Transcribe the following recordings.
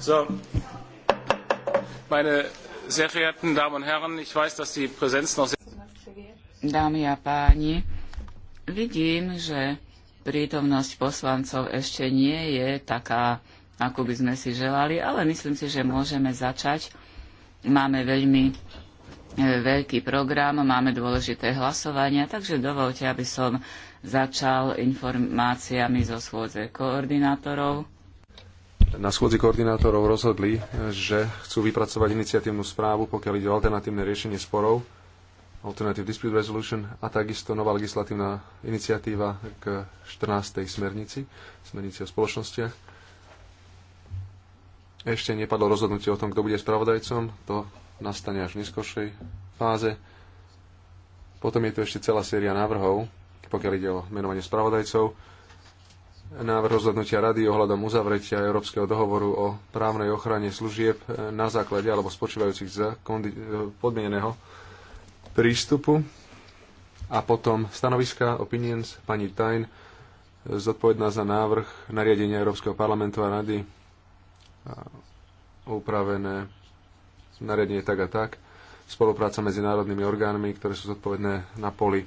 So, meine sehr verehrten Damen und Herren, ich weiß, dass die Präsenz noch sehr... Dámy a páni, vidím, že prítomnosť poslancov ešte nie je taká, ako by sme si želali, ale myslím si, že môžeme začať. Máme veľmi e, veľký program, máme dôležité hlasovania, takže dovolte, aby som začal informáciami zo schôdze koordinátorov na schôdzi koordinátorov rozhodli, že chcú vypracovať iniciatívnu správu, pokiaľ ide o alternatívne riešenie sporov, Alternative Dispute Resolution a takisto nová legislatívna iniciatíva k 14. smernici, smernici o spoločnostiach. Ešte nepadlo rozhodnutie o tom, kto bude spravodajcom, to nastane až v neskôršej fáze. Potom je tu ešte celá séria návrhov, pokiaľ ide o menovanie spravodajcov návrh rozhodnutia Rady ohľadom uzavretia Európskeho dohovoru o právnej ochrane služieb na základe alebo spočívajúcich z podmieneného prístupu a potom stanoviska opinions pani Tajn, zodpovedná za návrh nariadenia Európskeho parlamentu a Rady upravené nariadenie tak a tak spolupráca medzi národnými orgánmi, ktoré sú zodpovedné na poli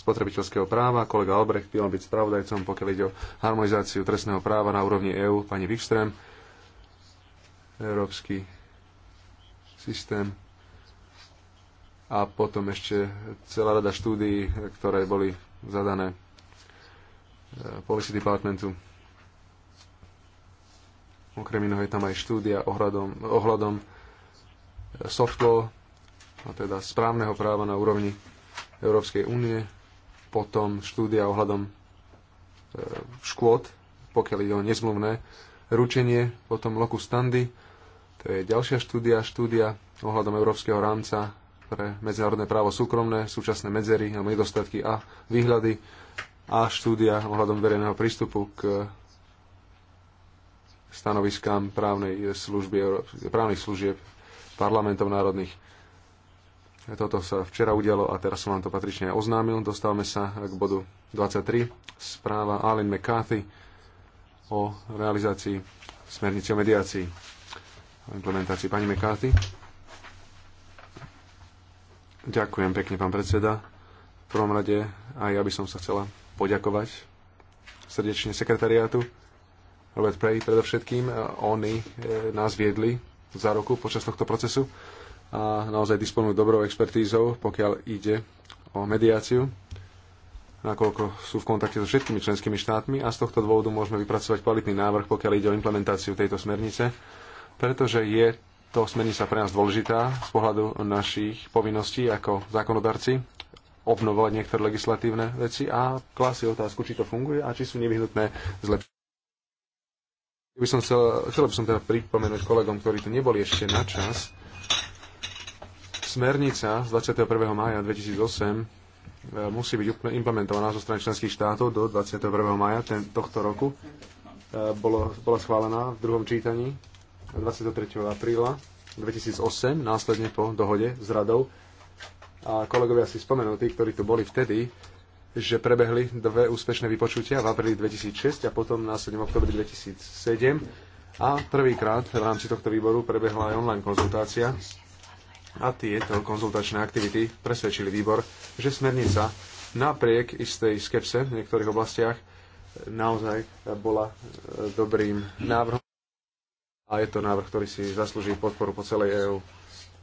spotrebiteľského práva. Kolega Albrecht by mal byť spravodajcom, pokiaľ ide o harmonizáciu trestného práva na úrovni EÚ. Pani Wikström, Európsky systém a potom ešte celá rada štúdií, ktoré boli zadané e, Policy Departmentu. Okrem iného je tam aj štúdia ohľadom, ohľadom e, soft law, a teda správneho práva na úrovni Európskej únie potom štúdia ohľadom e, škôd, pokiaľ ide o nezmluvné ručenie, potom loku standy, to je ďalšia štúdia, štúdia ohľadom európskeho rámca pre medzinárodné právo súkromné, súčasné medzery a nedostatky a výhľady a štúdia ohľadom verejného prístupu k stanoviskám právnej služby, právnych služieb parlamentov národných. Toto sa včera udialo a teraz som vám to patrične oznámil. Dostávame sa k bodu 23. Správa Alan McCarthy o realizácii smernice o mediácii o implementácii. Pani McCarthy. Ďakujem pekne, pán predseda. V prvom rade aj ja by som sa chcela poďakovať srdečne sekretariátu. Robert Prey predovšetkým, oni eh, nás viedli za roku počas tohto procesu a naozaj disponujú dobrou expertízou, pokiaľ ide o mediáciu, nakoľko sú v kontakte so všetkými členskými štátmi a z tohto dôvodu môžeme vypracovať kvalitný návrh, pokiaľ ide o implementáciu tejto smernice, pretože je to smernica pre nás dôležitá z pohľadu našich povinností ako zákonodarci obnovovať niektoré legislatívne veci a klasi otázku, či to funguje a či sú nevyhnutné zlepšenia. By som chcel, chcel by som teda pripomenúť kolegom, ktorí tu neboli ešte na čas, Smernica z 21. mája 2008 e, musí byť implementovaná zo strany členských štátov do 21. maja ten, tohto roku. E, bolo, bola schválená v druhom čítaní 23. apríla 2008, následne po dohode s radou. A kolegovia si spomenú, tí, ktorí tu boli vtedy, že prebehli dve úspešné vypočutia v apríli 2006 a potom následne v oktobri 2007. A prvýkrát v rámci tohto výboru prebehla aj online konzultácia a tieto konzultačné aktivity presvedčili výbor, že smernica napriek istej skepse v niektorých oblastiach naozaj bola e, dobrým návrhom a je to návrh, ktorý si zaslúži podporu po celej EÚ.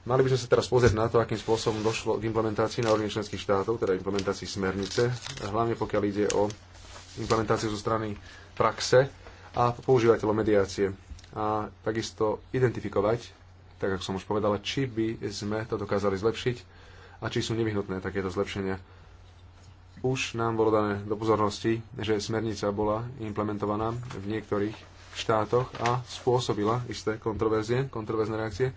Mali by sme sa teraz pozrieť na to, akým spôsobom došlo k implementácii na úrovni členských štátov, teda implementácii smernice, hlavne pokiaľ ide o implementáciu zo strany praxe a používateľov mediácie. A takisto identifikovať tak ako som už povedala, či by sme to dokázali zlepšiť a či sú nevyhnutné takéto zlepšenia. Už nám bolo dané do pozornosti, že smernica bola implementovaná v niektorých štátoch a spôsobila isté kontroverzie, kontroverzné reakcie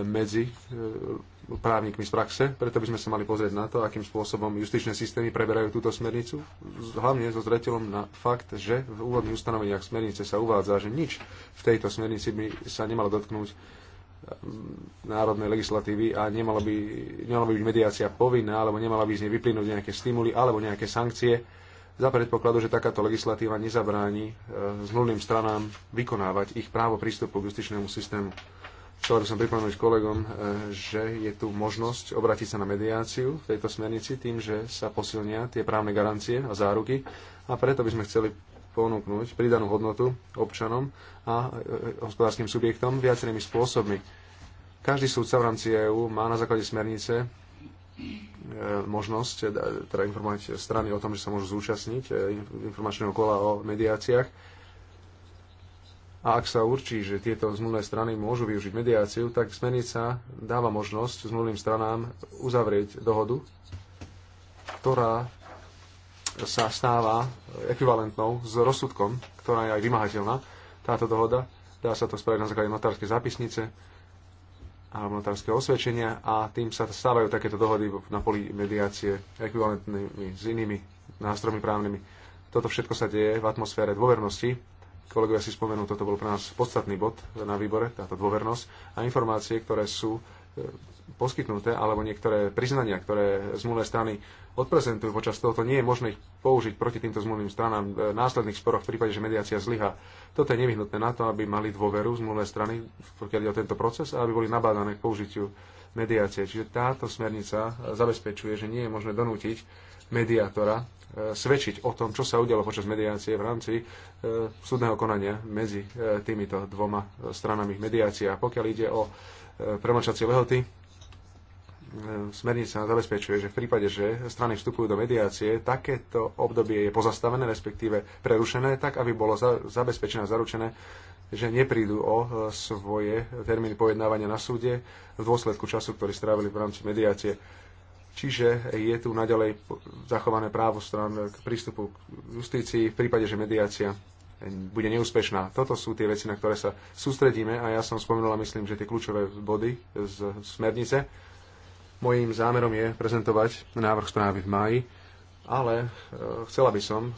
medzi e, právnikmi z praxe, preto by sme sa mali pozrieť na to, akým spôsobom justičné systémy preberajú túto smernicu, hlavne so zreteľom na fakt, že v úvodných ustanoveniach smernice sa uvádza, že nič v tejto smernici by sa nemalo dotknúť národnej legislatívy a nemala by, nemala by byť mediácia povinná, alebo nemala by z nej vyplynúť nejaké stimuly alebo nejaké sankcie, za predpokladu, že takáto legislatíva nezabráni e, zmluvným stranám vykonávať ich právo prístupu k justičnému systému. Chcel by som pripomenúť kolegom, e, že je tu možnosť obrátiť sa na mediáciu v tejto smernici tým, že sa posilnia tie právne garancie a záruky a preto by sme chceli ponúknuť pridanú hodnotu občanom a e, e, hospodárskym subjektom viacerými spôsobmi. Každý súdca v rámci EÚ má na základe smernice e, možnosť teda informovať strany o tom, že sa môžu zúčastniť informačného kola o mediáciách. A ak sa určí, že tieto zmluvné strany môžu využiť mediáciu, tak smernica dáva možnosť zmluvným stranám uzavrieť dohodu, ktorá sa stáva ekvivalentnou s rozsudkom, ktorá je aj vymahateľná, táto dohoda. Dá sa to spraviť na základe notárskej zápisnice alebo notárske osvedčenia a tým sa stávajú takéto dohody na poli mediácie ekvivalentnými s inými nástrojmi právnymi. Toto všetko sa deje v atmosfére dôvernosti. Kolegovia si spomenú, toto bol pre nás podstatný bod na výbore, táto dôvernosť a informácie, ktoré sú E, poskytnuté, alebo niektoré priznania, ktoré zmluvné strany odprezentujú počas tohoto, nie je možné ich použiť proti týmto zmluvným stranám v následných sporoch v prípade, že mediácia zlyha. Toto je nevyhnutné na to, aby mali dôveru zmluvné strany, pokiaľ ide o tento proces, a aby boli nabádané k použitiu mediácie. Čiže táto smernica zabezpečuje, že nie je možné donútiť mediátora e, svedčiť o tom, čo sa udialo počas mediácie v rámci e, súdneho konania medzi týmito dvoma stranami mediácie. A pokiaľ ide o premlčacie lehoty. Smernica zabezpečuje, že v prípade, že strany vstupujú do mediácie, takéto obdobie je pozastavené, respektíve prerušené, tak aby bolo zabezpečené a zaručené, že neprídu o e, svoje termíny pojednávania na súde v dôsledku času, ktorý strávili v rámci mediácie. Čiže je tu naďalej zachované právo stran k prístupu k justícii v prípade, že mediácia bude neúspešná. Toto sú tie veci, na ktoré sa sústredíme a ja som spomenula, myslím, že tie kľúčové body z smernice. Mojím zámerom je prezentovať návrh správy v máji, ale e, chcela by som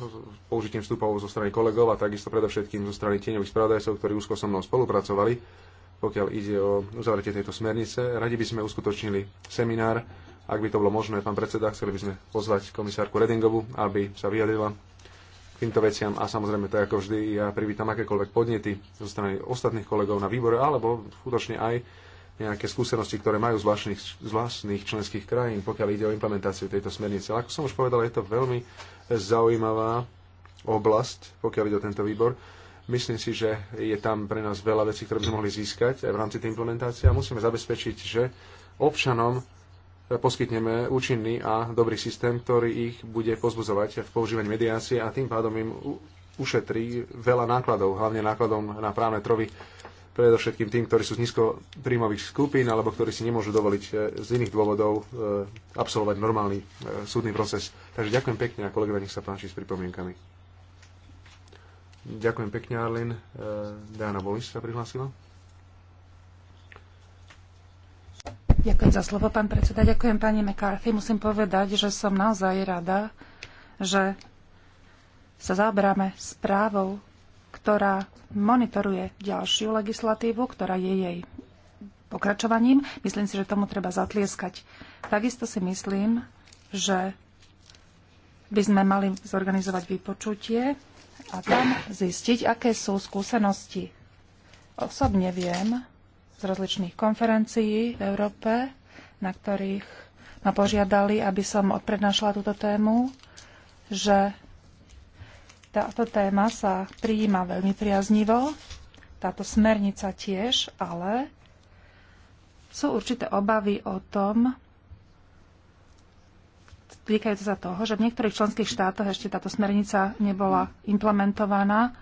použitím vstupov zo strany kolegov a takisto predovšetkým zo strany tieňových spravodajcov, ktorí úzko so mnou spolupracovali, pokiaľ ide o uzavretie tejto smernice. Radi by sme uskutočnili seminár, ak by to bolo možné, pán predseda, chceli by sme pozvať komisárku Redingovu, aby sa vyjadrila týmto veciam a samozrejme to ako vždy ja privítam akékoľvek podnety zo strany ostatných kolegov na výbore alebo skutočne aj nejaké skúsenosti, ktoré majú z vlastných, z vlastných členských krajín, pokiaľ ide o implementáciu tejto smernice. Ale ako som už povedal, je to veľmi zaujímavá oblasť, pokiaľ ide o tento výbor. Myslím si, že je tam pre nás veľa vecí, ktoré by sme mohli získať aj v rámci tej implementácie a musíme zabezpečiť, že občanom poskytneme účinný a dobrý systém, ktorý ich bude pozbudzovať v používaní mediácie a tým pádom im ušetrí veľa nákladov, hlavne nákladom na právne trovy, predovšetkým tým, ktorí sú z nízkopríjmových skupín alebo ktorí si nemôžu dovoliť e, z iných dôvodov e, absolvovať normálny e, súdny proces. Takže ďakujem pekne a kolegovia, nech sa páči s pripomienkami. Ďakujem pekne, Arlin. Diana Bolis sa prihlásila. Ďakujem za slovo, pán predseda. Ďakujem pani McCarthy. Musím povedať, že som naozaj rada, že sa zaoberáme správou, ktorá monitoruje ďalšiu legislatívu, ktorá je jej pokračovaním. Myslím si, že tomu treba zatlieskať. Takisto si myslím, že by sme mali zorganizovať vypočutie a tam zistiť, aké sú skúsenosti. Osobne viem, z rozličných konferencií v Európe, na ktorých ma požiadali, aby som odprednášala túto tému, že táto téma sa prijíma veľmi priaznivo, táto smernica tiež, ale sú určité obavy o tom, týkajúce sa toho, že v niektorých členských štátoch ešte táto smernica nebola implementovaná.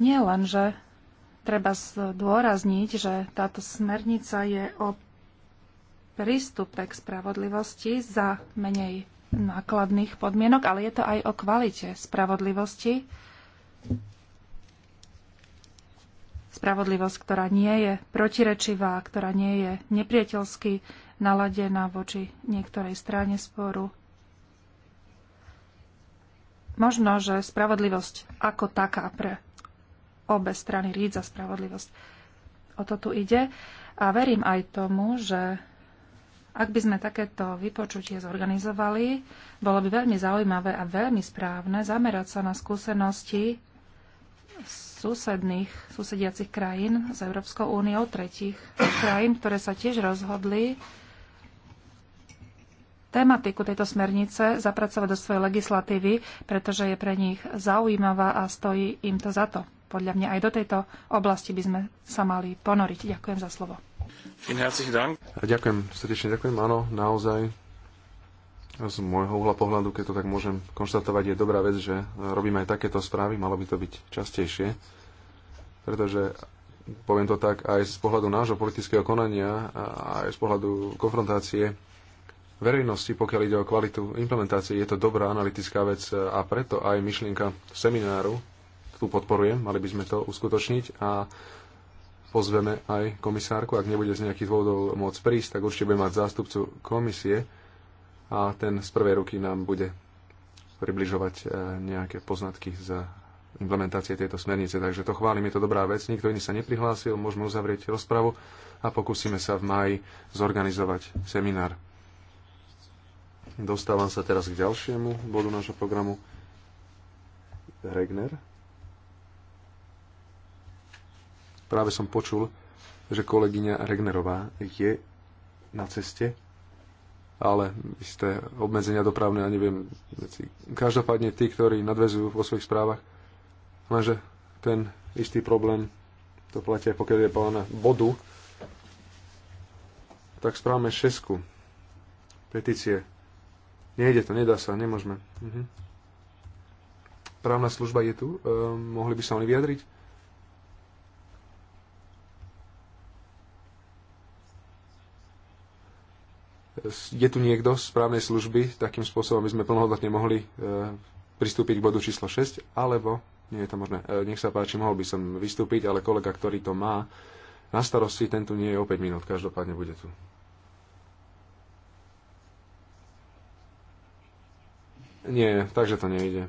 Nie len, že treba zdôrazniť, že táto smernica je o prístupe k spravodlivosti za menej nákladných podmienok, ale je to aj o kvalite spravodlivosti. Spravodlivosť, ktorá nie je protirečivá, ktorá nie je nepriateľsky naladená voči niektorej strane sporu. Možno, že spravodlivosť ako taká pre obe strany ríd za spravodlivosť. O to tu ide. A verím aj tomu, že ak by sme takéto vypočutie zorganizovali, bolo by veľmi zaujímavé a veľmi správne zamerať sa na skúsenosti susedných, susediacich krajín s Európskou úniou, tretich krajín, ktoré sa tiež rozhodli tematiku tejto smernice zapracovať do svojej legislatívy, pretože je pre nich zaujímavá a stojí im to za to podľa mňa aj do tejto oblasti by sme sa mali ponoriť. Ďakujem za slovo. Ďakujem, srdečne ďakujem. Áno, naozaj z môjho uhla pohľadu, keď to tak môžem konštatovať, je dobrá vec, že robíme aj takéto správy, malo by to byť častejšie, pretože poviem to tak, aj z pohľadu nášho politického konania a aj z pohľadu konfrontácie verejnosti, pokiaľ ide o kvalitu implementácie, je to dobrá analytická vec a preto aj myšlienka semináru tu podporujem, mali by sme to uskutočniť a pozveme aj komisárku, ak nebude z nejakých dôvodov môcť prísť, tak určite bude mať zástupcu komisie a ten z prvej ruky nám bude približovať e, nejaké poznatky z implementácie tejto smernice. Takže to chválim, je to dobrá vec. Nikto iný sa neprihlásil, môžeme uzavrieť rozpravu a pokúsime sa v maji zorganizovať seminár. Dostávam sa teraz k ďalšiemu bodu nášho programu. Regner. Práve som počul, že kolegyňa Regnerová je na ceste, ale isté obmedzenia dopravné, ja neviem, veci. Každopádne tí, ktorí nadvezujú vo svojich správach, lenže ten istý problém, to platí aj pokiaľ je pána bodu, tak správame šesku. Petície. Nejde to, nedá sa, nemôžeme. Mhm. Právna služba je tu, ehm, mohli by sa oni vyjadriť? je tu niekto z právnej služby takým spôsobom, aby sme plnohodnotne mohli e, pristúpiť k bodu číslo 6, alebo nie je to možné. E, nech sa páči, mohol by som vystúpiť, ale kolega, ktorý to má na starosti, ten tu nie je o 5 minút, každopádne bude tu. Nie, takže to nejde.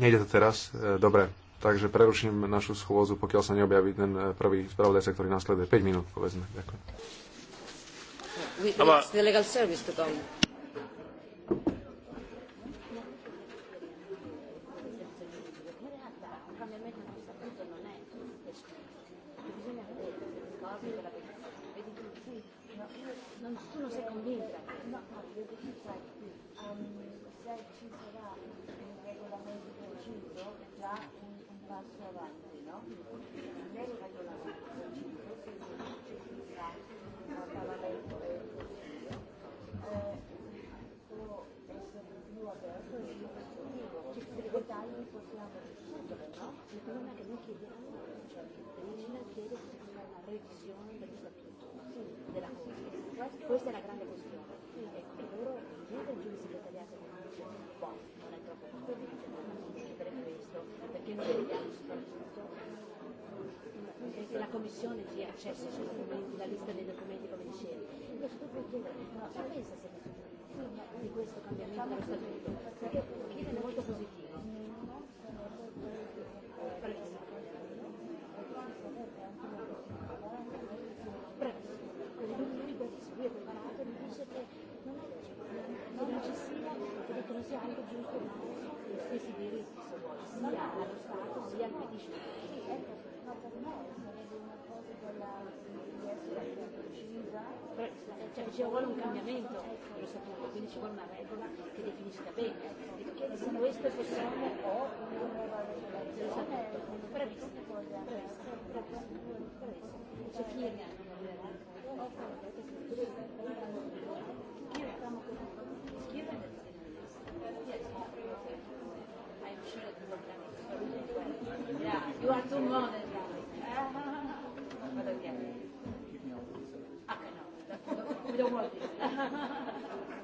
Nejde to teraz? E, dobre, takže preruším našu schôzu, pokiaľ sa neobjaví ten prvý spravodajca, ktorý následuje. 5 minút, povedzme. Ďakujem with, with the legal service to come. ci vuole una regola che definisca bene, perché eh, se questo possiamo o previsto, previsto, c'è chi Yeah, you are too modern. But okay. Okay,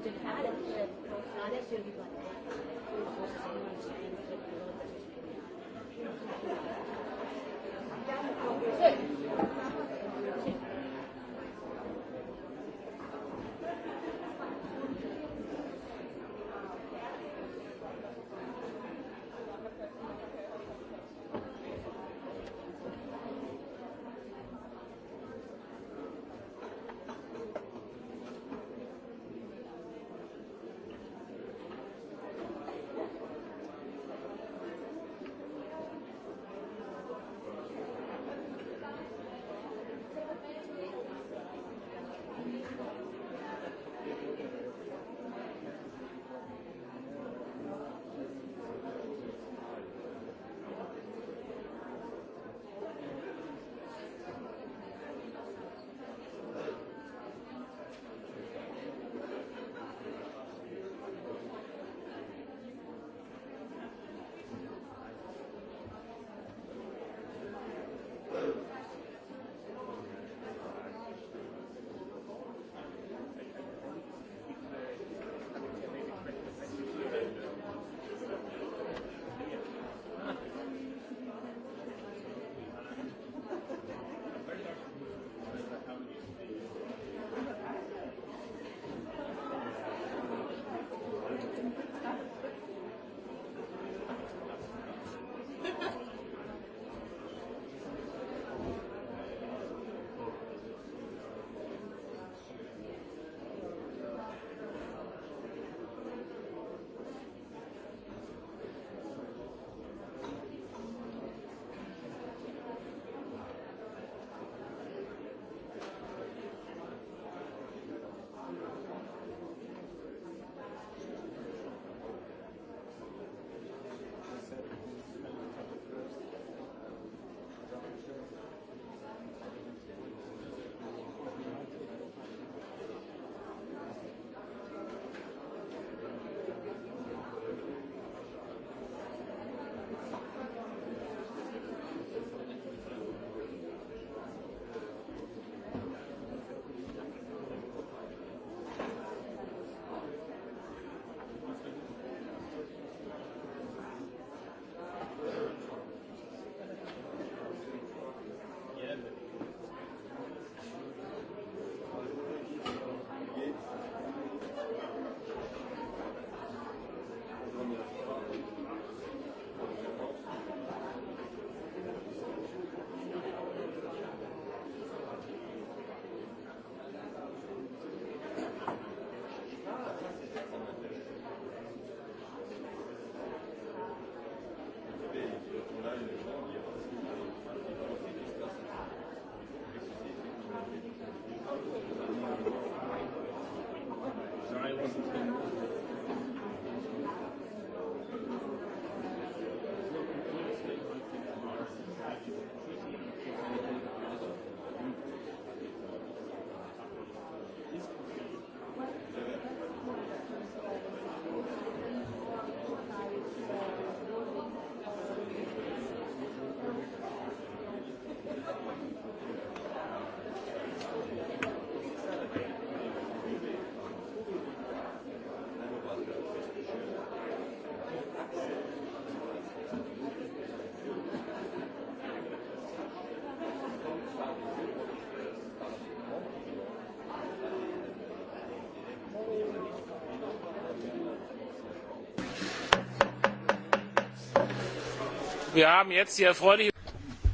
generale, adesso io dico adesso, forse sono un Thank you.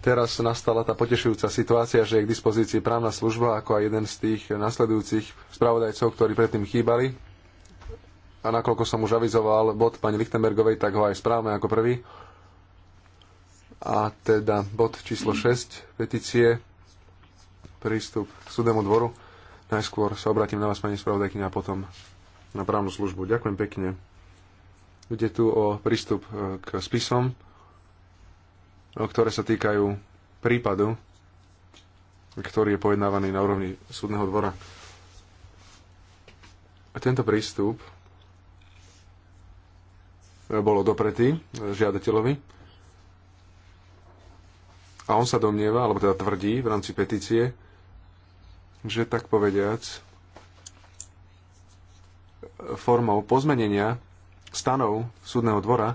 Teraz nastala tá potešujúca situácia, že je k dispozícii právna služba ako aj jeden z tých nasledujúcich spravodajcov, ktorí predtým chýbali. A nakoľko som už avizoval bod pani Lichtenbergovej, tak ho aj správame ako prvý. A teda bod číslo 6, petície, prístup k súdnemu dvoru. Najskôr sa obratím na vás, pani spravodajkyňa, a potom na právnu službu. Ďakujem pekne. Ide tu o prístup e, k spisom ktoré sa týkajú prípadu, ktorý je pojednávaný na úrovni súdneho dvora. A tento prístup bolo dopretý žiadateľovi a on sa domnieva, alebo teda tvrdí v rámci petície, že tak povediac formou pozmenenia stanov súdneho dvora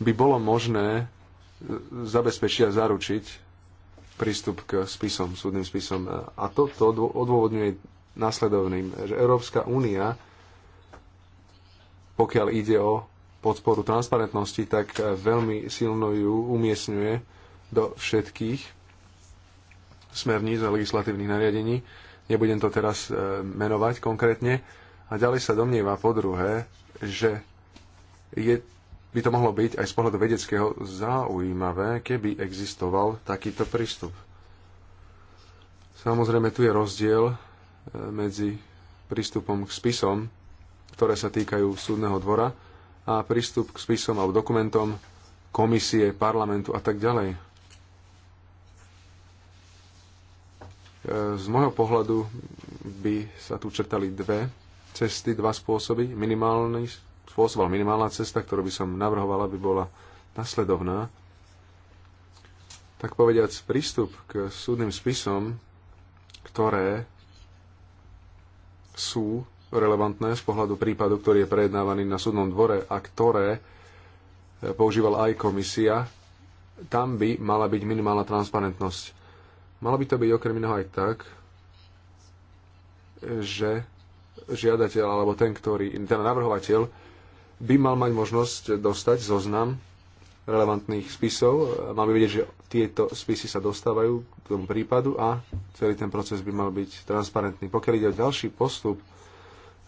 by bolo možné e, zabezpečiť a zaručiť prístup k spisom, súdnym spisom. E, a toto odôvodňuje následovným, že Európska únia, pokiaľ ide o podporu transparentnosti, tak e, veľmi silno ju umiestňuje do všetkých smerníc a legislatívnych nariadení. Nebudem to teraz menovať konkrétne. A ďalej sa domnieva po druhé, že je by to mohlo byť aj z pohľadu vedeckého zaujímavé, keby existoval takýto prístup. Samozrejme, tu je rozdiel e, medzi prístupom k spisom, ktoré sa týkajú súdneho dvora, a prístup k spisom alebo dokumentom komisie, parlamentu a tak ďalej. E, z môjho pohľadu by sa tu črtali dve cesty, dva spôsoby. Minimálny spôsob, ale minimálna cesta, ktorú by som navrhovala, by bola nasledovná. Tak povediac, prístup k súdnym spisom, ktoré sú relevantné z pohľadu prípadu, ktorý je prejednávaný na súdnom dvore a ktoré e, používal aj komisia, tam by mala byť minimálna transparentnosť. Mala by to byť okrem iného aj tak, že žiadateľ alebo ten, ktorý, ten navrhovateľ by mal mať možnosť dostať zoznam relevantných spisov. Mal by vedieť, že tieto spisy sa dostávajú k tomu prípadu a celý ten proces by mal byť transparentný. Pokiaľ ide o ďalší postup,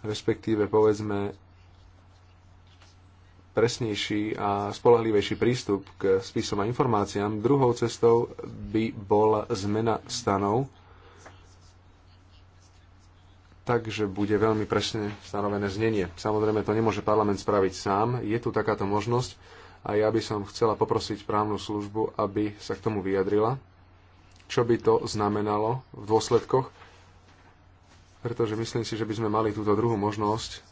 respektíve povedzme presnejší a spolahlivejší prístup k spisom a informáciám, druhou cestou by bola zmena stanov takže bude veľmi presne stanovené znenie. Samozrejme, to nemôže parlament spraviť sám. Je tu takáto možnosť a ja by som chcela poprosiť právnu službu, aby sa k tomu vyjadrila, čo by to znamenalo v dôsledkoch, pretože myslím si, že by sme mali túto druhú možnosť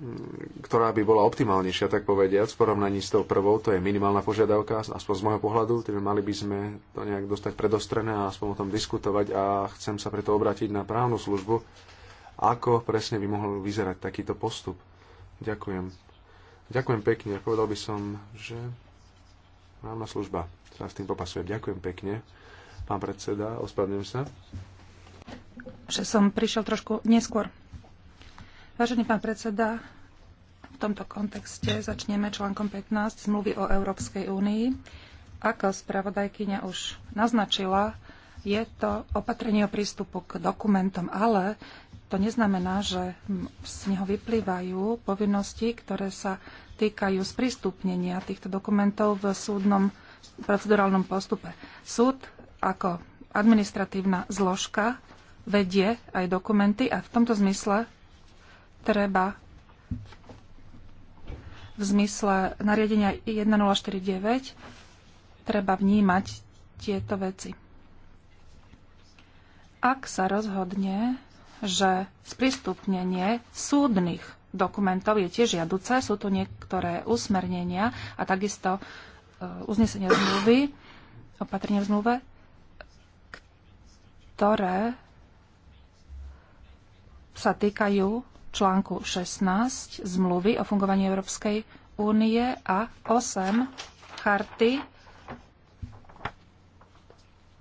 Mm, ktorá by bola optimálnejšia, tak povediať, v porovnaní s tou prvou, to je minimálna požiadavka, aspoň z môjho pohľadu, teda mali by sme to nejak dostať predostrené a aspoň o tom diskutovať a chcem sa preto obrátiť na právnu službu, ako presne by mohol vyzerať takýto postup. Ďakujem. Ďakujem pekne. Povedal by som, že právna služba sa s tým popasuje. Ďakujem pekne. Pán predseda, Ospravedlňujem sa. Že som prišiel trošku neskôr. Vážený pán predseda, v tomto kontexte začneme článkom 15 zmluvy o Európskej únii. Ako spravodajkyňa už naznačila, je to opatrenie o prístupu k dokumentom, ale to neznamená, že z neho vyplývajú povinnosti, ktoré sa týkajú sprístupnenia týchto dokumentov v súdnom procedurálnom postupe. Súd ako administratívna zložka vedie aj dokumenty a v tomto zmysle treba v zmysle nariadenia 1049 treba vnímať tieto veci. Ak sa rozhodne, že sprístupnenie súdnych dokumentov je tiež žiaduce, sú tu niektoré usmernenia a takisto e, uznesenia zmluvy, opatrenia v zmluve, ktoré sa týkajú článku 16 zmluvy o fungovaní Európskej únie a 8 charty,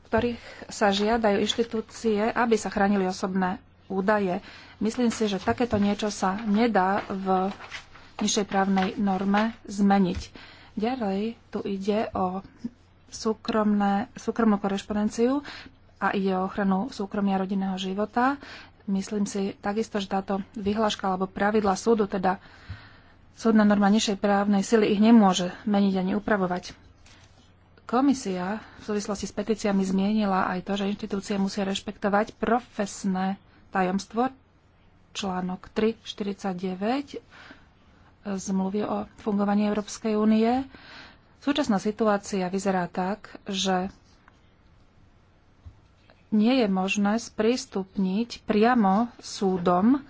v ktorých sa žiadajú inštitúcie, aby sa chránili osobné údaje. Myslím si, že takéto niečo sa nedá v nižšej právnej norme zmeniť. Ďalej tu ide o súkromné, súkromnú korešpondenciu a ide o ochranu súkromia rodinného života. Myslím si takisto, že táto vyhláška alebo pravidla súdu, teda súdna norma nižšej právnej sily ich nemôže meniť ani upravovať. Komisia v súvislosti s petíciami zmienila aj to, že inštitúcie musia rešpektovať profesné tajomstvo, článok 349 zmluvy o fungovaní Európskej únie. Súčasná situácia vyzerá tak, že nie je možné sprístupniť priamo súdom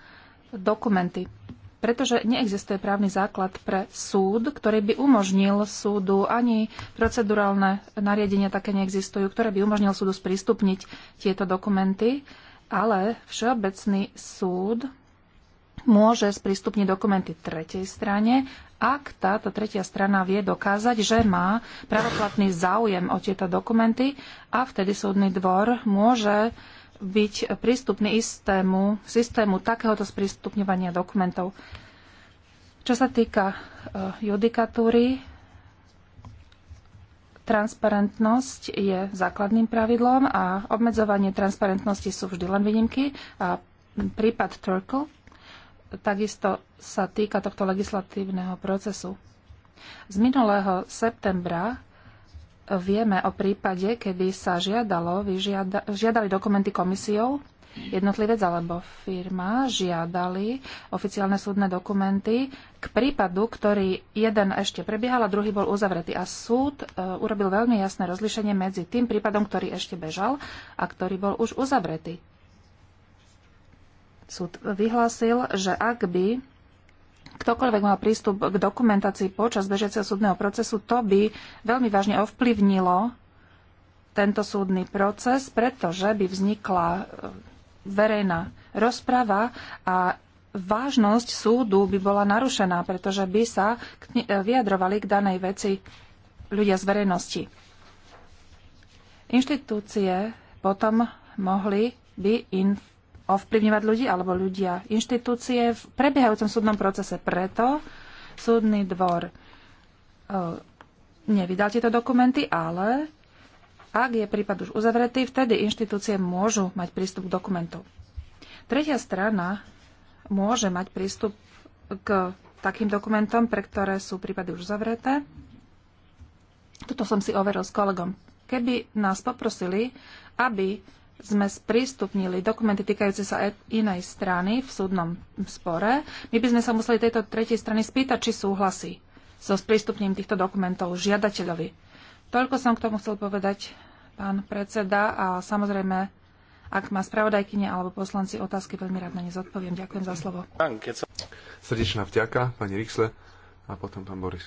dokumenty, pretože neexistuje právny základ pre súd, ktorý by umožnil súdu, ani procedurálne nariadenia také neexistujú, ktoré by umožnil súdu sprístupniť tieto dokumenty, ale Všeobecný súd môže sprístupniť dokumenty tretej strane ak táto tretia strana vie dokázať, že má pravoplatný záujem o tieto dokumenty a vtedy súdny dvor môže byť prístupný istému, systému takéhoto sprístupňovania dokumentov. Čo sa týka e, judikatúry, transparentnosť je základným pravidlom a obmedzovanie transparentnosti sú vždy len výnimky a prípad Turkle takisto sa týka tohto legislatívneho procesu. Z minulého septembra vieme o prípade, kedy sa žiadalo, vyžiada, žiadali dokumenty komisiou, jednotlivec alebo firma žiadali oficiálne súdne dokumenty k prípadu, ktorý jeden ešte prebiehal a druhý bol uzavretý. A súd e, urobil veľmi jasné rozlišenie medzi tým prípadom, ktorý ešte bežal a ktorý bol už uzavretý. Súd vyhlásil, že ak by ktokoľvek mal prístup k dokumentácii počas bežiaceho súdneho procesu, to by veľmi vážne ovplyvnilo tento súdny proces, pretože by vznikla e, verejná rozprava a vážnosť súdu by bola narušená, pretože by sa e, vyjadrovali k danej veci ľudia z verejnosti. Inštitúcie potom mohli by ovplyvňovať ľudí alebo ľudia inštitúcie v prebiehajúcom súdnom procese. Preto súdny dvor e, nevydal tieto dokumenty, ale ak je prípad už uzavretý, vtedy inštitúcie môžu mať prístup k dokumentu. Tretia strana môže mať prístup k takým dokumentom, pre ktoré sú prípady už zavreté. Toto som si overil s kolegom. Keby nás poprosili, aby sme sprístupnili dokumenty týkajúce sa e- inej strany v súdnom spore, my by sme sa museli tejto tretej strany spýtať, či súhlasí so sprístupním týchto dokumentov žiadateľovi. Toľko som k tomu chcel povedať, pán predseda, a samozrejme, ak má spravodajkyne alebo poslanci otázky, veľmi rád na ne zodpoviem. Ďakujem za slovo. Srdečná vďaka, pani Rixle a potom pán Boris.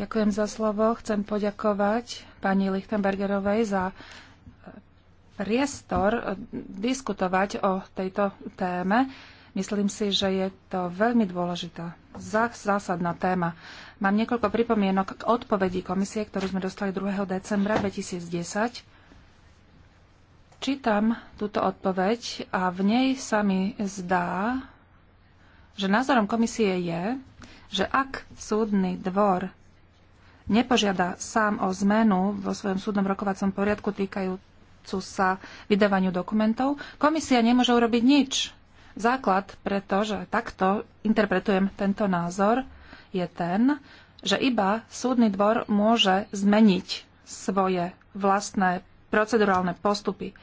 Ďakujem za slovo. Chcem poďakovať pani Lichtenbergerovej za eh, priestor eh, diskutovať o tejto téme. Myslím si, že je to veľmi dôležitá, zásadná téma. Mám niekoľko pripomienok k odpovedí komisie, ktorú sme dostali 2. decembra 2010. Čítam túto odpoveď a v nej sa mi zdá, že názorom komisie je, že ak súdny dvor nepožiada sám o zmenu vo svojom súdnom rokovacom poriadku týkajúcu sa vydávaniu dokumentov, komisia nemôže urobiť nič. Základ, pretože takto interpretujem tento názor, je ten, že iba súdny dvor môže zmeniť svoje vlastné procedurálne postupy.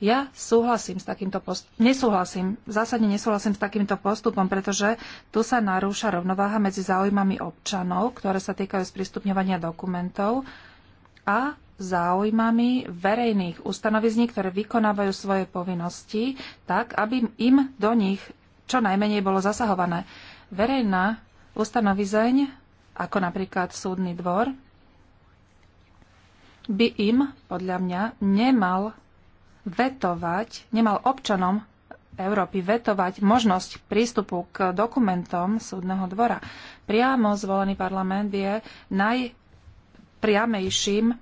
Ja súhlasím s takýmto postupom, nesúhlasím, zásadne nesúhlasím s takýmto postupom, pretože tu sa narúša rovnováha medzi záujmami občanov, ktoré sa týkajú sprístupňovania dokumentov a záujmami verejných ustanovizní, ktoré vykonávajú svoje povinnosti tak, aby im do nich čo najmenej bolo zasahované. Verejná ustanovizeň, ako napríklad súdny dvor, by im, podľa mňa, nemal vetovať, nemal občanom Európy vetovať možnosť prístupu k dokumentom súdneho dvora. Priamo zvolený parlament je najpriamejším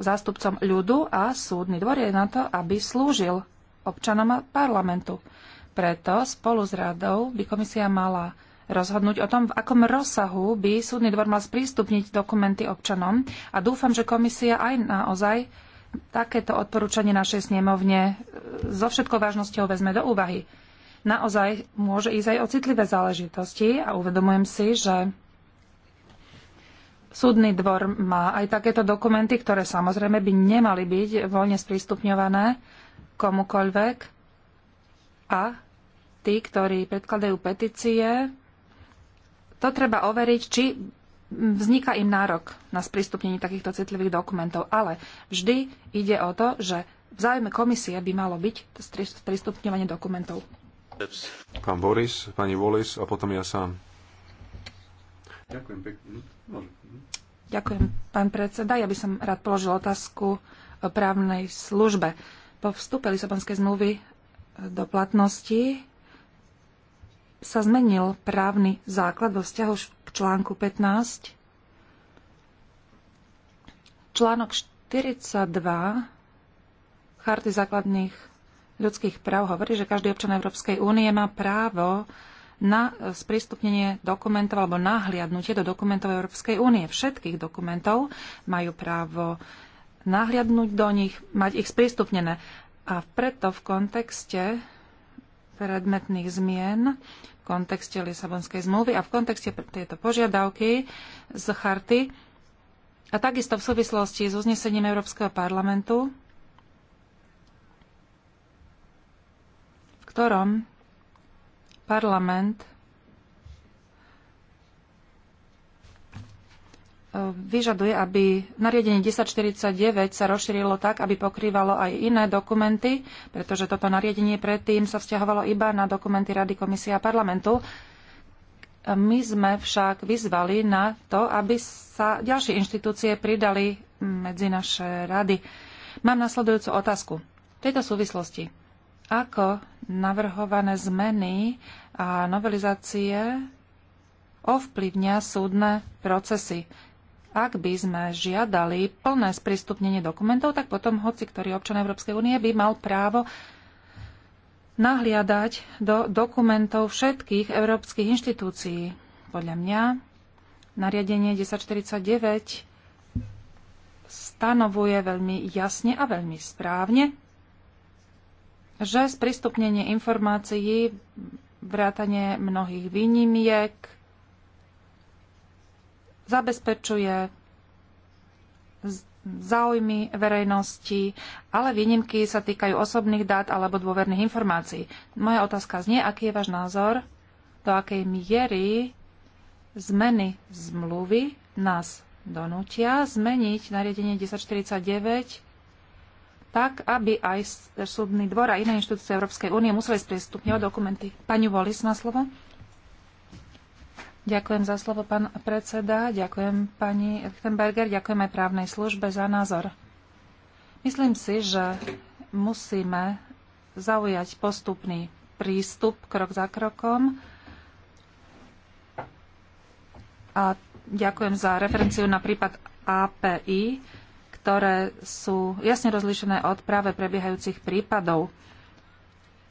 zástupcom ľudu a súdny dvor je na to, aby slúžil občanom a parlamentu. Preto spolu s radou by komisia mala rozhodnúť o tom, v akom rozsahu by súdny dvor mal sprístupniť dokumenty občanom a dúfam, že komisia aj naozaj takéto odporúčanie našej snemovne e, so všetkou vážnosťou vezme do úvahy. Naozaj môže ísť aj o citlivé záležitosti a uvedomujem si, že súdny dvor má aj takéto dokumenty, ktoré samozrejme by nemali byť voľne sprístupňované komukoľvek a tí, ktorí predkladajú petície, to treba overiť, či vzniká im nárok na sprístupnenie takýchto citlivých dokumentov, ale vždy ide o to, že v záujme komisie by malo byť sprístupňovanie dokumentov. Pán Boris, pani Wallis a potom ja sám. Ďakujem pekne. Ďakujem, pán predseda. Ja by som rád položil otázku o právnej službe. Po vstupe Lisabonskej zmluvy do platnosti sa zmenil právny základ vo vzťahu článku 15. Článok 42 Charty základných ľudských práv hovorí, že každý občan Európskej únie má právo na sprístupnenie dokumentov alebo nahliadnutie do dokumentov Európskej únie. Všetkých dokumentov majú právo nahliadnúť do nich, mať ich sprístupnené. A preto v kontexte predmetných zmien kontexte Lisabonskej zmluvy a v kontexte tejto požiadavky z charty a takisto v súvislosti s uznesením Európskeho parlamentu, v ktorom parlament vyžaduje, aby nariadenie 1049 sa rozšírilo tak, aby pokrývalo aj iné dokumenty, pretože toto nariadenie predtým sa vzťahovalo iba na dokumenty Rady, Komisie a parlamentu. My sme však vyzvali na to, aby sa ďalšie inštitúcie pridali medzi naše rady. Mám nasledujúcu otázku. V tejto súvislosti, ako navrhované zmeny a novelizácie ovplyvňa súdne procesy ak by sme žiadali plné sprístupnenie dokumentov, tak potom hoci ktorý občan Európskej únie by mal právo nahliadať do dokumentov všetkých európskych inštitúcií. Podľa mňa nariadenie 1049 stanovuje veľmi jasne a veľmi správne, že sprístupnenie informácií, vrátanie mnohých výnimiek, zabezpečuje záujmy verejnosti, ale výnimky sa týkajú osobných dát alebo dôverných informácií. Moja otázka znie, aký je váš názor, do akej miery zmeny zmluvy nás donútia zmeniť nariadenie 1049 tak, aby aj súdny dvor a iné inštitúcie Európskej únie museli sprístupňovať dokumenty. Pani Wallis má slovo. Ďakujem za slovo, pán predseda. Ďakujem pani Lichtenberger. Ďakujem aj právnej službe za názor. Myslím si, že musíme zaujať postupný prístup krok za krokom. A ďakujem za referenciu na prípad API, ktoré sú jasne rozlišené od práve prebiehajúcich prípadov.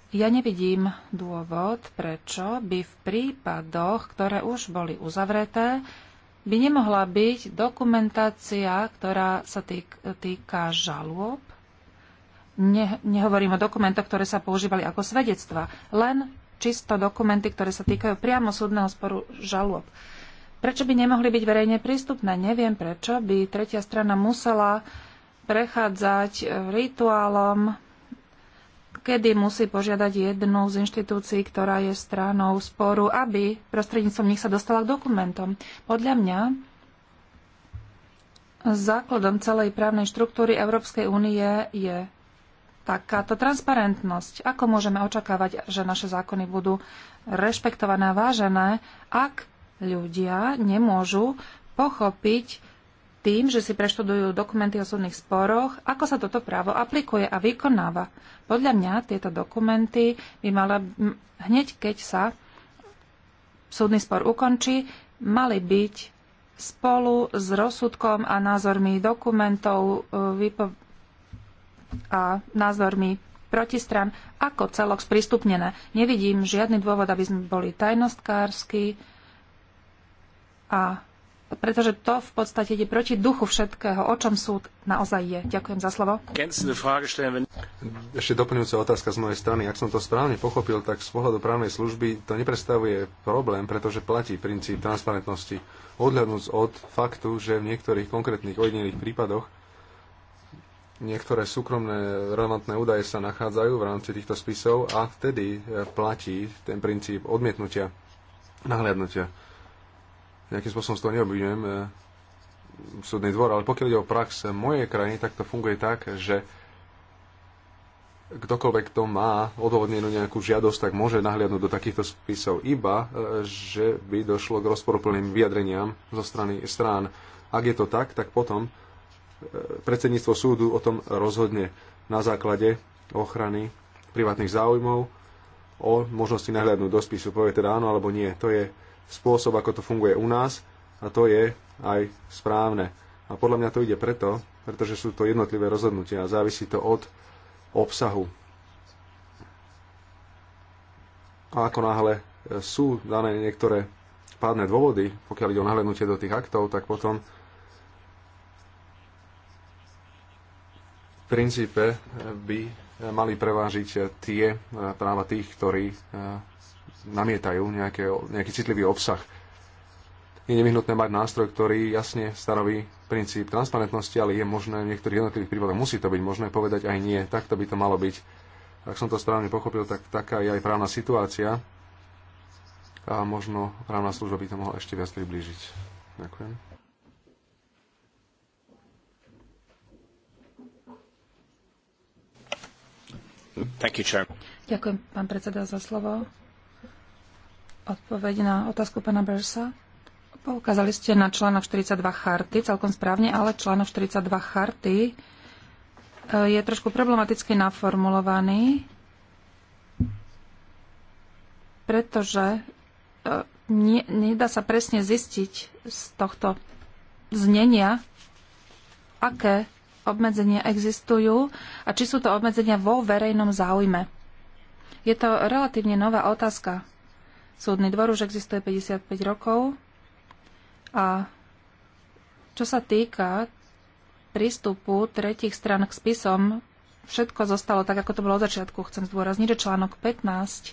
Ja nevidím dôvod, prečo by v prípadoch, ktoré už boli uzavreté, by nemohla byť dokumentácia, ktorá sa týk, týka žalôb. Ne, nehovorím o dokumentoch, ktoré sa používali ako svedectva, len čisto dokumenty, ktoré sa týkajú priamo súdneho sporu žalôb. Prečo by nemohli byť verejne prístupné? Neviem, prečo by tretia strana musela prechádzať e, rituálom kedy musí požiadať jednu z inštitúcií, ktorá je stranou sporu, aby prostredníctvom nich sa dostala k dokumentom. Podľa mňa základom celej právnej štruktúry Európskej únie je takáto transparentnosť. Ako môžeme očakávať, že naše zákony budú rešpektované a vážené, ak ľudia nemôžu pochopiť tým, že si preštudujú dokumenty o súdnych sporoch, ako sa toto právo aplikuje a vykonáva. Podľa mňa tieto dokumenty by mala hneď, keď sa súdny spor ukončí, mali byť spolu s rozsudkom a názormi dokumentov e, a názormi protistran ako celok sprístupnené. Nevidím žiadny dôvod, aby sme boli tajnostkársky a pretože to v podstate ide proti duchu všetkého, o čom súd naozaj je. Ďakujem za slovo. Ešte doplňujúca otázka z mojej strany. Ak som to správne pochopil, tak z pohľadu právnej služby to neprestavuje problém, pretože platí princíp transparentnosti. Odhľadnúc od faktu, že v niektorých konkrétnych ojedinelých prípadoch niektoré súkromné relevantné údaje sa nachádzajú v rámci týchto spisov a vtedy platí ten princíp odmietnutia, nahliadnutia Nejakým spôsobom z toho neobvinujem e, súdny dvor, ale pokiaľ ide o prax mojej krajiny, tak to funguje tak, že kdokoľvek to má odhodnenú nejakú žiadosť, tak môže nahliadnúť do takýchto spisov iba, e, že by došlo k rozporuplným vyjadreniam zo strany strán. Ak je to tak, tak potom e, predsedníctvo súdu o tom rozhodne na základe ochrany privátnych záujmov o možnosti nahliadnúť do spisu, povie teda áno alebo nie. To je spôsob, ako to funguje u nás a to je aj správne. A podľa mňa to ide preto, pretože sú to jednotlivé rozhodnutia a závisí to od obsahu. A ako náhle e, sú dané niektoré pádne dôvody, pokiaľ ide o nahlednutie do tých aktov, tak potom v princípe e, by e, mali prevážiť tie práva tých, ktorí namietajú nejaké, nejaký citlivý obsah. Je nevyhnutné mať nástroj, ktorý jasne stanoví princíp transparentnosti, ale je možné v niektorých jednotlivých prípadoch, musí to byť možné povedať aj nie. Takto by to malo byť. Ak som to správne pochopil, tak taká je aj právna situácia a možno právna služba by to mohla ešte viac priblížiť. Ďakujem. You, Ďakujem, pán predseda, za slovo odpoveď na otázku pana Bersa. Poukázali ste na článok 42 charty, celkom správne, ale článok 42 charty e, je trošku problematicky naformulovaný, pretože e, nie, nedá sa presne zistiť z tohto znenia, aké obmedzenia existujú a či sú to obmedzenia vo verejnom záujme. Je to relatívne nová otázka, Súdny dvor už existuje 55 rokov a čo sa týka prístupu tretich stran k spisom, všetko zostalo tak, ako to bolo od začiatku. Chcem zdôrazniť, že článok 15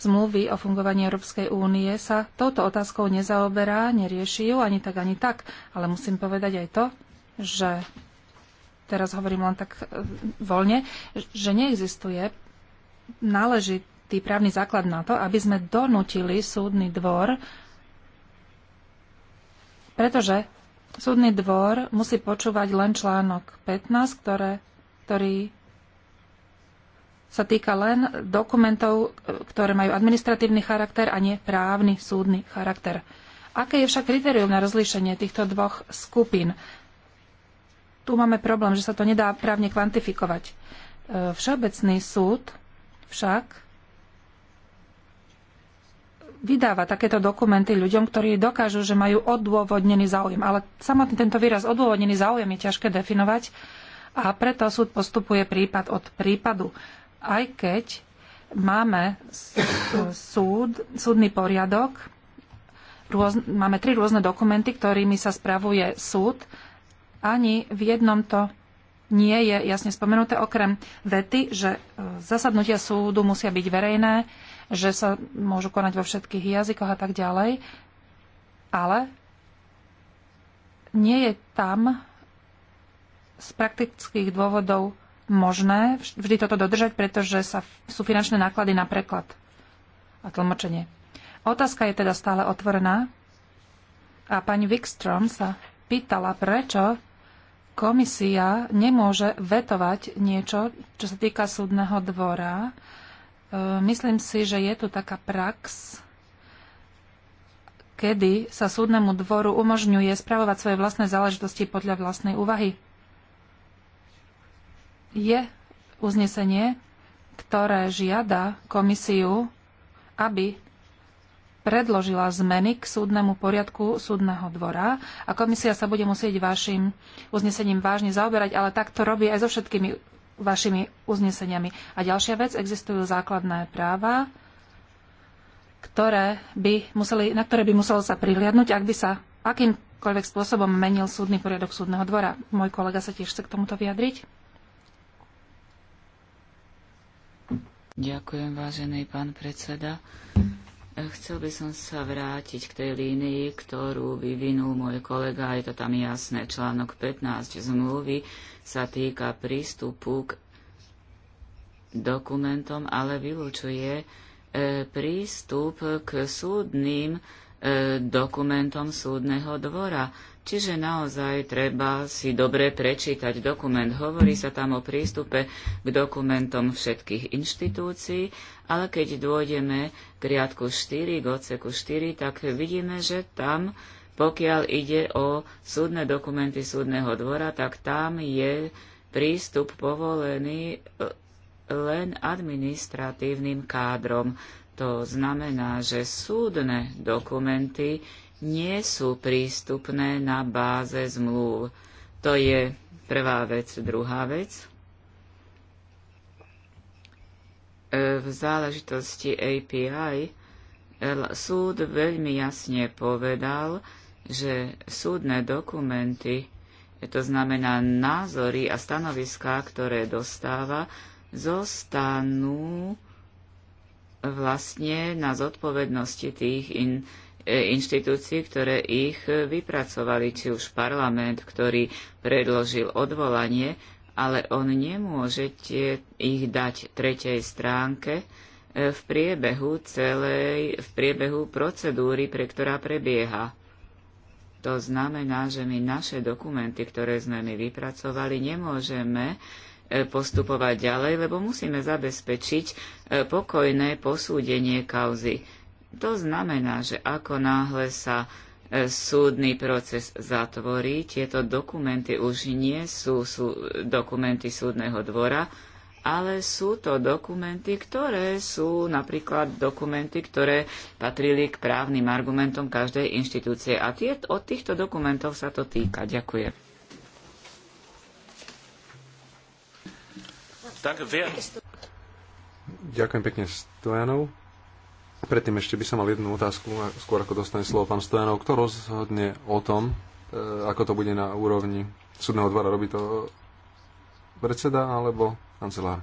zmluvy o fungovaní Európskej únie sa touto otázkou nezaoberá, nerieši ju ani tak, ani tak. Ale musím povedať aj to, že teraz hovorím len tak e, voľne, že neexistuje náležitý istý právny základ na to, aby sme donútili súdny dvor, pretože súdny dvor musí počúvať len článok 15, ktoré, ktorý sa týka len dokumentov, ktoré majú administratívny charakter a nie právny súdny charakter. Aké je však kritérium na rozlíšenie týchto dvoch skupín? Tu máme problém, že sa to nedá právne kvantifikovať. E, Všeobecný súd však vydáva takéto dokumenty ľuďom, ktorí dokážu, že majú odôvodnený záujem. Ale samotný tento výraz odôvodnený záujem je ťažké definovať a preto súd postupuje prípad od prípadu. Aj keď máme súd, súdny poriadok, rôz, máme tri rôzne dokumenty, ktorými sa spravuje súd, ani v jednom to nie je jasne spomenuté, okrem vety, že e, zasadnutia súdu musia byť verejné, že sa môžu konať vo všetkých jazykoch a tak ďalej, ale nie je tam z praktických dôvodov možné vždy toto dodržať, pretože sa, sú finančné náklady na preklad a tlmočenie. Otázka je teda stále otvorená a pani Wickstrom sa pýtala, prečo komisia nemôže vetovať niečo, čo sa týka súdneho dvora E, myslím si, že je tu taká prax, kedy sa súdnemu dvoru umožňuje spravovať svoje vlastné záležitosti podľa vlastnej úvahy. Je uznesenie, ktoré žiada komisiu, aby predložila zmeny k súdnemu poriadku súdneho dvora a komisia sa bude musieť vašim uznesením vážne zaoberať, ale tak to robí aj so všetkými vašimi uzneseniami. A ďalšia vec, existujú základné práva, ktoré by museli, na ktoré by muselo sa prihliadnúť, ak by sa akýmkoľvek spôsobom menil súdny poriadok súdneho dvora. Môj kolega sa tiež chce k tomuto vyjadriť. Ďakujem, vážený pán predseda. Chcel by som sa vrátiť k tej línii, ktorú vyvinul môj kolega, je to tam jasné, článok 15 zmluvy sa týka prístupu k dokumentom, ale vylúčuje e, prístup k súdnym e, dokumentom súdneho dvora. Čiže naozaj treba si dobre prečítať dokument. Hovorí sa tam o prístupe k dokumentom všetkých inštitúcií, ale keď dôjdeme k riadku 4, k odseku 4, tak vidíme, že tam, pokiaľ ide o súdne dokumenty súdneho dvora, tak tam je prístup povolený e, len administratívnym kádrom. To znamená, že súdne dokumenty nie sú prístupné na báze zmluv. To je prvá vec. Druhá vec. E, v záležitosti API e, súd veľmi jasne povedal, že súdne dokumenty, e, to znamená názory a stanoviská, ktoré dostáva, zostanú vlastne na zodpovednosti tých in, E, inštitúcií, ktoré ich e, vypracovali, či už parlament, ktorý predložil odvolanie, ale on nemôže ich dať tretej stránke e, v priebehu celej, v priebehu procedúry, pre ktorá prebieha. To znamená, že my naše dokumenty, ktoré sme my vypracovali, nemôžeme postupovať ďalej, lebo musíme zabezpečiť pokojné posúdenie kauzy to znamená, že ako náhle sa e, súdny proces zatvorí, tieto dokumenty už nie sú, sú dokumenty súdneho dvora, ale sú to dokumenty, ktoré sú napríklad dokumenty, ktoré patrili k právnym argumentom každej inštitúcie. A tie, od týchto dokumentov sa to týka. Ďakujem. Ďakujem pekne, Stojanov. Predtým ešte by som mal jednu otázku, skôr ako dostane slovo pán Stojanov. Kto rozhodne o tom, e, ako to bude na úrovni súdneho dvora? Robí to e, predseda alebo kancelár?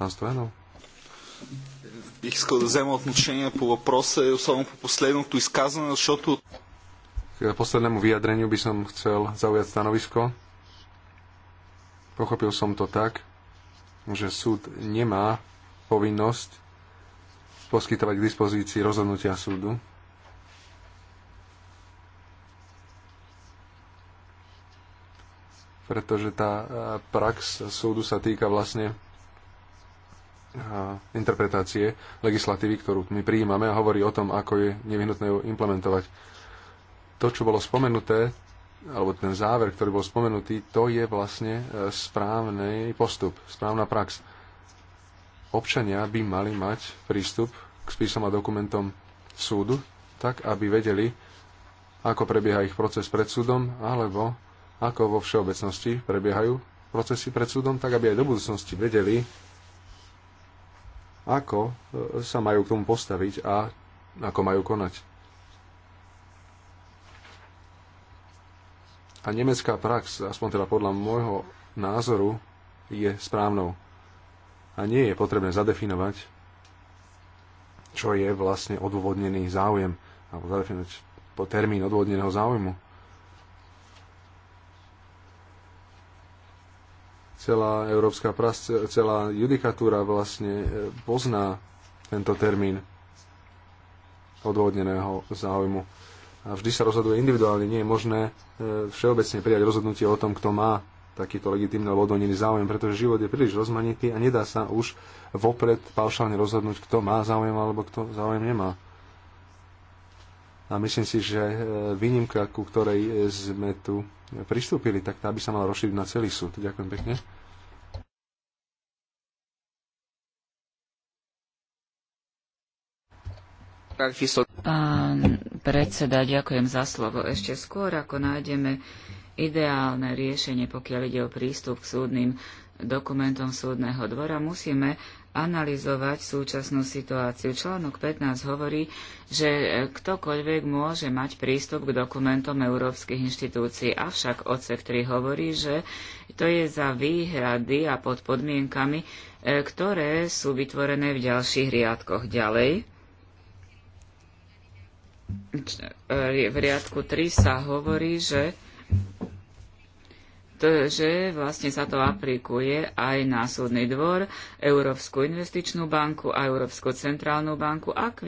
Pán Стоянов. Бих искал да взема отношение по som и особено по последното изказване, K poslednému vyjadreniu by som chcel zaujať stanovisko. Pochopil som to tak, že súd nemá povinnosť poskytovať k dispozícii rozhodnutia súdu. Pretože tá e, prax súdu sa týka vlastne e, interpretácie legislatívy, ktorú my prijímame a hovorí o tom, ako je nevyhnutné ju implementovať. To, čo bolo spomenuté, alebo ten záver, ktorý bol spomenutý, to je vlastne e, správny postup, správna prax občania by mali mať prístup k spisom a dokumentom súdu, tak aby vedeli, ako prebieha ich proces pred súdom, alebo ako vo všeobecnosti prebiehajú procesy pred súdom, tak aby aj do budúcnosti vedeli, ako e, sa majú k tomu postaviť a ako majú konať. A nemecká prax, aspoň teda podľa môjho názoru, je správnou a nie je potrebné zadefinovať, čo je vlastne odôvodnený záujem, alebo zadefinovať po termín odôvodneného záujmu. Celá európska prasce, celá judikatúra vlastne e, pozná tento termín odôvodneného záujmu. A vždy sa rozhoduje individuálne, nie je možné e, všeobecne prijať rozhodnutie o tom, kto má takýto legitímny alebo odolnený záujem, pretože život je príliš rozmanitý a nedá sa už vopred paušálne rozhodnúť, kto má záujem alebo kto záujem nemá. A myslím si, že e, výnimka, ku ktorej e, sme tu pristúpili, tak tá by sa mala rozšíriť na celý súd. Ďakujem pekne. Pán predseda, ďakujem za slovo. Ešte skôr, ako nájdeme ideálne riešenie, pokiaľ ide o prístup k súdnym dokumentom súdneho dvora, musíme analyzovať súčasnú situáciu. Článok 15 hovorí, že ktokoľvek môže mať prístup k dokumentom európskych inštitúcií, avšak odsek 3 hovorí, že to je za výhrady a pod podmienkami, e, ktoré sú vytvorené v ďalších riadkoch ďalej. E, v riadku 3 sa hovorí, že že vlastne sa to aplikuje aj na súdny dvor, Európsku investičnú banku a Európsku centrálnu banku, ak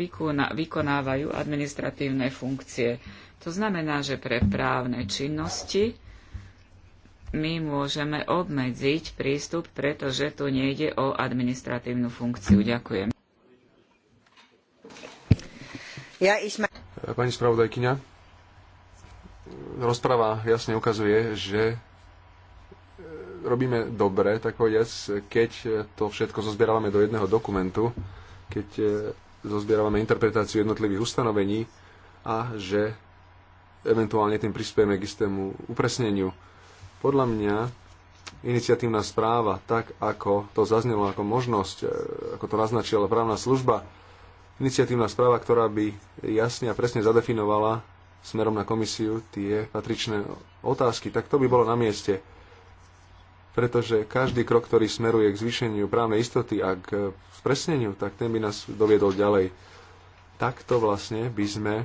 vykonávajú administratívne funkcie. To znamená, že pre právne činnosti my môžeme obmedziť prístup, pretože tu nejde o administratívnu funkciu. Ďakujem. Pani spravodajkyňa, rozpráva jasne ukazuje, že robíme dobre, tak povediac, keď to všetko zozbierávame do jedného dokumentu, keď e, zozbierávame interpretáciu jednotlivých ustanovení a že eventuálne tým prispieme k istému upresneniu. Podľa mňa iniciatívna správa, tak ako to zaznelo ako možnosť, e, ako to naznačila právna služba, iniciatívna správa, ktorá by jasne a presne zadefinovala smerom na komisiu tie patričné otázky, tak to by bolo na mieste pretože každý krok, ktorý smeruje k zvýšeniu právnej istoty a k spresneniu, tak ten by nás doviedol ďalej. Takto vlastne by sme e,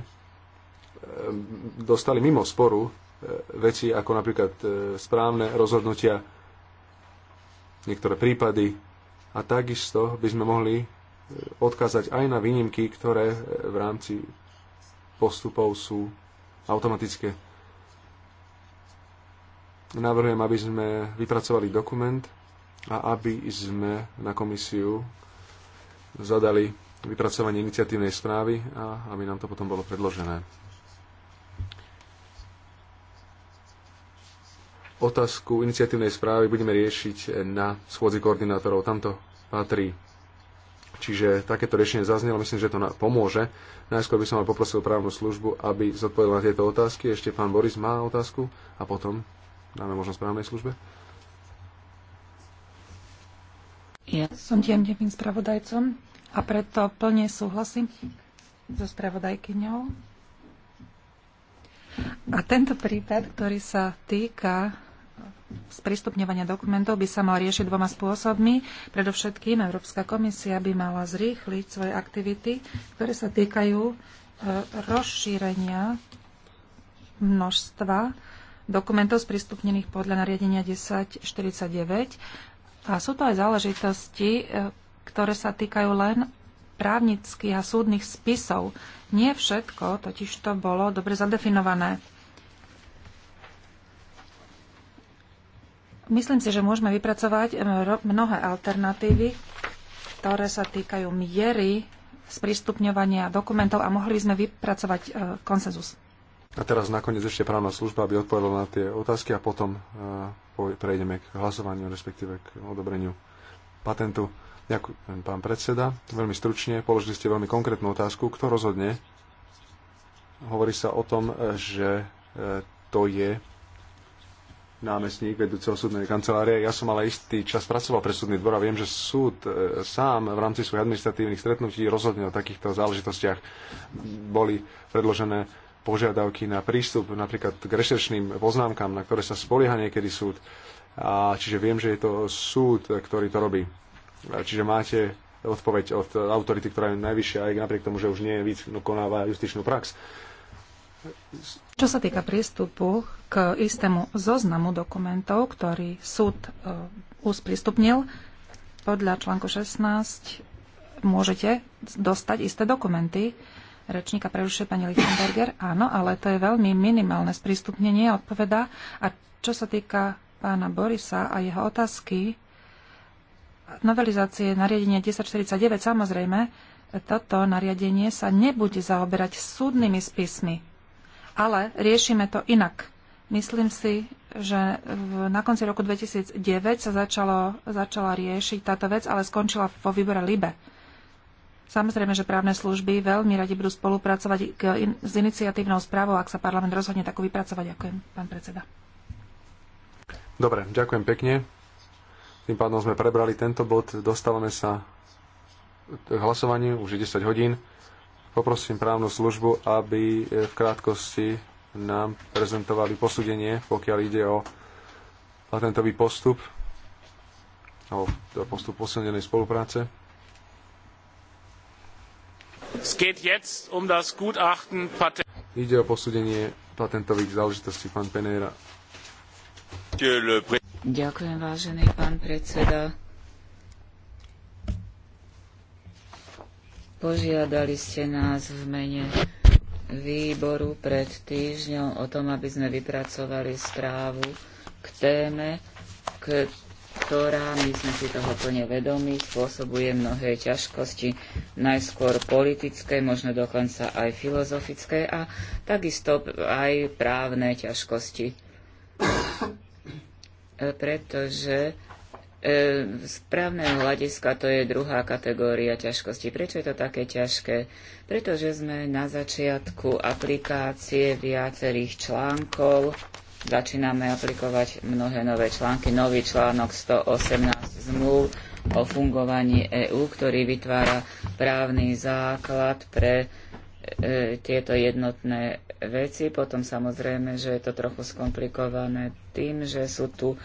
dostali mimo sporu e, veci ako napríklad e, správne rozhodnutia, niektoré prípady a takisto by sme mohli odkázať aj na výnimky, ktoré v rámci postupov sú automatické. Navrhujem, aby sme vypracovali dokument a aby sme na komisiu zadali vypracovanie iniciatívnej správy a aby nám to potom bolo predložené. Otázku iniciatívnej správy budeme riešiť na schôdzi koordinátorov. Tamto patrí. Čiže takéto riešenie zaznelo, myslím, že to na, pomôže. Najskôr by som vám poprosil právnu službu, aby zodpovedal na tieto otázky. Ešte pán Boris má otázku a potom Dáme možno správnej službe. Ja som nevým spravodajcom a preto plne súhlasím so spravodajkyňou. A tento prípad, ktorý sa týka sprístupňovania dokumentov by sa mal riešiť dvoma spôsobmi. Predovšetkým Európska komisia by mala zrýchliť svoje aktivity, ktoré sa týkajú e, rozšírenia množstva dokumentov sprístupnených podľa nariadenia 1049 a sú to aj záležitosti, e, ktoré sa týkajú len právnických a súdnych spisov. Nie všetko totiž to bolo dobre zadefinované. Myslím si, že môžeme vypracovať e, mnohé alternatívy, ktoré sa týkajú miery sprístupňovania dokumentov a mohli sme vypracovať e, konsenzus. A teraz nakoniec ešte právna služba, aby odpovedala na tie otázky a potom e, prejdeme k hlasovaniu, respektíve k odobreniu patentu. Ďakujem, pán predseda. Veľmi stručne, položili ste veľmi konkrétnu otázku. Kto rozhodne? Hovorí sa o tom, že e, to je námestník vedúceho súdnej kancelárie. Ja som ale istý čas pracoval pre súdny dvor a viem, že súd e, sám v rámci svojich administratívnych stretnutí rozhodne o takýchto záležitostiach. Boli predložené požiadavky na prístup napríklad k rešeršným poznámkam, na ktoré sa spolieha niekedy súd. A, čiže viem, že je to súd, ktorý to robí. A, čiže máte odpoveď od autority, ktorá je najvyššia, aj napriek tomu, že už nie vykonáva no, justičnú prax. Čo sa týka prístupu k istému zoznamu dokumentov, ktorý súd e, usprístupnil, podľa článku 16 môžete dostať isté dokumenty, Rečníka prerušuje pani Lichtenberger. Áno, ale to je veľmi minimálne sprístupnenie odpoveda. A čo sa týka pána Borisa a jeho otázky, novelizácie nariadenia 1049, samozrejme, toto nariadenie sa nebude zaoberať súdnymi spismi, ale riešime to inak. Myslím si, že na konci roku 2009 sa začalo, začala riešiť táto vec, ale skončila vo výbore LIBE Samozrejme, že právne služby veľmi radi budú spolupracovať k in, s iniciatívnou správou, ak sa parlament rozhodne takú vypracovať. Ďakujem, pán predseda. Dobre, ďakujem pekne. Tým pádom sme prebrali tento bod, dostávame sa k hlasovaniu, už je 10 hodín. Poprosím právnu službu, aby e, v krátkosti nám prezentovali posúdenie, pokiaľ ide o patentový postup alebo postup posilnenej spolupráce. Um Ide o posúdenie patentových záležitostí, pán Ďakujem, vážený pán predseda. Požiadali ste nás v mene výboru pred týždňom o tom, aby sme vypracovali správu k téme, k ktorá, my sme si toho plne vedomi, spôsobuje mnohé ťažkosti, najskôr politické, možno dokonca aj filozofické a takisto aj právne ťažkosti. E, pretože e, z právneho hľadiska to je druhá kategória ťažkosti. Prečo je to také ťažké? Pretože sme na začiatku aplikácie viacerých článkov, začíname aplikovať mnohé nové články. Nový článok 118 zmluv o fungovaní EÚ, ktorý vytvára právny základ pre e, tieto jednotné veci. Potom samozrejme, že je to trochu skomplikované tým, že sú tu e,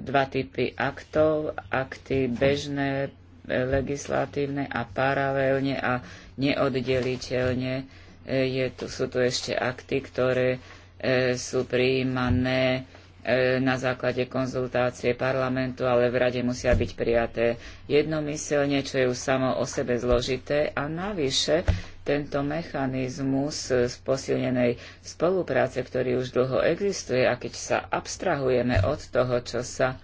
dva typy aktov. Akty bežné, e, legislatívne a paralelne a neoddeliteľne e, je tu, sú tu ešte akty, ktoré E, sú prijímané e, na základe konzultácie parlamentu, ale v rade musia byť prijaté jednomyselne, čo je už samo o sebe zložité. A navyše tento mechanizmus z posilnenej spolupráce, ktorý už dlho existuje a keď sa abstrahujeme od toho, čo sa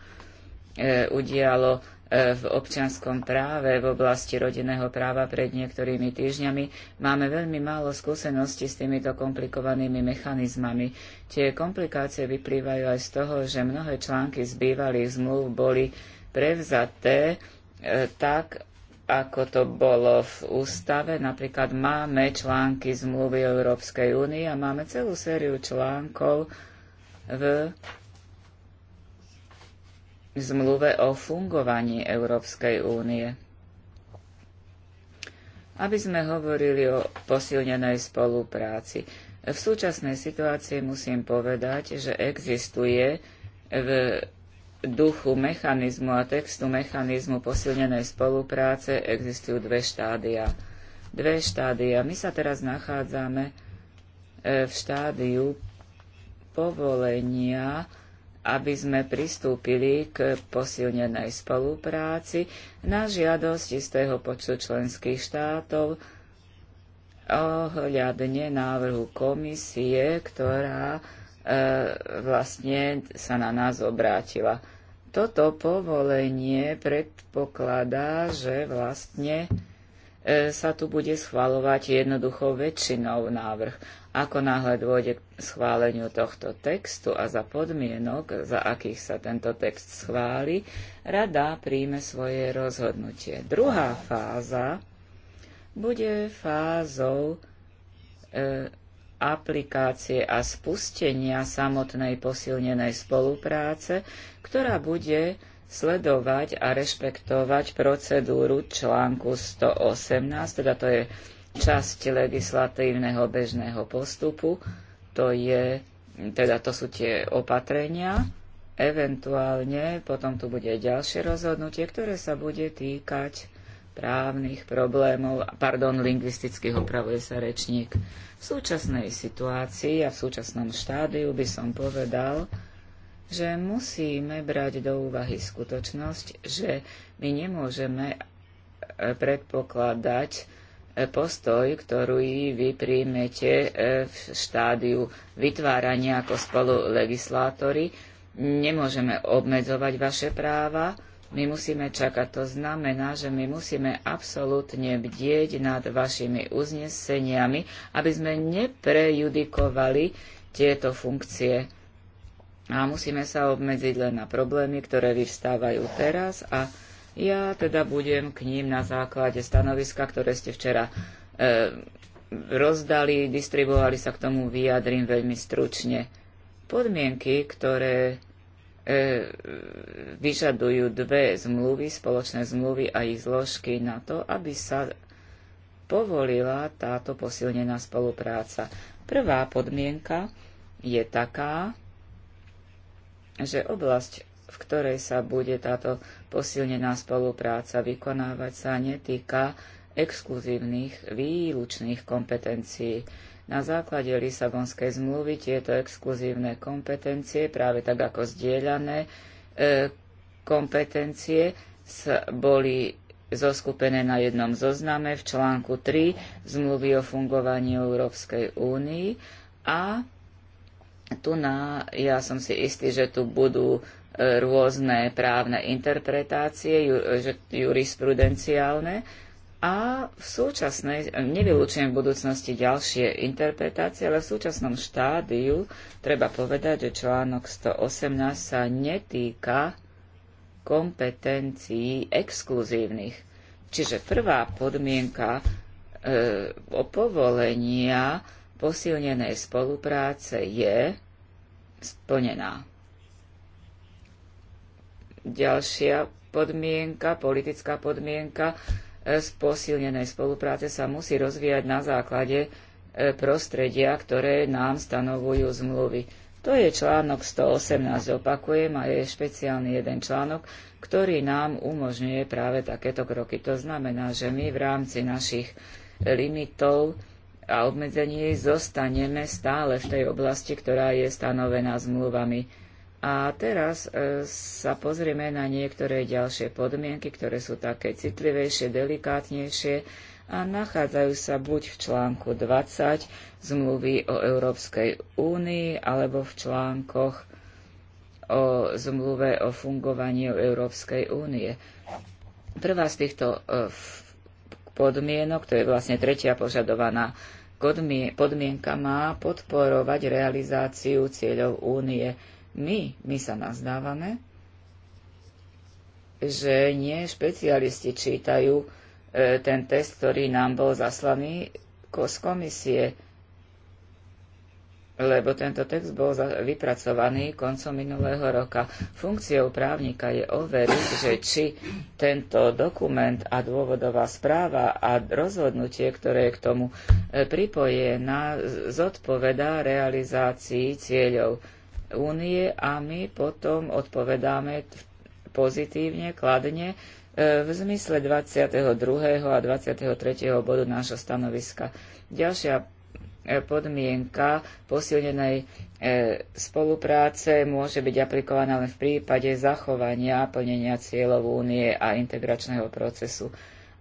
e, udialo E, v občianskom práve v oblasti rodinného práva pred niektorými týždňami, máme veľmi málo skúseností s týmito komplikovanými mechanizmami. Tie komplikácie vyplývajú aj z toho, že mnohé články z bývalých zmluv boli prevzaté e, tak, ako to bolo v ústave. Napríklad máme články zmluvy Európskej únie a máme celú sériu článkov v zmluve o fungovaní Európskej únie. Aby sme hovorili o posilnenej spolupráci. V súčasnej situácii musím povedať, že existuje v duchu mechanizmu a textu mechanizmu posilnenej spolupráce existujú dve štádia. Dve štádia. My sa teraz nachádzame e, v štádiu povolenia aby sme pristúpili k posilnenej spolupráci na žiadosť istého počtu členských štátov ohľadne návrhu komisie, ktorá e, vlastne sa na nás obrátila. Toto povolenie predpokladá, že vlastne e, sa tu bude schvalovať jednoducho väčšinou návrh. Ako náhle dôjde k schváleniu tohto textu a za podmienok, za akých sa tento text schváli, rada príjme svoje rozhodnutie. Druhá fáza bude fázou e, aplikácie a spustenia samotnej posilnenej spolupráce, ktorá bude sledovať a rešpektovať procedúru článku 118, teda to je časť legislatívneho bežného postupu, to je, teda to sú tie opatrenia, eventuálne potom tu bude ďalšie rozhodnutie, ktoré sa bude týkať právnych problémov, pardon, lingvistických opravuje sa rečník. V súčasnej situácii a v súčasnom štádiu by som povedal, že musíme brať do úvahy skutočnosť, že my nemôžeme predpokladať postoj, ktorý vy príjmete e, v štádiu vytvárania ako spolulegislátori. Nemôžeme obmedzovať vaše práva, my musíme čakať. To znamená, že my musíme absolútne bdieť nad vašimi uzneseniami, aby sme neprejudikovali tieto funkcie. A musíme sa obmedziť len na problémy, ktoré vyvstávajú teraz a ja teda budem k ním na základe stanoviska, ktoré ste včera e, rozdali, distribuovali sa k tomu, vyjadrím veľmi stručne. Podmienky, ktoré e, vyžadujú dve zmluvy, spoločné zmluvy a ich zložky na to, aby sa povolila táto posilnená spolupráca. Prvá podmienka je taká, že oblasť v ktorej sa bude táto posilnená spolupráca vykonávať, sa netýka exkluzívnych výlučných kompetencií. Na základe Lisabonskej zmluvy tieto exkluzívne kompetencie, práve tak ako zdieľané e, kompetencie, sa boli zoskupené na jednom zozname v článku 3 zmluvy o fungovaní Európskej únii a tu na, ja som si istý, že tu budú rôzne právne interpretácie, jurisprudenciálne a v súčasnej, nevylučujem v budúcnosti ďalšie interpretácie, ale v súčasnom štádiu treba povedať, že článok 118 sa netýka kompetencií exkluzívnych. Čiže prvá podmienka e, o povolenia posilnenej spolupráce je splnená. Ďalšia podmienka, politická podmienka e, z posilnenej spolupráce sa musí rozvíjať na základe e, prostredia, ktoré nám stanovujú zmluvy. To je článok 118, opakujem, a je špeciálny jeden článok, ktorý nám umožňuje práve takéto kroky. To znamená, že my v rámci našich limitov a obmedzení zostaneme stále v tej oblasti, ktorá je stanovená zmluvami. A teraz e, sa pozrieme na niektoré ďalšie podmienky, ktoré sú také citlivejšie, delikátnejšie a nachádzajú sa buď v článku 20 zmluvy o Európskej únii alebo v článkoch o zmluve o fungovaní Európskej únie. Prvá z týchto e, podmienok, to je vlastne tretia požadovaná podmienka, má podporovať realizáciu cieľov únie my, my sa nazdávame, že nie špecialisti čítajú e, ten test, ktorý nám bol zaslaný z komisie, lebo tento text bol vypracovaný koncom minulého roka. Funkciou právnika je overiť, že či tento dokument a dôvodová správa a rozhodnutie, ktoré je k tomu e, pripojená, zodpovedá realizácii cieľov únie a my potom odpovedáme pozitívne, kladne e, v zmysle 22. a 23. bodu nášho stanoviska. Ďalšia e, podmienka posilnenej e, spolupráce môže byť aplikovaná len v prípade zachovania plnenia cieľov únie a integračného procesu.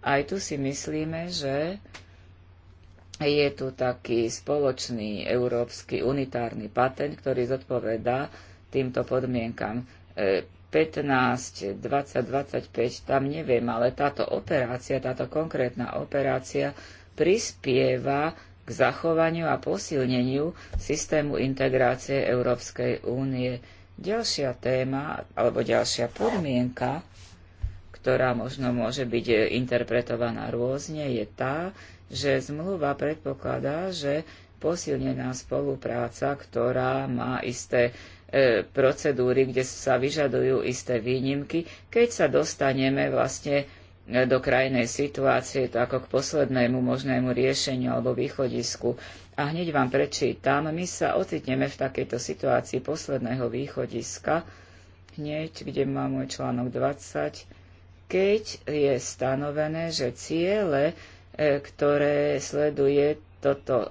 Aj tu si myslíme, že je tu taký spoločný európsky unitárny patent, ktorý zodpovedá týmto podmienkam. 15, 20, 25, tam neviem, ale táto operácia, táto konkrétna operácia prispieva k zachovaniu a posilneniu systému integrácie Európskej únie. Ďalšia téma alebo ďalšia podmienka, ktorá možno môže byť interpretovaná rôzne, je tá, že zmluva predpokladá, že posilnená spolupráca, ktorá má isté e, procedúry, kde sa vyžadujú isté výnimky, keď sa dostaneme vlastne e, do krajnej situácie, to ako k poslednému možnému riešeniu alebo východisku. A hneď vám prečítam, my sa ocitneme v takejto situácii posledného východiska, hneď, kde má môj článok 20, keď je stanovené, že ciele E, ktoré sleduje toto,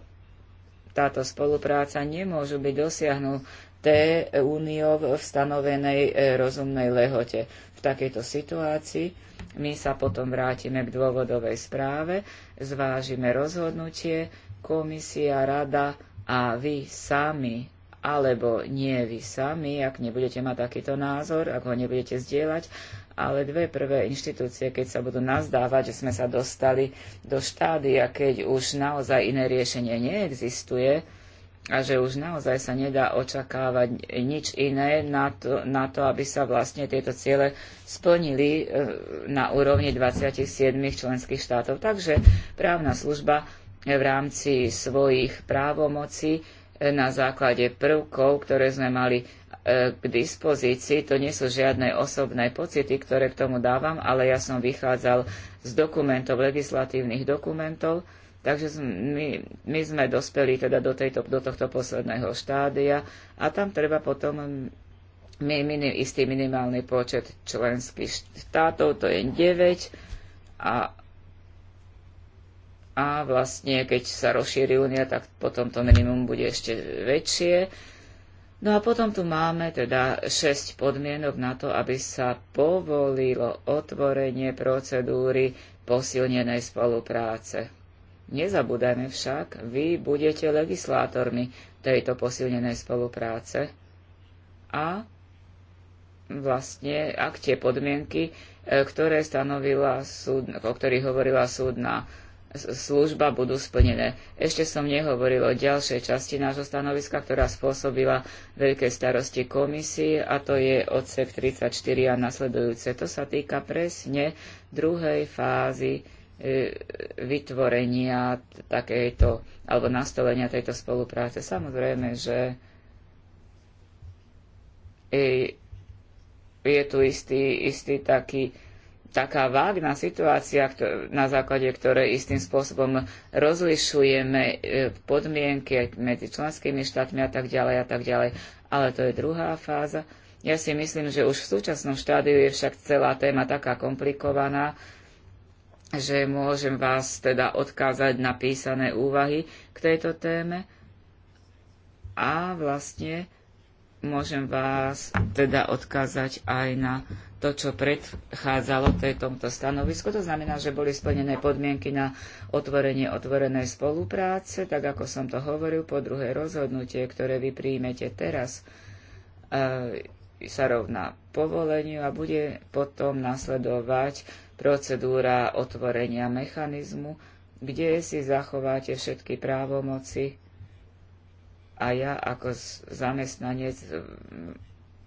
táto spolupráca, nemôžu byť dosiahnuté úniou v stanovenej e, rozumnej lehote. V takejto situácii my sa potom vrátime k dôvodovej správe, zvážime rozhodnutie, komisia, rada a vy sami, alebo nie vy sami, ak nebudete mať takýto názor, ak ho nebudete zdieľať, ale dve prvé inštitúcie, keď sa budú nazdávať, že sme sa dostali do štádia, keď už naozaj iné riešenie neexistuje a že už naozaj sa nedá očakávať nič iné na to, na to aby sa vlastne tieto ciele splnili e, na úrovni 27 členských štátov. Takže právna služba v rámci svojich právomocí e, na základe prvkov, ktoré sme mali E, k dispozícii. To nie sú žiadne osobné pocity, ktoré k tomu dávam, ale ja som vychádzal z dokumentov, legislatívnych dokumentov, takže my, my sme dospeli teda do, tejto, do tohto posledného štádia a tam treba potom my, minim, istý minimálny počet členských štátov, to je 9 a a vlastne keď sa rozšíri únia, tak potom to minimum bude ešte väčšie No a potom tu máme teda 6 podmienok na to, aby sa povolilo otvorenie procedúry posilnenej spolupráce. Nezabúdajme však, vy budete legislátormi tejto posilnenej spolupráce a vlastne ak tie podmienky, e, ktoré stanovila súd, o ktorých hovorila súdna služba budú splnené. Ešte som nehovoril o ďalšej časti nášho stanoviska, ktorá spôsobila veľké starosti komisii a to je odsek 34 a nasledujúce. To sa týka presne druhej fázy e, vytvorenia takejto alebo nastolenia tejto spolupráce. Samozrejme, že je tu istý, istý taký taká vágna situácia, na základe ktorej istým spôsobom rozlišujeme e, podmienky medzi členskými štátmi a tak ďalej a tak ďalej. Ale to je druhá fáza. Ja si myslím, že už v súčasnom štádiu je však celá téma taká komplikovaná, že môžem vás teda odkázať na písané úvahy k tejto téme a vlastne môžem vás teda odkázať aj na to, čo predchádzalo to tomto stanovisku. To znamená, že boli splnené podmienky na otvorenie otvorenej spolupráce, tak ako som to hovoril, po druhé rozhodnutie, ktoré vy príjmete teraz, e, sa rovná povoleniu a bude potom nasledovať procedúra otvorenia mechanizmu, kde si zachováte všetky právomoci a ja ako zamestnanec mm,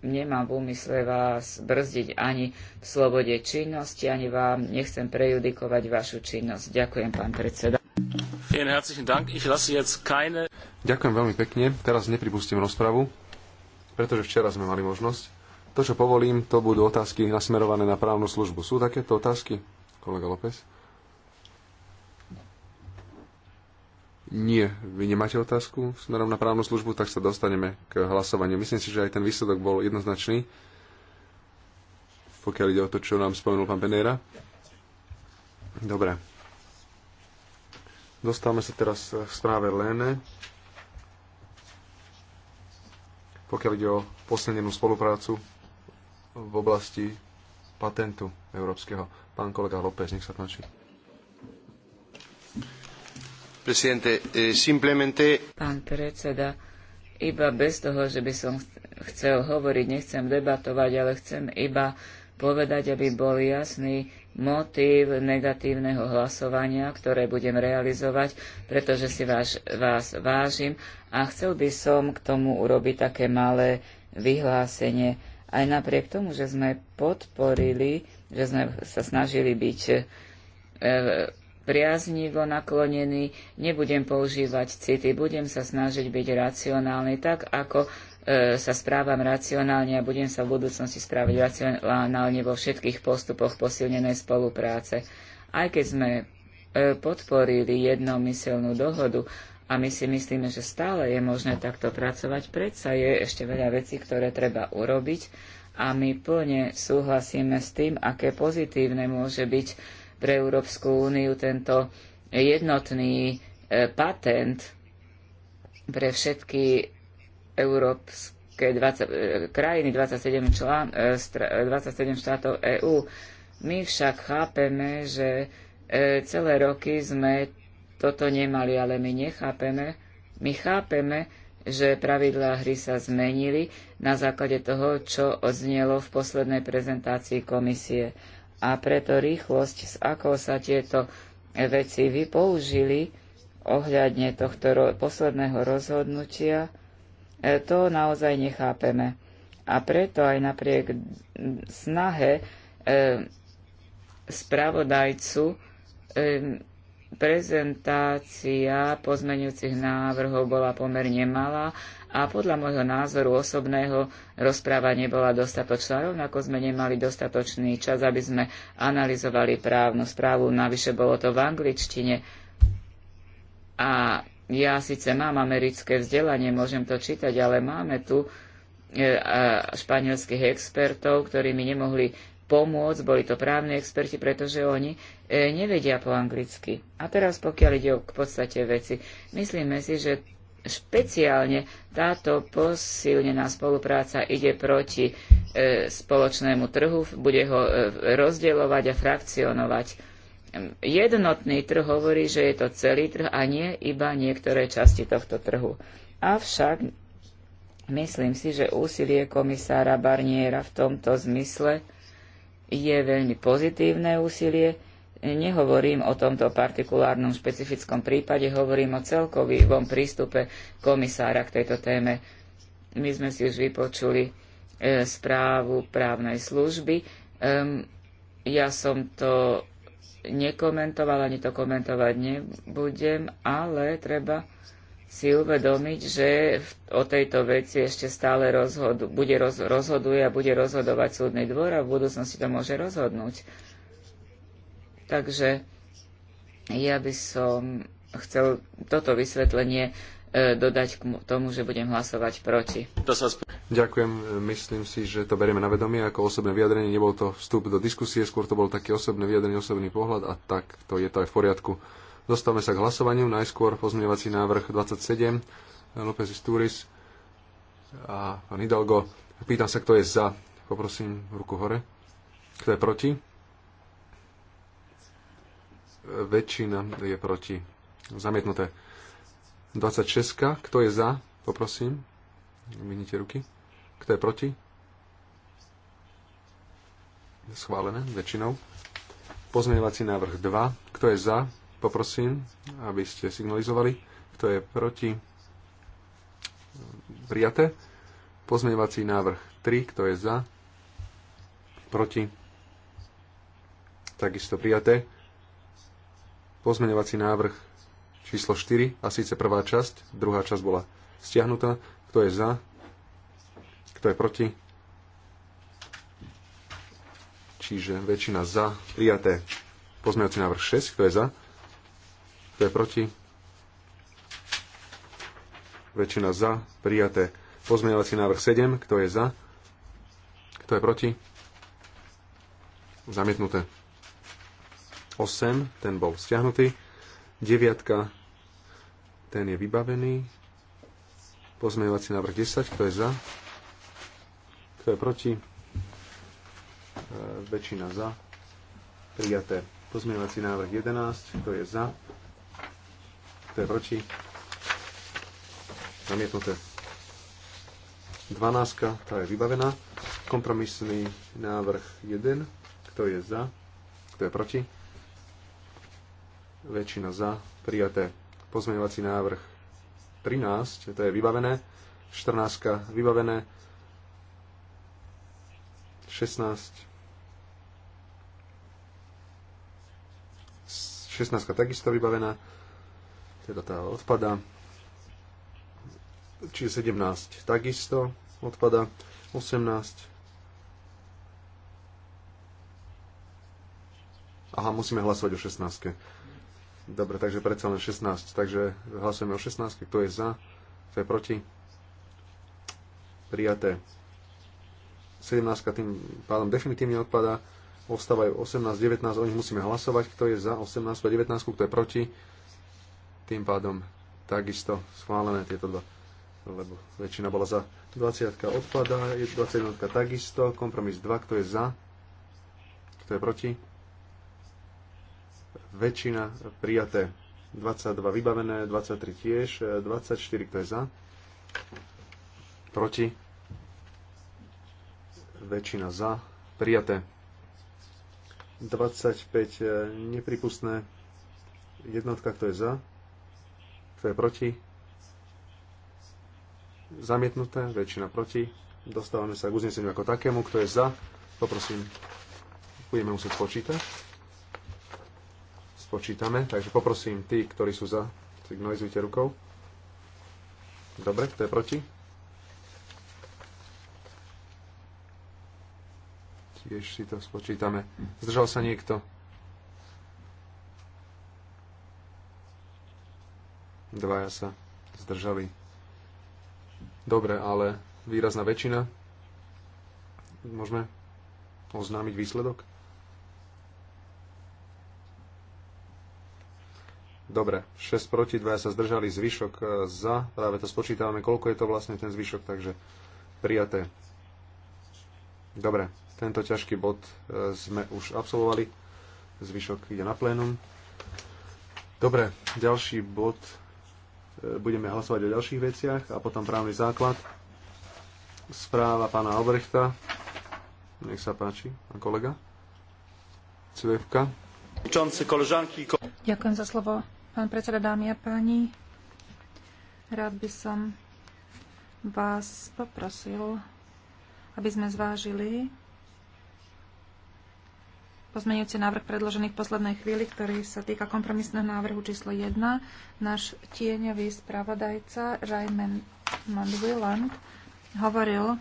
nemám v úmysle vás brzdiť ani v slobode činnosti, ani vám nechcem prejudikovať vašu činnosť. Ďakujem, pán predseda. Ďakujem veľmi pekne. Teraz nepripustím rozpravu, pretože včera sme mali možnosť. To, čo povolím, to budú otázky nasmerované na právnu službu. Sú takéto otázky, kolega López? Nie, vy nemáte otázku smerom na právnu službu, tak sa dostaneme k hlasovaniu. Myslím si, že aj ten výsledok bol jednoznačný, pokiaľ ide o to, čo nám spomenul pán Peneira. Dobre. Dostávame sa teraz k správe Lene. Pokiaľ ide o poslednú spoluprácu v oblasti patentu európskeho. Pán kolega López, nech sa páči presidente. Eh, simplemente... Pán predseda, iba bez toho, že by som chcel hovoriť, nechcem debatovať, ale chcem iba povedať, aby bol jasný motív negatívneho hlasovania, ktoré budem realizovať, pretože si váš, vás vážim a chcel by som k tomu urobiť také malé vyhlásenie. Aj napriek tomu, že sme podporili, že sme sa snažili byť eh, priaznivo naklonený, nebudem používať city, budem sa snažiť byť racionálny, tak ako e, sa správam racionálne a budem sa v budúcnosti správať racionálne vo všetkých postupoch posilnenej spolupráce. Aj keď sme e, podporili jednomyselnú dohodu a my si myslíme, že stále je možné takto pracovať, predsa je ešte veľa vecí, ktoré treba urobiť a my plne súhlasíme s tým, aké pozitívne môže byť pre Európsku úniu tento jednotný e, patent pre všetky európske 20, e, krajiny 27, člán, 27 e, štátov EÚ. My však chápeme, že celé roky sme toto nemali, ale my nechápeme, my chápeme, že pravidlá hry sa zmenili na základe toho, čo odznelo v poslednej prezentácii komisie a preto rýchlosť, s akou sa tieto veci vypoužili ohľadne tohto ro- posledného rozhodnutia, e, to naozaj nechápeme. A preto aj napriek snahe e, spravodajcu e, prezentácia pozmeňujúcich návrhov bola pomerne malá a podľa môjho názoru osobného rozpráva nebola dostatočná. Rovnako sme nemali dostatočný čas, aby sme analyzovali právnu správu. Navyše bolo to v angličtine. A ja síce mám americké vzdelanie, môžem to čítať, ale máme tu e, španielských expertov, ktorí mi nemohli pomôcť, boli to právni experti, pretože oni e, nevedia po anglicky. A teraz pokiaľ ide o k podstate veci, myslíme si, že Špeciálne táto posilnená spolupráca ide proti e, spoločnému trhu, bude ho e, rozdielovať a frakcionovať. Jednotný trh hovorí, že je to celý trh a nie iba niektoré časti tohto trhu. Avšak myslím si, že úsilie komisára Barniera v tomto zmysle je veľmi pozitívne úsilie, Nehovorím o tomto partikulárnom špecifickom prípade, hovorím o celkovom prístupe komisára k tejto téme. My sme si už vypočuli e, správu právnej služby. ja som to nekomentoval, ani to komentovať nebudem, ale treba si uvedomiť, že o tejto veci ešte stále rozhodu, bude roz, rozhoduje a bude rozhodovať súdny dvor a v budúcnosti to môže rozhodnúť. Takže ja by som chcel toto vysvetlenie e, dodať k tomu, že budem hlasovať proti. Ďakujem. Myslím si, že to berieme na vedomie ako osobné vyjadrenie. Nebol to vstup do diskusie, skôr to bol také osobné vyjadrenie, osobný pohľad a tak to je to aj v poriadku. Dostávame sa k hlasovaniu. Najskôr pozmeňovací návrh 27, López Isturis a pán Hidalgo. Pýtam sa, kto je za. Poprosím ruku hore. Kto je proti? väčšina je proti. Zamietnuté. 26. Kto je za? Poprosím. Minite ruky. Kto je proti? Schválené väčšinou. Pozmeňovací návrh 2. Kto je za? Poprosím, aby ste signalizovali. Kto je proti? Prijaté. Pozmeňovací návrh 3. Kto je za? Proti? Takisto prijaté Pozmeňovací návrh číslo 4, a síce prvá časť, druhá časť bola stiahnutá. Kto je za? Kto je proti? Čiže väčšina za. Prijaté. Pozmeňovací návrh 6. Kto je za? Kto je proti? Väčšina za. Prijaté. Pozmeňovací návrh 7. Kto je za? Kto je proti? Zamietnuté. 8, ten bol stiahnutý. 9, ten je vybavený. Pozmeňovací návrh 10, kto je za? Kto je proti? E, väčšina za. Prijaté. Pozmeňovací návrh 11, kto je za? Kto je proti? Zamietnuté. 12, tá je vybavená. Kompromisný návrh 1, kto je za? Kto je proti? väčšina za, prijaté. Pozmeňovací návrh 13, to je vybavené, 14 vybavené, 16 16 takisto vybavená, teda tá odpada. Čiže 17 takisto odpada, 18. Aha, musíme hlasovať o 16. Dobre, takže predsa len 16. Takže hlasujeme o 16. Kto je za? Kto je proti? Prijaté. 17. tým pádom definitívne odpada. Ostávajú 18, 19, o nich musíme hlasovať. Kto je za 18 a 19, kto je proti? Tým pádom takisto schválené tieto dva lebo väčšina bola za. 20 odpadá, 21 takisto, kompromis 2, kto je za, kto je proti väčšina prijaté. 22 vybavené, 23 tiež, 24 e, kto je za, proti, väčšina za, prijaté. 25 e, nepripustné, jednotka kto je za, kto je proti, zamietnuté, väčšina proti. Dostávame sa k uzneseniu ako takému, kto je za, poprosím, budeme musieť počítať spočítame. Takže poprosím tí, ktorí sú za, signalizujte rukou. Dobre, kto je proti? Tiež si to spočítame. Zdržal sa niekto? Dvaja sa zdržali. Dobre, ale výrazná väčšina. Môžeme oznámiť výsledok? Dobre, 6 proti, 2 sa zdržali, zvyšok e, za, práve to spočítavame, koľko je to vlastne ten zvyšok, takže prijaté. Dobre, tento ťažký bod e, sme už absolvovali, zvyšok ide na plénum. Dobre, ďalší bod, e, budeme hlasovať o ďalších veciach a potom právny základ. Správa pána Albrechta, nech sa páči, pán kolega. Cvevka. Ďakujem za slovo Pán predseda, dámy a páni, rád by som vás poprosil, aby sme zvážili pozmeňujúci návrh predložený v poslednej chvíli, ktorý sa týka kompromisného návrhu číslo 1. Náš tieňový spravodajca Raymond Mondwilland hovoril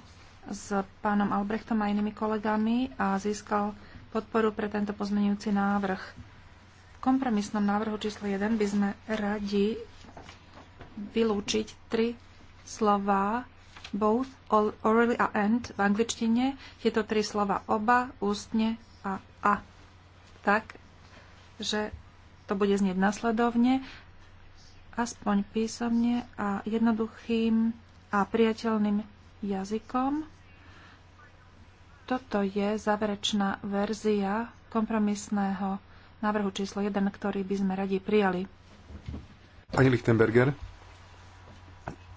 s pánom Albrechtom a inými kolegami a získal podporu pre tento pozmeňujúci návrh kompromisnom návrhu číslo 1 by sme radi vylúčiť tri slova both, orally a and v angličtine. Tieto tri slova oba, ústne a a. Tak, že to bude znieť nasledovne, aspoň písomne a jednoduchým a priateľným jazykom. Toto je záverečná verzia kompromisného návrhu číslo 1, ktorý by sme radi prijali. Pani Lichtenberger,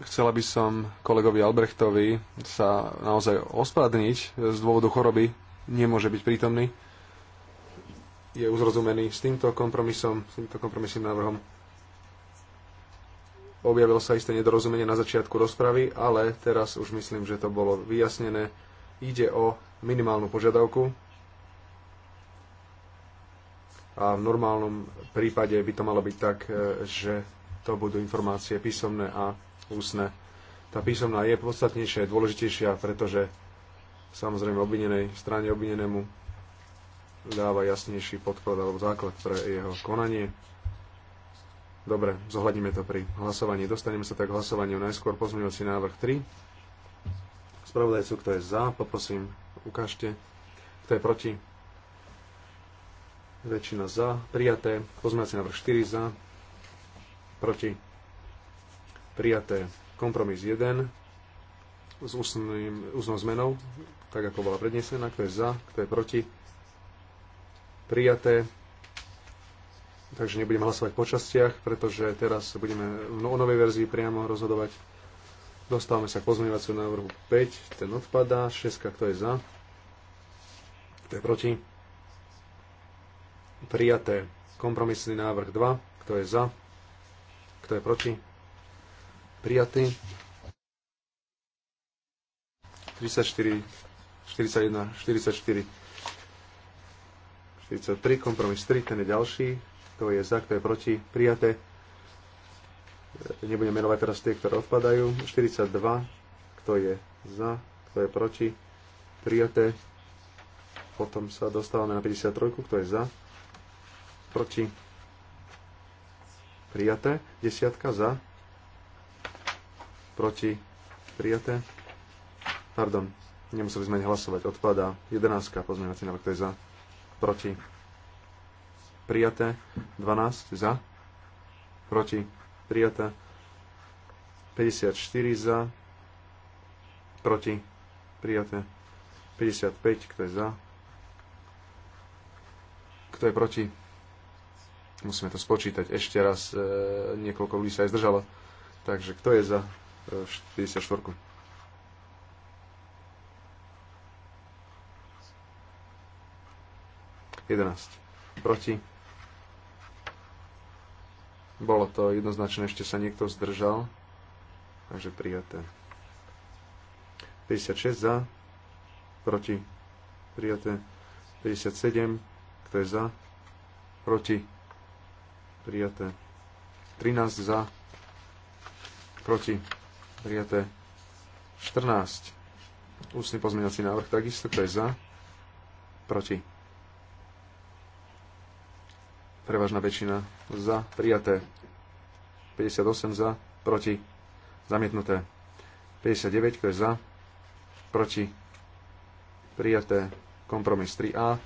chcela by som kolegovi Albrechtovi sa naozaj ospravedlniť z dôvodu choroby. Nemôže byť prítomný. Je uzrozumený s týmto kompromisom, s týmto kompromisným návrhom. Objavilo sa isté nedorozumenie na začiatku rozpravy, ale teraz už myslím, že to bolo vyjasnené. Ide o minimálnu požiadavku, a v normálnom prípade by to malo byť tak, e, že to budú informácie písomné a ústne. Tá písomná je podstatnejšia, je dôležitejšia, pretože samozrejme obvinenej strane obvinenému dáva jasnejší podklad alebo základ pre jeho konanie. Dobre, zohľadníme to pri hlasovaní. Dostaneme sa tak k hlasovaniu najskôr pozmeňujúci návrh 3. Spravodajcu, kto je za, poprosím, ukážte. Kto je proti? väčšina za, prijaté, pozmeňací návrh 4 za, proti, prijaté, kompromis 1 s ústným, zmenou, tak ako bola prednesená, kto je za, kto je proti, prijaté, takže nebudem hlasovať po častiach, pretože teraz budeme o novej verzii priamo rozhodovať. Dostávame sa k pozmeňovaciu návrhu 5, ten odpadá, 6, kto je za, kto je proti, Prijaté. Kompromisný návrh 2. Kto je za? Kto je proti? Prijatý. 34, 41, 44, 43, kompromis 3, ten je ďalší. Kto je za, kto je proti? Prijaté. Nebudem menovať teraz tie, ktoré odpadajú. 42, kto je za, kto je proti? Prijaté. Potom sa dostávame na 53, kto je za, proti, prijaté, desiatka za, proti, prijaté, pardon, nemuseli sme ani hlasovať, odpadá, jedenáctka, pozmeňovací návrh, to je za, proti, prijaté, dvanáct za, proti, prijaté, 54 za, proti, prijaté, 55, kto je za, kto je proti, Musíme to spočítať ešte raz. E, niekoľko ľudí sa aj zdržalo. Takže kto je za 54? E, Jedenáct. Proti. Bolo to jednoznačné, ešte sa niekto zdržal. Takže prijaté. 56 za, proti, prijaté. 57, kto je za, proti, prijaté. 13 za, proti, prijaté. 14. Ústny pozmeňací návrh takisto, kto je za, proti. Prevažná väčšina za, prijaté. 58 za, proti, zamietnuté. 59, kto je za, proti, prijaté. Kompromis 3A,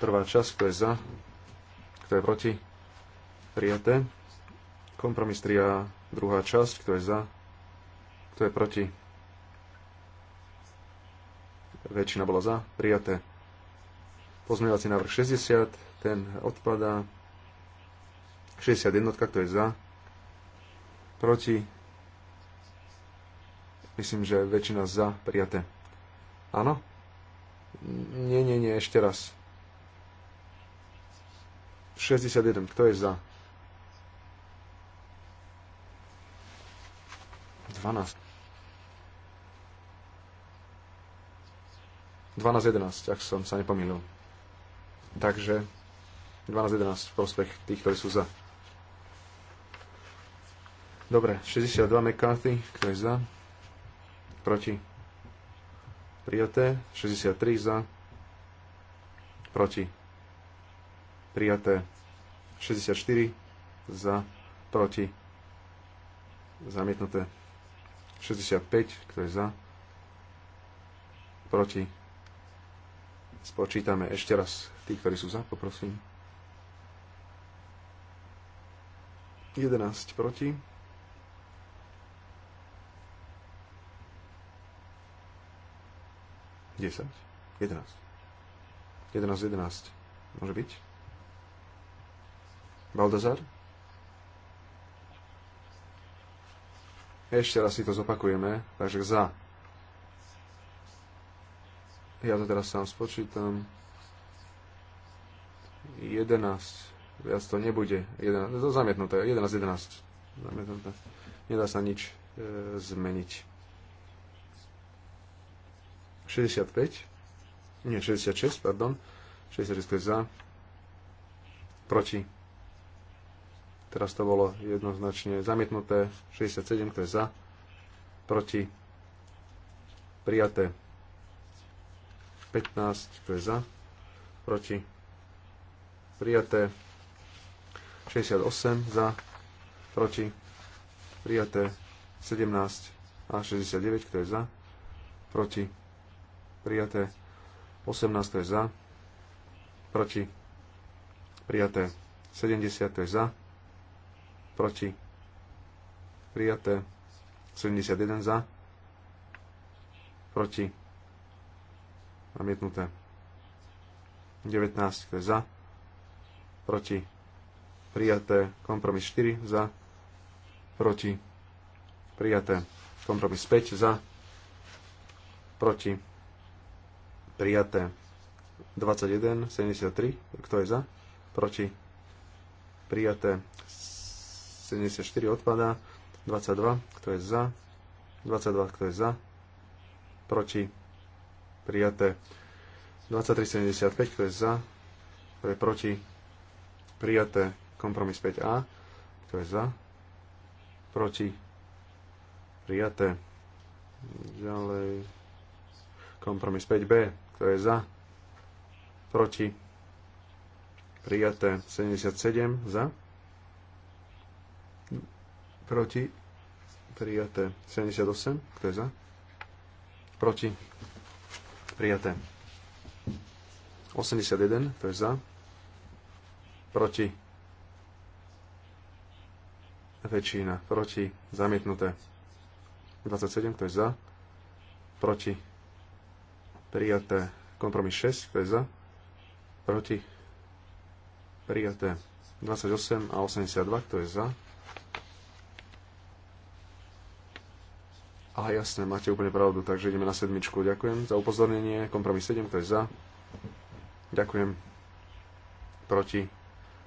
prvá časť, kto je za, kto je proti, prijaté. Kompromis 3a, druhá časť, kto je za, kto je proti. Väčšina bola za, prijaté. Pozmeňovací návrh 60, ten odpadá. 61, kto je za, proti. Myslím, že väčšina za, prijaté. Áno? Nie, nie, nie, ešte raz. 61, kto je za? 12. 12.11, ak som sa nepomýlil. Takže 12.11 v prospech tých, ktorí sú za. Dobre, 62 McCarthy, kto je za? Proti? Prijaté. 63 za. Proti? Prijaté. 64 za. Proti? Zamietnuté. 65, kto je za? Proti? Spočítame ešte raz. Tí, ktorí sú za, poprosím. 11 proti. Desať. Jedenáct. Jedenáct, jedenáct. Môže byť? Baldazar? Ešte raz si to zopakujeme, takže za. Ja to teraz sám spočítam. 11. Viac to nebude. 11, no, to zamietnuté. 11, 11. Zamietnuté. Nedá sa nič e, zmeniť. 65. Nie, 66, pardon. 66 je za. Proti Teraz to bolo jednoznačne zamietnuté. 67, kto je za, proti, prijaté. 15, kto je za, proti, prijaté. 68 za, proti, prijaté. 17 a 69, kto je za, proti, prijaté. 18, kto je za, proti, prijaté. 70, kto je za, proti, prijaté, 71 za, proti, Namietnuté. 19 to je za, proti, prijaté, kompromis 4 za, proti, prijaté, kompromis 5 za, proti, prijaté, 21, 73, kto je za, proti, prijaté, 74 odpadá. 22, kto je za. 22, kto je za. Proti. Prijaté. 23,75, kto je za. Kto je proti. Prijaté. Kompromis 5A. Kto je za. Proti. Prijaté. Ďalej. Kompromis 5B. Kto je za. Proti. Prijaté. 77 za Proti. Prijaté. 78. Kto je za? Proti. Prijaté. 81. Kto je za? Proti. Väčšina. Proti. Zamietnuté. 27. Kto je za? Proti. Prijaté. Kompromis 6. Kto je za? Proti. Prijaté. 28 a 82. Kto je za? A jasné, máte úplne pravdu, takže ideme na sedmičku. Ďakujem za upozornenie. Kompromis 7, kto je za? Ďakujem. Proti?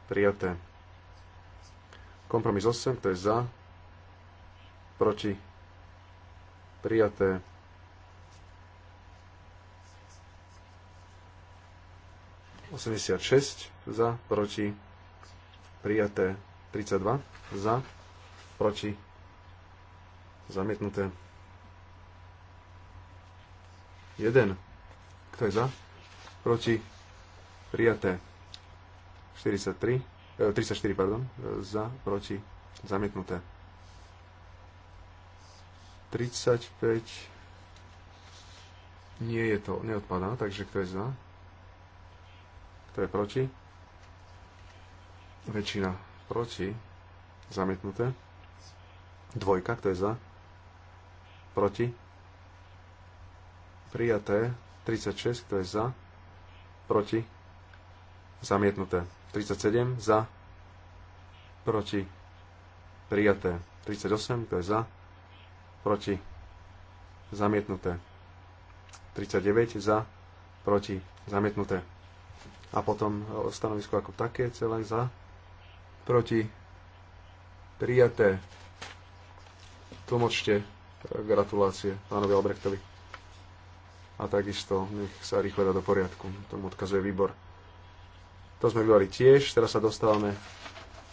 Prijaté. Kompromis 8, kto je za? Proti? Prijaté. Osemdesiatšesť za, proti, prijaté, tridsaťdva za, proti, zamietnuté. 1. Kto je za? Proti? Prijaté. 43. E, 34, pardon. E, za, proti, zamietnuté. 35. Nie je to, neodpadá, takže kto je za? Kto je proti? Väčšina proti. Zamietnuté. Dvojka, kto je za? Proti. Prijaté. 36, kto je za? Proti. Zamietnuté. 37, za? Proti. Prijaté. 38, kto je za? Proti. Zamietnuté. 39, za? Proti. Zamietnuté. A potom e, stanovisko ako také, celé za? Proti. Prijaté. Tlmočte e, gratulácie pánovi Albrechtovi a takisto nech sa rýchle dá do poriadku. Tomu odkazuje výbor. To sme vyvali tiež. Teraz sa dostávame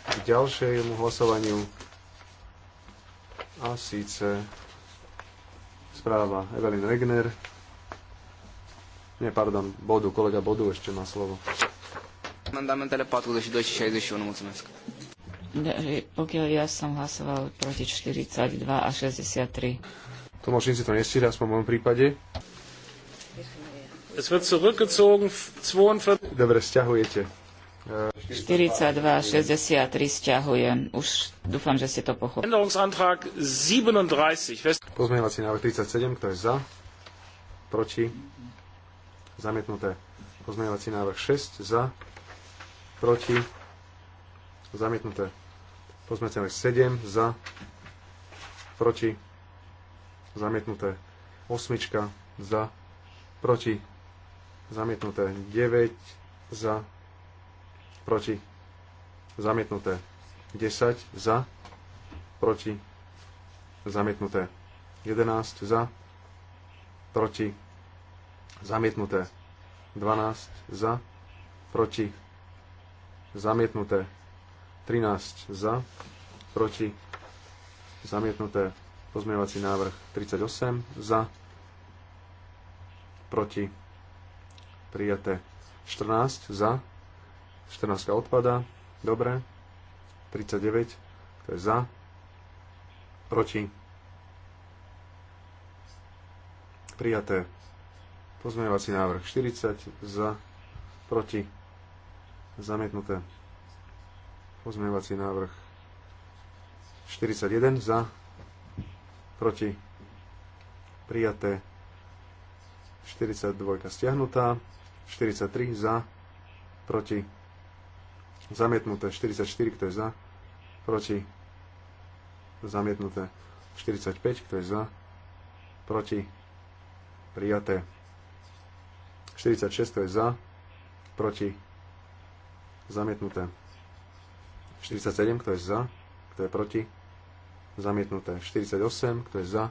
k ďalšiemu hlasovaniu a síce správa Evelyn Regner. Nie, pardon, Bodu, kolega Bodu ešte má slovo. Mandamentele 42 și 61, e, Pokiaľ ja som hlasoval proti 42 a 63. si to nestíhli, aspoň v môjom prípade. Es wird zurückgezogen 42. Dobre, stiahujete. 42, 63 stiahujem. Už dúfam, že ste to pochopili. Änderungsantrag 37. Pozmeňovací návrh 37, kto je za? Proti? Zamietnuté. Pozmeňovací návrh 6, za? Proti? Zamietnuté. Pozmeňovací návrh 7, za? Proti? Zamietnuté. Osmička, za? Proti? Zamietnuté. 9 za. Proti. Zamietnuté. 10 za. Proti. Zamietnuté. 11 za. Proti. Zamietnuté. 12 za. Proti. Zamietnuté. 13 za. Proti. Zamietnuté. pozmeňovací návrh 38 za. Proti prijaté 14 za, 14 odpada, dobre, 39, to je za, proti, prijaté pozmeňovací návrh 40 za, proti, zamietnuté pozmeňovací návrh 41 za, proti, prijaté 42 stiahnutá, 43 za, proti, zamietnuté, 44, kto je za, proti, zamietnuté, 45, kto je za, proti, prijaté, 46, kto je za, proti, zamietnuté, 47, kto je za, kto je proti, zamietnuté, 48, kto je za,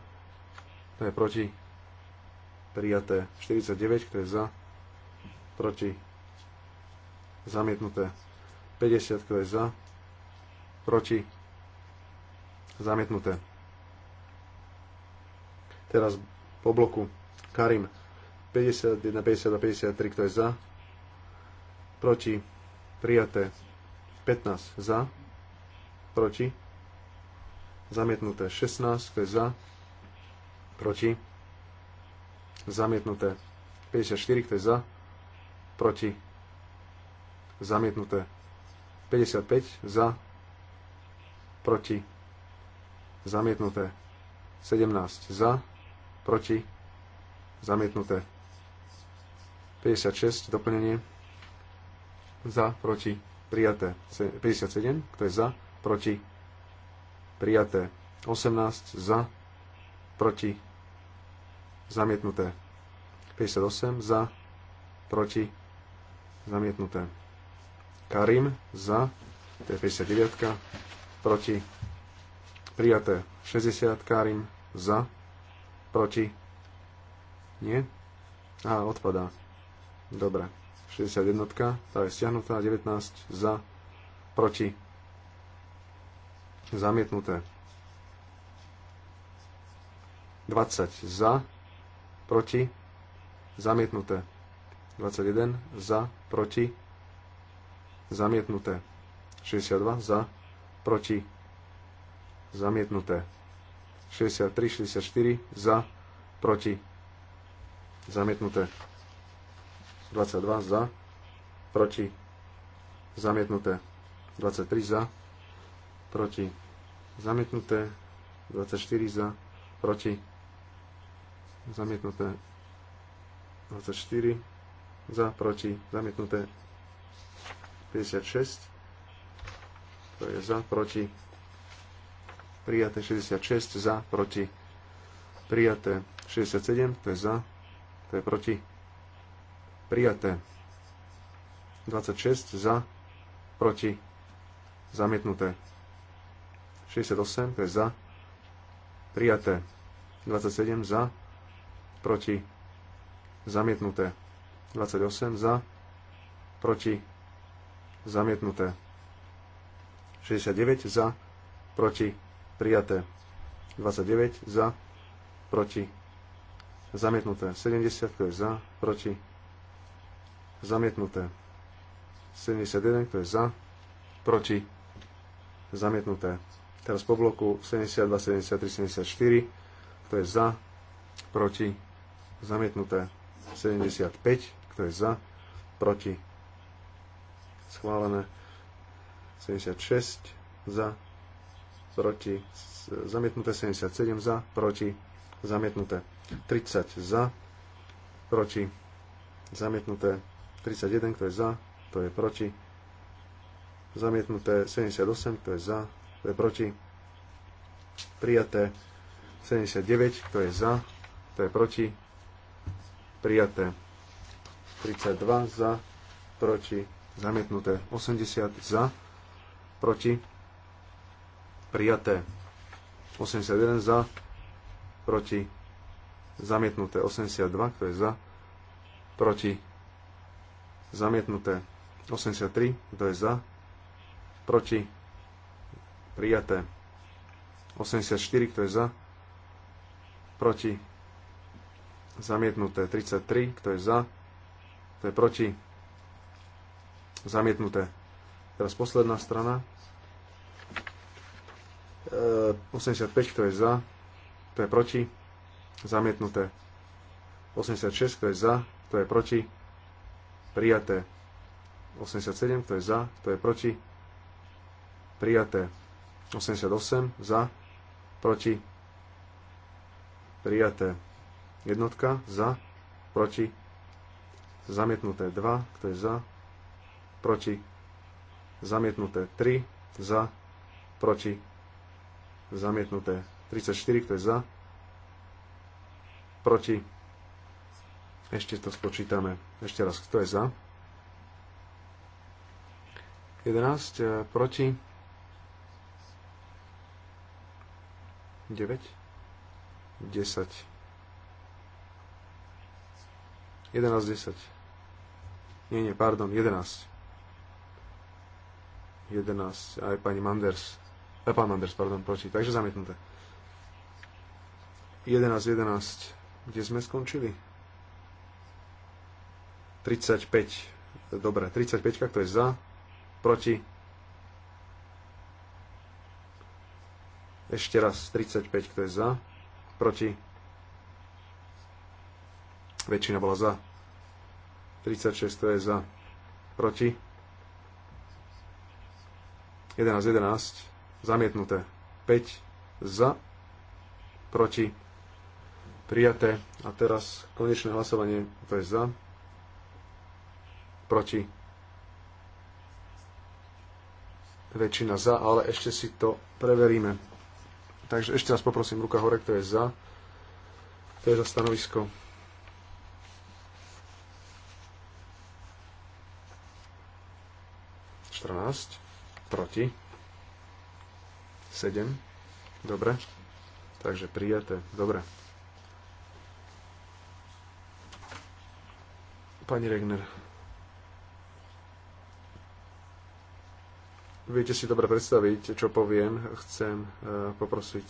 kto je proti, prijaté 49, kto je za, proti, zamietnuté 50, kto je za, proti, zamietnuté. Teraz po bloku Karim 51, 52, 53, kto je za, proti, prijaté 15 za, proti, zamietnuté 16, kto je za, proti, Zamietnuté. 54, kto je za? Proti. Zamietnuté. 55 za. Proti. Zamietnuté. 17 za. Proti. Zamietnuté. 56 doplnenie. Za. Proti. Prijaté. 57, kto je za? Proti. Prijaté. 18 za. Proti zamietnuté. 58 za, proti, zamietnuté. Karim za, to je 59, proti, prijaté. 60 Karim za, proti, nie? a odpadá. Dobre. 61, tá je stiahnutá, 19 za, proti, zamietnuté. 20 za, proti, zamietnuté. 21 za, proti, zamietnuté. 62 za, proti, zamietnuté. 63, 64 za, proti, zamietnuté. 22 za, proti, zamietnuté. 23 za, proti, zamietnuté. 24 za, proti, zamietnuté 24, za, proti, zamietnuté 56, to je za, proti, prijaté 66, za, proti, prijaté 67, to je za, to je proti, prijaté 26, za, proti, zamietnuté 68, to je za, prijaté 27, za, proti, zamietnuté. 28 za, proti, zamietnuté. 69 za, proti, prijaté. 29 za, proti, zamietnuté. 70 to je za, proti, zamietnuté. 71 to je za, proti, zamietnuté. Teraz po bloku 72, 73, 74, to je za, proti, zamietnuté 75, kto je za, proti, schválené 76, za, proti, zamietnuté 77, za, proti, zamietnuté 30, za, proti, zamietnuté 31, kto je za, to je proti, zamietnuté 78, kto je za, to je proti, prijaté 79, kto je za, kto je proti, prijaté. 32 za, proti, zamietnuté. 80 za, proti, prijaté. 81 za, proti, zamietnuté. 82, kto je za, proti, zamietnuté. 83, kto je za, proti, prijaté. 84, kto je za, proti, Zamietnuté 33, kto je za, kto je proti. Zamietnuté. Teraz posledná strana. 85, e, kto je za, kto je proti. Zamietnuté. 86, kto je za, kto je proti. Prijaté. 87, kto je za, kto je proti. Prijaté. 88, za, proti. Prijaté. Jednotka za, proti, zamietnuté 2, to je za, proti, zamietnuté 3, za, proti, zamietnuté 34, kto je za, proti, ešte to spočítame, ešte raz, kto je za, 11, e, proti, 9, 10, 10. Nie, nie, pardon, 11. 11. Aj pani Manders. aj e, pán Manders, pardon, proti. Takže zamietnuté. 11, 11. Kde sme skončili? 35. Dobre, 35, kto je za? Proti? Ešte raz, 35, kto je za? Proti? väčšina bola za. 36 to je za. Proti. 11, 11. Zamietnuté. 5 za. Proti. Prijaté. A teraz konečné hlasovanie. To je za. Proti. Väčšina za, ale ešte si to preveríme. Takže ešte raz poprosím, ruka hore, kto je za. To je za stanovisko proti 7, dobre, takže prijaté, dobre. Pani Regner, viete si dobre predstaviť, čo poviem. Chcem e, poprosiť,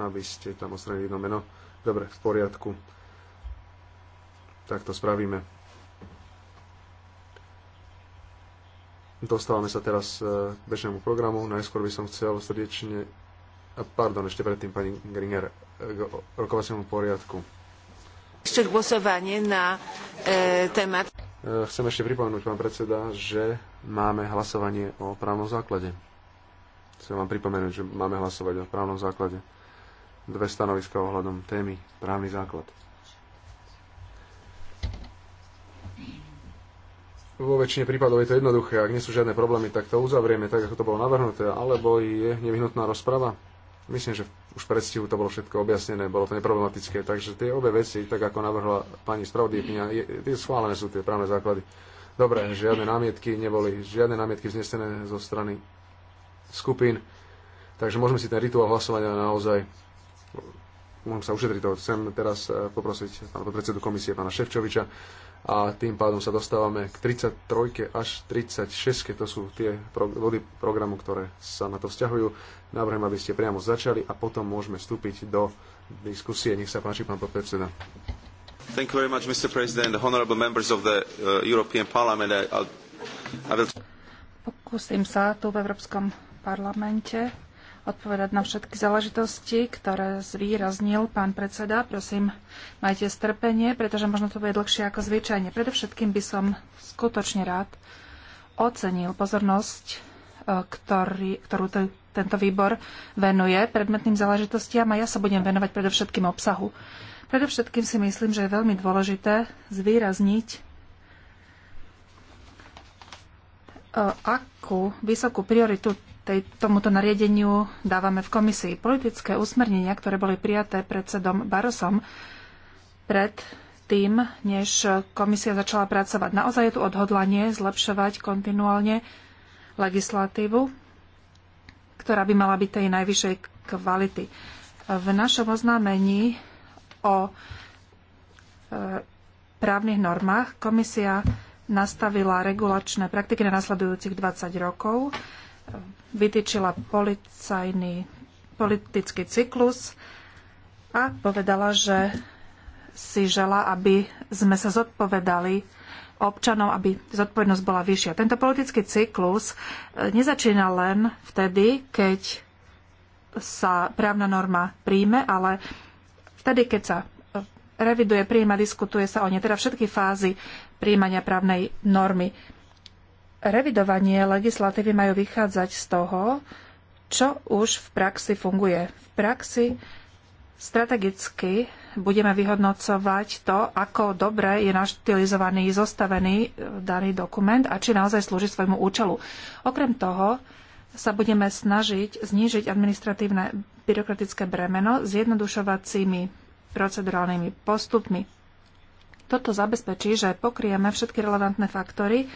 aby ste tam odstranili jedno meno. Dobre, v poriadku. Tak to spravíme. Dostávame sa teraz e, k bežnému programu. Najskôr by som chcel srdečne, pardon, ešte predtým pani Gringer, e, k rokovaciemu poriadku. Ešte hlasovanie na e, témat. E, chcem ešte pripomenúť, pán predseda, že máme hlasovanie o právnom základe. Chcem vám pripomenúť, že máme hlasovať o právnom základe. Dve stanoviska ohľadom témy právny základ. vo väčšine prípadov je to jednoduché. Ak nie sú žiadne problémy, tak to uzavrieme tak, ako to bolo navrhnuté, alebo je nevyhnutná rozprava. Myslím, že už v predstihu to bolo všetko objasnené, bolo to neproblematické. Takže tie obe veci, tak ako navrhla pani spravodajkyňa, tie schválené sú tie právne základy. Dobre, žiadne námietky neboli, žiadne námietky vznesené zo strany skupín. Takže môžeme si ten rituál hlasovania naozaj môžem sa ušetriť toho. Chcem teraz eh, poprosiť pána podpredsedu komisie, pána Ševčoviča, a tým pádom sa dostávame k 33 až 36, to sú tie body programu, ktoré sa na to vzťahujú. Navrhujem, aby ste priamo začali a potom môžeme vstúpiť do diskusie. Nech sa páči, pán podpredseda. Thank you very much, Mr. President, honorable members of the uh, European Parliament. I, I will... Pokúsim sa tu v Európskom parlamente odpovedať na všetky záležitosti, ktoré zvýraznil pán predseda. Prosím, majte strpenie, pretože možno to bude dlhšie ako zvyčajne. Predovšetkým by som skutočne rád ocenil pozornosť, e, ktorý, ktorú to, tento výbor venuje predmetným záležitostiam a ja sa budem venovať predovšetkým obsahu. Predovšetkým si myslím, že je veľmi dôležité zvýrazniť e, akú vysokú prioritu tej, tomuto nariadeniu dávame v komisii. Politické usmernenia, ktoré boli prijaté predsedom Barosom pred tým, než komisia začala pracovať. Naozaj je tu odhodlanie zlepšovať kontinuálne legislatívu, ktorá by mala byť tej najvyššej kvality. V našom oznámení o e, právnych normách komisia nastavila regulačné praktiky na nasledujúcich 20 rokov vytýčila policajný, politický cyklus a povedala, že si žela, aby sme sa zodpovedali občanom, aby zodpovednosť bola vyššia. Tento politický cyklus e, nezačína len vtedy, keď sa právna norma príjme, ale vtedy, keď sa e, reviduje, príjma, diskutuje sa o nej, teda všetky fázy príjmania právnej normy revidovanie legislatívy majú vychádzať z toho, čo už v praxi funguje. V praxi strategicky budeme vyhodnocovať to, ako dobre je naštilizovaný, zostavený e, daný dokument a či naozaj slúži svojmu účelu. Okrem toho sa budeme snažiť znížiť administratívne byrokratické bremeno s jednodušovacími procedurálnymi postupmi. Toto zabezpečí, že pokrieme všetky relevantné faktory,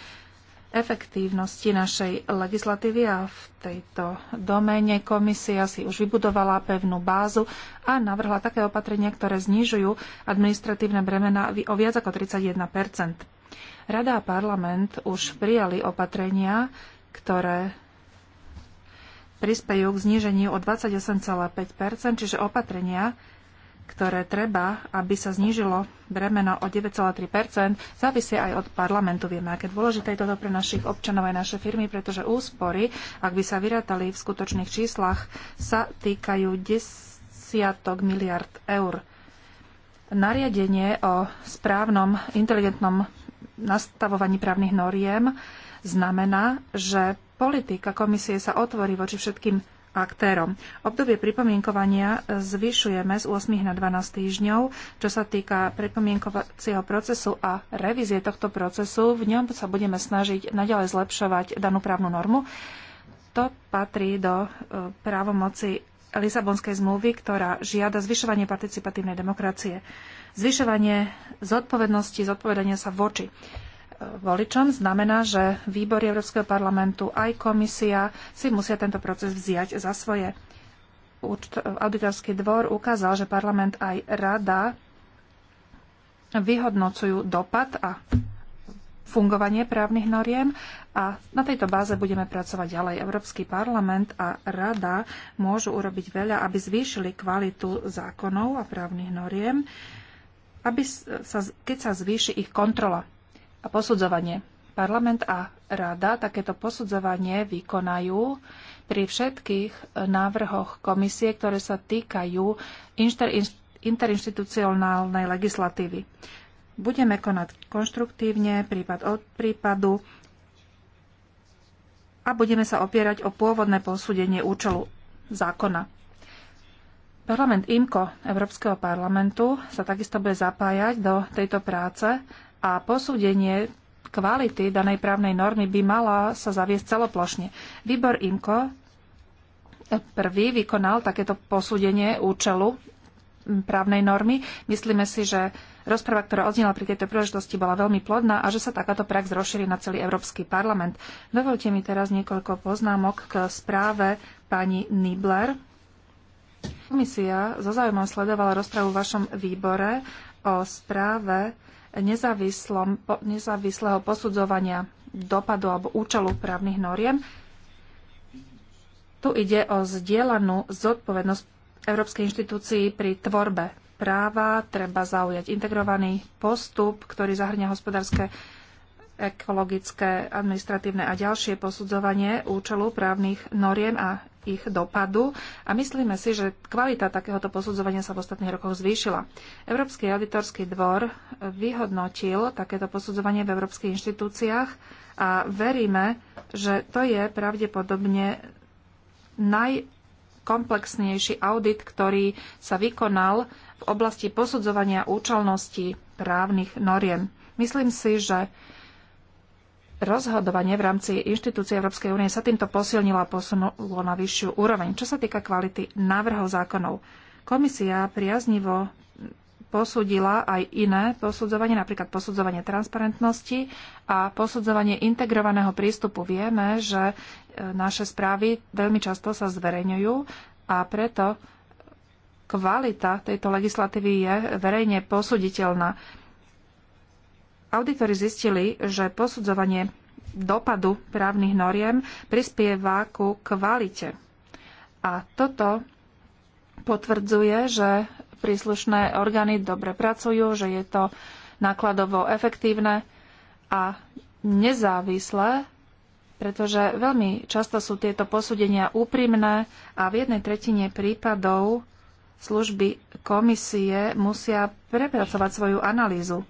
efektívnosti našej legislatívy a v tejto domene komisia si už vybudovala pevnú bázu a navrhla také opatrenia, ktoré znižujú administratívne bremena o viac ako 31 Rada a parlament už prijali opatrenia, ktoré prispejú k zníženiu o 28,5 čiže opatrenia, ktoré treba, aby sa znížilo bremeno o 9,3 závisí aj od parlamentu. Vieme, aké dôležité je toto pre našich občanov aj naše firmy, pretože úspory, ak by sa vyratali v skutočných číslach, sa týkajú desiatok miliard eur. Nariadenie o správnom, inteligentnom nastavovaní právnych noriem znamená, že politika komisie sa otvorí voči všetkým aktérom. Obdobie pripomienkovania zvyšujeme z 8 na 12 týždňov. Čo sa týka pripomienkovacieho procesu a revízie tohto procesu, v ňom sa budeme snažiť naďalej zlepšovať danú právnu normu. To patrí do e, právomoci Lisabonskej zmluvy, ktorá žiada zvyšovanie participatívnej demokracie, zvyšovanie zodpovednosti, zodpovedania sa voči voličom, znamená, že výbory Európskeho parlamentu aj komisia si musia tento proces vziať za svoje. Auditorský dvor ukázal, že parlament aj rada vyhodnocujú dopad a fungovanie právnych noriem a na tejto báze budeme pracovať ďalej. Európsky parlament a rada môžu urobiť veľa, aby zvýšili kvalitu zákonov a právnych noriem aby sa, keď sa zvýši ich kontrola a posudzovanie. Parlament a rada takéto posudzovanie vykonajú pri všetkých návrhoch komisie, ktoré sa týkajú interinstitucionálnej legislatívy. Budeme konať konštruktívne prípad od prípadu a budeme sa opierať o pôvodné posúdenie účelu zákona. Parlament IMCO Európskeho parlamentu sa takisto bude zapájať do tejto práce a posúdenie kvality danej právnej normy by mala sa zaviesť celoplošne. Výbor IMCO prvý vykonal takéto posúdenie účelu právnej normy. Myslíme si, že rozprava, ktorá odznela pri tejto príležitosti, bola veľmi plodná a že sa takáto prax rozšíri na celý Európsky parlament. Dovolte mi teraz niekoľko poznámok k správe pani Nibler. Komisia zo záujmom sledovala rozpravu v vašom výbore o správe nezávislého posudzovania dopadu alebo účelu právnych noriem. Tu ide o zdieľanú zodpovednosť Európskej inštitúcii pri tvorbe práva. Treba zaujať integrovaný postup, ktorý zahrňa hospodárske, ekologické, administratívne a ďalšie posudzovanie účelu právnych noriem a ich dopadu a myslíme si, že kvalita takéhoto posudzovania sa v ostatných rokoch zvýšila. Európsky auditorský dvor vyhodnotil takéto posudzovanie v európskych inštitúciách a veríme, že to je pravdepodobne najkomplexnejší audit, ktorý sa vykonal v oblasti posudzovania účelnosti právnych noriem. Myslím si, že rozhodovanie v rámci inštitúcie Európskej únie sa týmto posilnilo a posunulo na vyššiu úroveň. Čo sa týka kvality návrhov zákonov, komisia priaznivo posúdila aj iné posudzovanie, napríklad posudzovanie transparentnosti a posudzovanie integrovaného prístupu. Vieme, že e, naše správy veľmi často sa zverejňujú a preto kvalita tejto legislatívy je verejne posuditeľná. Auditori zistili, že posudzovanie dopadu právnych noriem prispieva ku kvalite. A toto potvrdzuje, že príslušné orgány dobre pracujú, že je to nákladovo efektívne a nezávislé, pretože veľmi často sú tieto posúdenia úprimné a v jednej tretine prípadov služby komisie musia prepracovať svoju analýzu.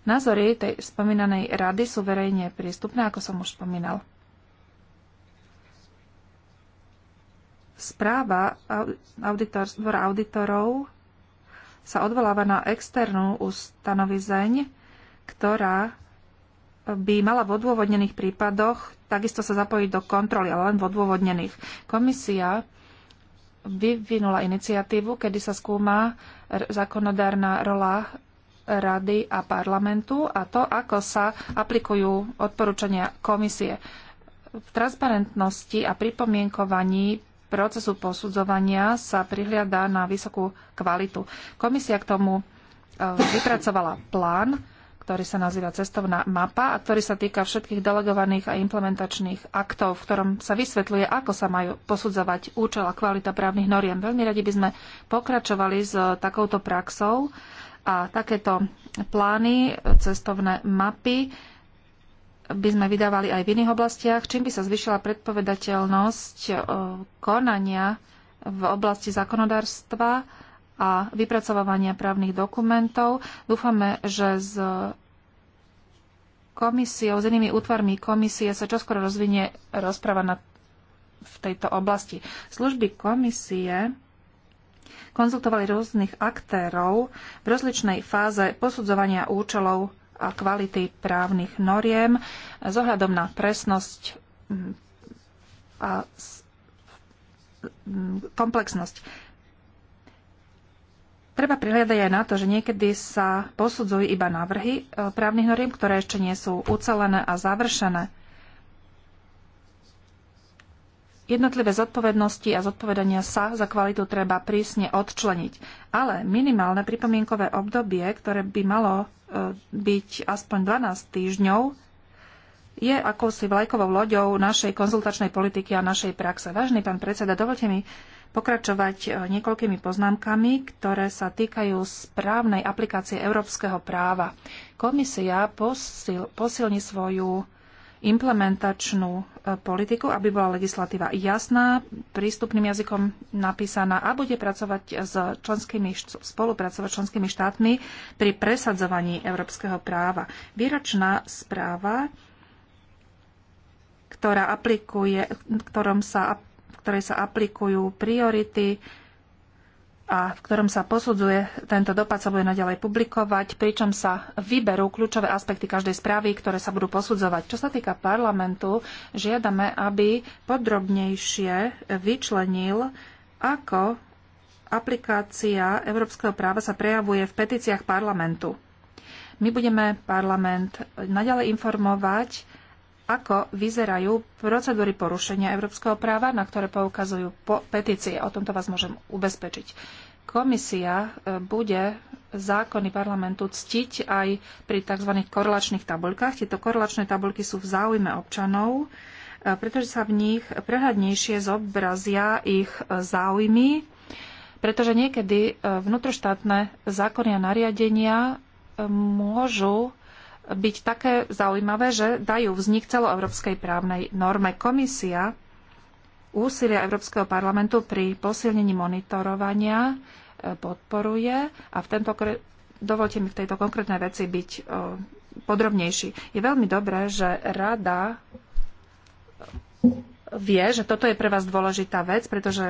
Názory tej spomínanej rady sú verejne prístupné, ako som už spomínal. Správa auditor, dvora auditorov sa odvoláva na externú ustanovizeň, ktorá by mala v odôvodnených prípadoch takisto sa zapojiť do kontroly, ale len v odôvodnených. Komisia vyvinula iniciatívu, kedy sa skúma zákonodárna rola Rady a parlamentu a to, ako sa aplikujú odporúčania komisie. V transparentnosti a pripomienkovaní procesu posudzovania sa prihliada na vysokú kvalitu. Komisia k tomu e, vypracovala plán, ktorý sa nazýva Cestovná mapa a ktorý sa týka všetkých delegovaných a implementačných aktov, v ktorom sa vysvetľuje, ako sa majú posudzovať účel a kvalita právnych noriem. Veľmi radi by sme pokračovali s takouto praxou a takéto plány, cestovné mapy by sme vydávali aj v iných oblastiach, čím by sa zvyšila predpovedateľnosť eh, konania v oblasti zákonodárstva a vypracovávania právnych dokumentov. Dúfame, že s komisiou, s inými útvarmi komisie sa čoskoro rozvinie rozpráva na, v tejto oblasti. Služby komisie konzultovali rôznych aktérov v rozličnej fáze posudzovania účelov a kvality právnych noriem s ohľadom na presnosť mm, a mm, komplexnosť. Treba prihľadať aj na to, že niekedy sa posudzujú iba návrhy e, právnych noriem, ktoré ešte nie sú ucelené a završené. Jednotlivé zodpovednosti a zodpovedania sa za kvalitu treba prísne odčleniť. Ale minimálne pripomienkové obdobie, ktoré by malo e, byť aspoň 12 týždňov, je akousi vlajkovou loďou našej konzultačnej politiky a našej praxe. Vážny pán predseda, dovolte mi pokračovať e, niekoľkými poznámkami, ktoré sa týkajú správnej aplikácie európskeho práva. Komisia posil, posilní svoju implementačnú e, politiku, aby bola legislatíva jasná, prístupným jazykom napísaná a bude pracovať s členskými, spolupracovať s členskými štátmi pri presadzovaní európskeho práva. Výročná správa, ktorá aplikuje, ktorom sa, ktorej sa aplikujú priority a v ktorom sa posudzuje tento dopad, sa bude naďalej publikovať, pričom sa vyberú kľúčové aspekty každej správy, ktoré sa budú posudzovať. Čo sa týka parlamentu, žiadame, aby podrobnejšie vyčlenil, ako aplikácia európskeho práva sa prejavuje v petíciách parlamentu. My budeme parlament naďalej informovať ako vyzerajú procedúry porušenia európskeho práva, na ktoré poukazujú po petície. O tomto vás môžem ubezpečiť. Komisia e, bude zákony parlamentu ctiť aj pri tzv. korlačných tabuľkách. Tieto korlačné tabuľky sú v záujme občanov, e, pretože sa v nich prehľadnejšie zobrazia ich záujmy, pretože niekedy e, vnútroštátne zákony a nariadenia môžu byť také zaujímavé, že dajú vznik celoeurópskej právnej norme. Komisia úsilia Európskeho parlamentu pri posilnení monitorovania e, podporuje a v tento, dovolte mi v tejto konkrétnej veci byť e, podrobnejší. Je veľmi dobré, že rada vie, že toto je pre vás dôležitá vec, pretože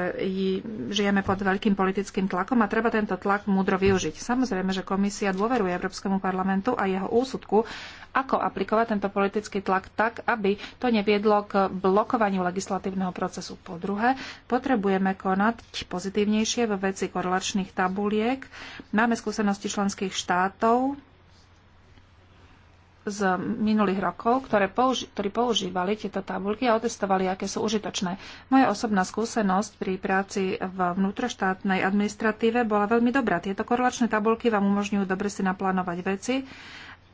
žijeme pod veľkým politickým tlakom a treba tento tlak múdro využiť. Samozrejme, že komisia dôveruje Európskemu parlamentu a jeho úsudku, ako aplikovať tento politický tlak tak, aby to neviedlo k blokovaniu legislatívneho procesu. Po druhé, potrebujeme konať pozitívnejšie vo veci korelačných tabuliek. Máme skúsenosti členských štátov, z minulých rokov, ktoré použi- ktorí používali tieto tabulky a otestovali, aké sú užitočné. Moja osobná skúsenosť pri práci v vnútroštátnej administratíve bola veľmi dobrá. Tieto korelačné tabulky vám umožňujú dobre si naplánovať veci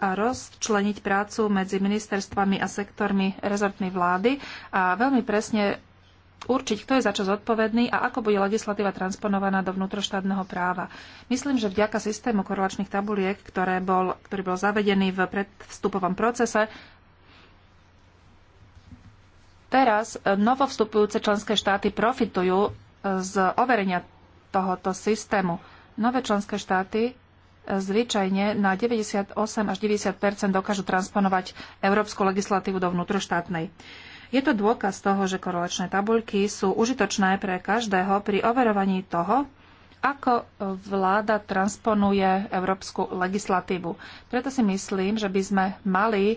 a rozčleniť prácu medzi ministerstvami a sektormi rezortnej vlády a veľmi presne určiť, kto je za čo zodpovedný a ako bude legislatíva transponovaná do vnútroštátneho práva. Myslím, že vďaka systému korelačných tabuliek, ktoré bol, ktorý bol zavedený v predvstupovom procese, teraz novovstupujúce členské štáty profitujú e, z overenia tohoto systému. Nové členské štáty e, zvyčajne na 98 až 90 dokážu transponovať európsku legislatívu do vnútroštátnej. Je to dôkaz toho, že korelačné tabuľky sú užitočné pre každého pri overovaní toho, ako vláda transponuje európsku legislatívu. Preto si myslím, že by sme mali e,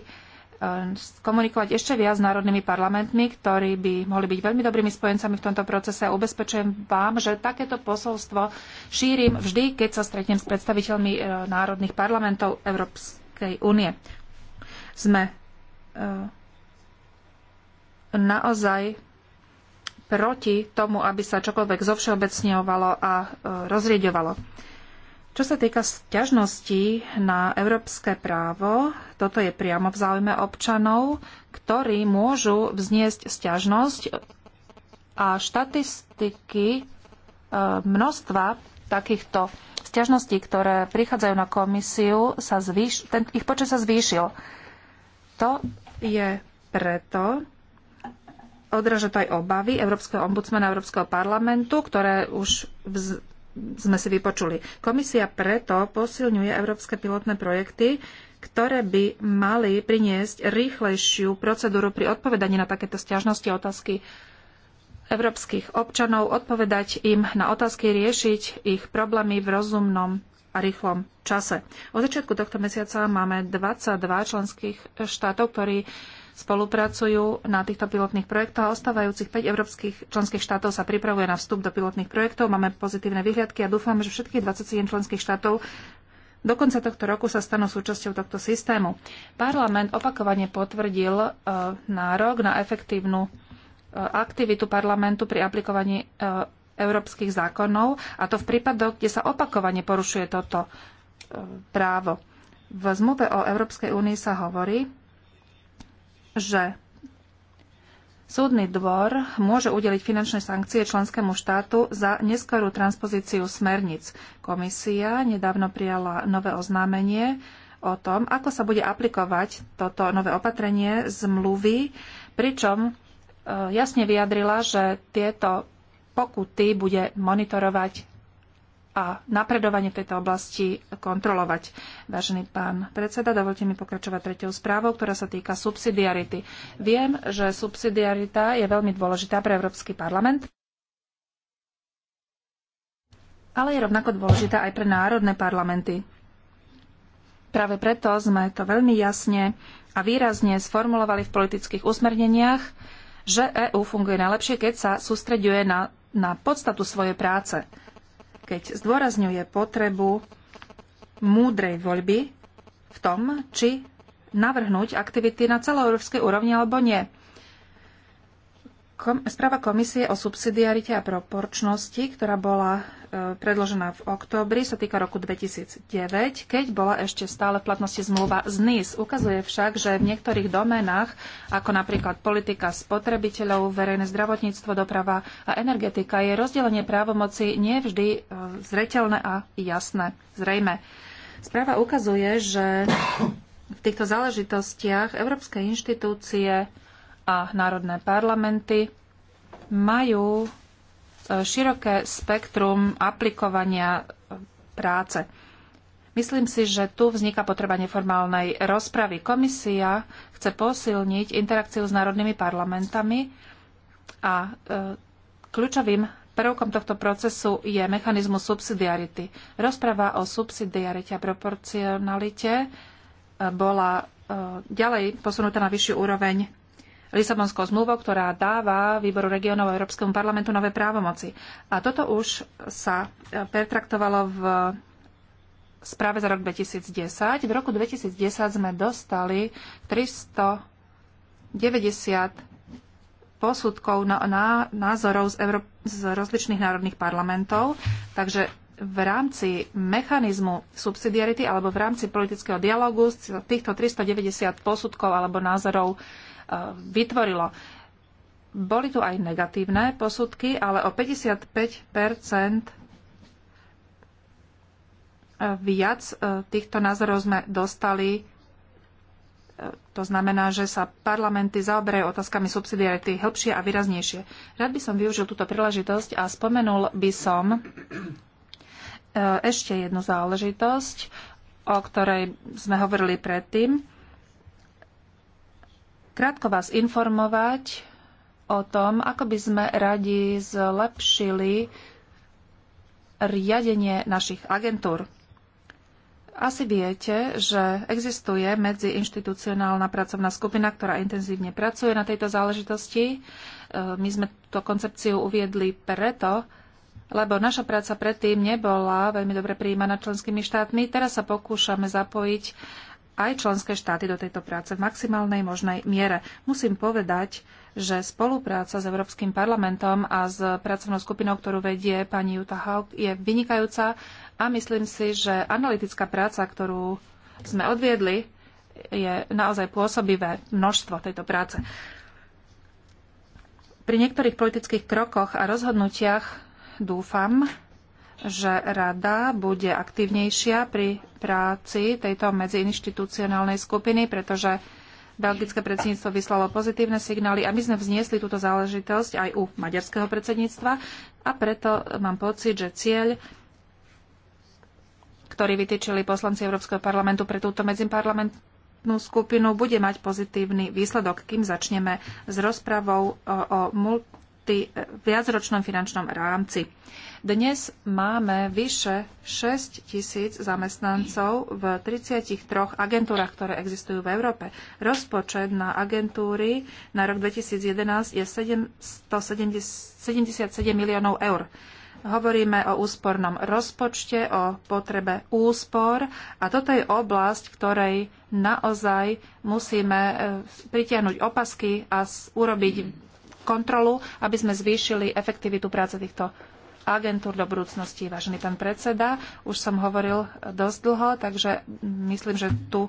komunikovať ešte viac s národnými parlamentmi, ktorí by mohli byť veľmi dobrými spojencami v tomto procese a ubezpečujem vám, že takéto posolstvo šírim vždy, keď sa stretnem s predstaviteľmi e, národných parlamentov Európskej únie. Sme e, naozaj proti tomu, aby sa čokoľvek zovšeobecňovalo a e, rozrieďovalo. Čo sa týka sťažností na európske právo, toto je priamo v záujme občanov, ktorí môžu vzniesť sťažnosť a štatistiky e, množstva takýchto sťažností, ktoré prichádzajú na komisiu, sa zvýš- ten, ich počet sa zvýšil. To je preto, odráža to aj obavy Európskeho ombudsmana Európskeho parlamentu, ktoré už vz, sme si vypočuli. Komisia preto posilňuje európske pilotné projekty, ktoré by mali priniesť rýchlejšiu procedúru pri odpovedaní na takéto stiažnosti a otázky európskych občanov, odpovedať im na otázky, riešiť ich problémy v rozumnom a rýchlom čase. Od začiatku tohto mesiaca máme 22 členských štátov, ktorí spolupracujú na týchto pilotných projektoch a ostávajúcich 5 európskych členských štátov sa pripravuje na vstup do pilotných projektov. Máme pozitívne vyhliadky a dúfame, že všetkých 27 členských štátov do konca tohto roku sa stanú súčasťou tohto systému. Parlament opakovane potvrdil e, nárok na efektívnu e, aktivitu parlamentu pri aplikovaní e, európskych zákonov, a to v prípadoch, kde sa opakovane porušuje toto právo. V zmluve o Európskej únii sa hovorí, že Súdny dvor môže udeliť finančné sankcie členskému štátu za neskorú transpozíciu smerníc. Komisia nedávno prijala nové oznámenie o tom, ako sa bude aplikovať toto nové opatrenie zmluvy, pričom e, jasne vyjadrila, že tieto pokuty bude monitorovať a napredovanie v tejto oblasti kontrolovať. Vážený pán predseda, dovolte mi pokračovať tretou správou, ktorá sa týka subsidiarity. Viem, že subsidiarita je veľmi dôležitá pre Európsky parlament, ale je rovnako dôležitá aj pre národné parlamenty. Práve preto sme to veľmi jasne a výrazne sformulovali v politických usmerneniach, že EÚ funguje najlepšie, keď sa sústreďuje na, na podstatu svojej práce keď zdôrazňuje potrebu múdrej voľby v tom, či navrhnúť aktivity na celoeurópskej úrovni alebo nie. Kom, správa komisie o subsidiarite a proporčnosti, ktorá bola e, predložená v októbri, sa týka roku 2009, keď bola ešte stále v platnosti zmluva z NIS. Ukazuje však, že v niektorých domenách, ako napríklad politika spotrebiteľov, verejné zdravotníctvo, doprava a energetika, je rozdelenie právomoci nevždy e, zreteľné a jasné, zrejme. Správa ukazuje, že v týchto záležitostiach európske inštitúcie a národné parlamenty majú e, široké spektrum aplikovania e, práce. Myslím si, že tu vzniká potreba neformálnej rozpravy. Komisia chce posilniť interakciu s národnými parlamentami a e, kľúčovým prvkom tohto procesu je mechanizmus subsidiarity. Rozprava o subsidiarite a proporcionalite e, bola e, ďalej posunutá na vyššiu úroveň Lisabonskou zmluvou, ktorá dáva Výboru regionov a Európskemu parlamentu nové právomoci. A toto už sa e, pertraktovalo v správe za rok 2010. V roku 2010 sme dostali 390 posudkov na, na, názorov z, Euró- z rozličných národných parlamentov. Takže v rámci mechanizmu subsidiarity alebo v rámci politického dialogu z týchto 390 posudkov alebo názorov vytvorilo. Boli tu aj negatívne posudky, ale o 55 viac e, týchto názorov sme dostali. E, to znamená, že sa parlamenty zaoberajú otázkami subsidiarity hĺbšie a výraznejšie. Rád by som využil túto príležitosť a spomenul by som e, ešte jednu záležitosť, o ktorej sme hovorili predtým krátko vás informovať o tom, ako by sme radi zlepšili riadenie našich agentúr. Asi viete, že existuje medziinstitucionálna pracovná skupina, ktorá intenzívne pracuje na tejto záležitosti. E, my sme túto koncepciu uviedli preto, lebo naša práca predtým nebola veľmi dobre prijímaná členskými štátmi. Teraz sa pokúšame zapojiť aj členské štáty do tejto práce v maximálnej možnej miere. Musím povedať, že spolupráca s Európskym parlamentom a s pracovnou skupinou, ktorú vedie pani Juta Haug, je vynikajúca a myslím si, že analytická práca, ktorú sme odviedli, je naozaj pôsobivé množstvo tejto práce. Pri niektorých politických krokoch a rozhodnutiach dúfam, že rada bude aktívnejšia pri práci tejto medziinštitucionálnej skupiny, pretože belgické predsedníctvo vyslalo pozitívne signály a my sme vzniesli túto záležitosť aj u maďarského predsedníctva a preto mám pocit, že cieľ ktorý vytýčili poslanci Európskeho parlamentu pre túto medziparlamentnú skupinu, bude mať pozitívny výsledok, kým začneme s rozpravou o, o viacročnom finančnom rámci. Dnes máme vyše 6 tisíc zamestnancov v 33 agentúrach, ktoré existujú v Európe. Rozpočet na agentúry na rok 2011 je 777 miliónov eur. Hovoríme o úspornom rozpočte, o potrebe úspor a toto je oblasť, ktorej naozaj musíme eh, pritiahnuť opasky a urobiť kontrolu, aby sme zvýšili efektivitu práce týchto agentúr do budúcnosti. Vážený pán predseda, už som hovoril dosť dlho, takže myslím, že tu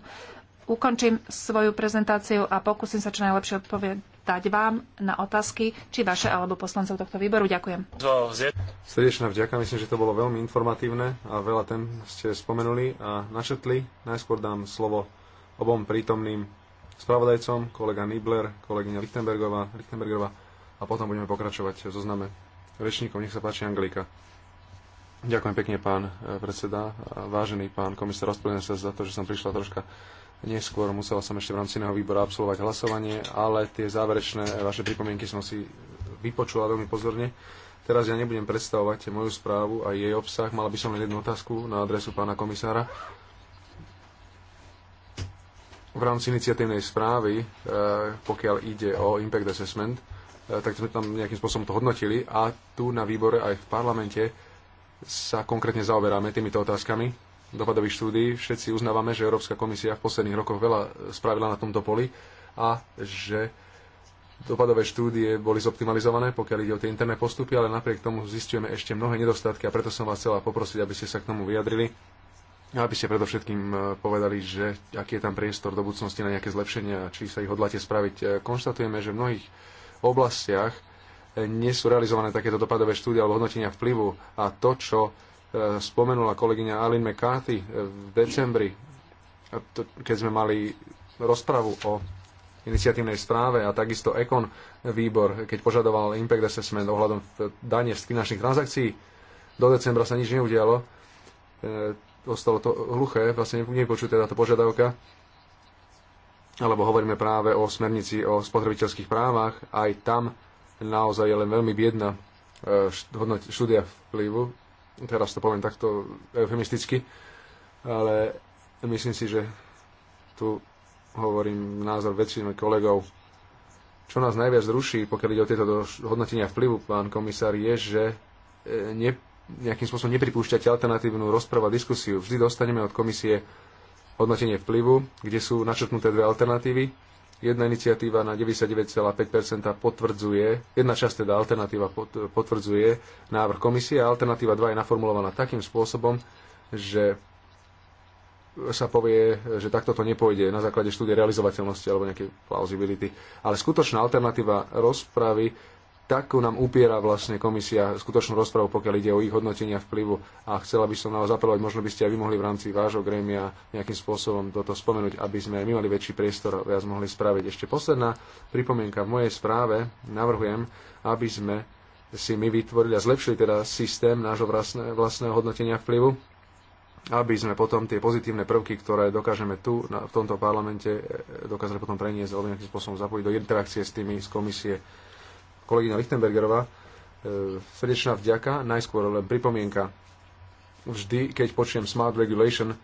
ukončím svoju prezentáciu a pokúsim sa čo najlepšie odpovedať vám na otázky, či vaše alebo poslancov tohto výboru. Ďakujem. Srdečná vďaka, myslím, že to bolo veľmi informatívne a veľa tém ste spomenuli a načetli. Najskôr dám slovo obom prítomným spravodajcom, kolega Nibler, kolegyňa Lichtenbergová, Lichtenbergová a potom budeme pokračovať v zozname rečníkov. Nech sa páči Anglika. Ďakujem pekne, pán eh, predseda. Vážený pán komisár, ospravedlňujem sa za to, že som prišla troška neskôr. Musela som ešte v rámci iného výbora absolvovať hlasovanie, ale tie záverečné eh, vaše pripomienky som si vypočula veľmi pozorne. Teraz ja nebudem predstavovať moju správu a jej obsah. Mala by som len jednu otázku na adresu pána komisára. V rámci iniciatívnej správy, eh, pokiaľ ide o impact assessment, E, tak sme tam nejakým spôsobom to hodnotili a tu na výbore aj v parlamente sa konkrétne zaoberáme týmito otázkami dopadových štúdií. Všetci uznávame, že Európska komisia v posledných rokoch veľa spravila na tomto poli a že dopadové štúdie boli zoptimalizované, pokiaľ ide o tie interné postupy, ale napriek tomu zistujeme ešte mnohé nedostatky a preto som vás chcela poprosiť, aby ste sa k tomu vyjadrili a aby ste predovšetkým e, povedali, že aký je tam priestor do budúcnosti na nejaké zlepšenia, či sa ich hodláte spraviť. E, konštatujeme, že v mnohých oblastiach eh, nie sú realizované takéto dopadové štúdie alebo hodnotenia vplyvu a to, čo eh, spomenula kolegyňa Alin McCarthy eh, v decembri, keď sme mali rozpravu o iniciatívnej správe a takisto Econ výbor, keď požadoval impact assessment ohľadom danie z finančných transakcií, do decembra sa nič neudialo, ostalo to hluché, vlastne teda táto požiadavka alebo hovoríme práve o smernici o spotrebiteľských právach, aj tam naozaj je len veľmi biedna e, štúdia vplyvu. Teraz to poviem takto eufemisticky, ale myslím si, že tu hovorím názor väčšiny kolegov. Čo nás najviac ruší, pokiaľ ide o tieto hodnotenia vplyvu, pán komisár, je, že e, ne, nejakým spôsobom nepripúšťate alternatívnu rozprávu a diskusiu. Vždy dostaneme od komisie hodnotenie vplyvu, kde sú načrtnuté dve alternatívy. Jedna iniciatíva na 99,5% potvrdzuje, jedna časť teda alternatíva potvrdzuje návrh komisie a alternatíva 2 je naformulovaná takým spôsobom, že sa povie, že takto to nepôjde na základe štúdie realizovateľnosti alebo nejakej plausibility. Ale skutočná alternatíva rozpravy takú nám upiera vlastne komisia skutočnú rozpravu, pokiaľ ide o ich hodnotenia vplyvu. A chcela by som na vás apelovať, možno by ste aj vy mohli v rámci vášho grémia nejakým spôsobom toto spomenúť, aby sme aj my mali väčší priestor, a viac mohli spraviť. Ešte posledná pripomienka v mojej správe navrhujem, aby sme si my vytvorili a zlepšili teda systém nášho vlastné, vlastného hodnotenia vplyvu, aby sme potom tie pozitívne prvky, ktoré dokážeme tu, na, v tomto parlamente, e, dokázali potom preniesť alebo nejakým spôsobom zapojiť do interakcie s tými z komisie kolegyňa Lichtenbergerová. E, srdečná vďaka, najskôr len pripomienka. Vždy, keď počujem smart regulation,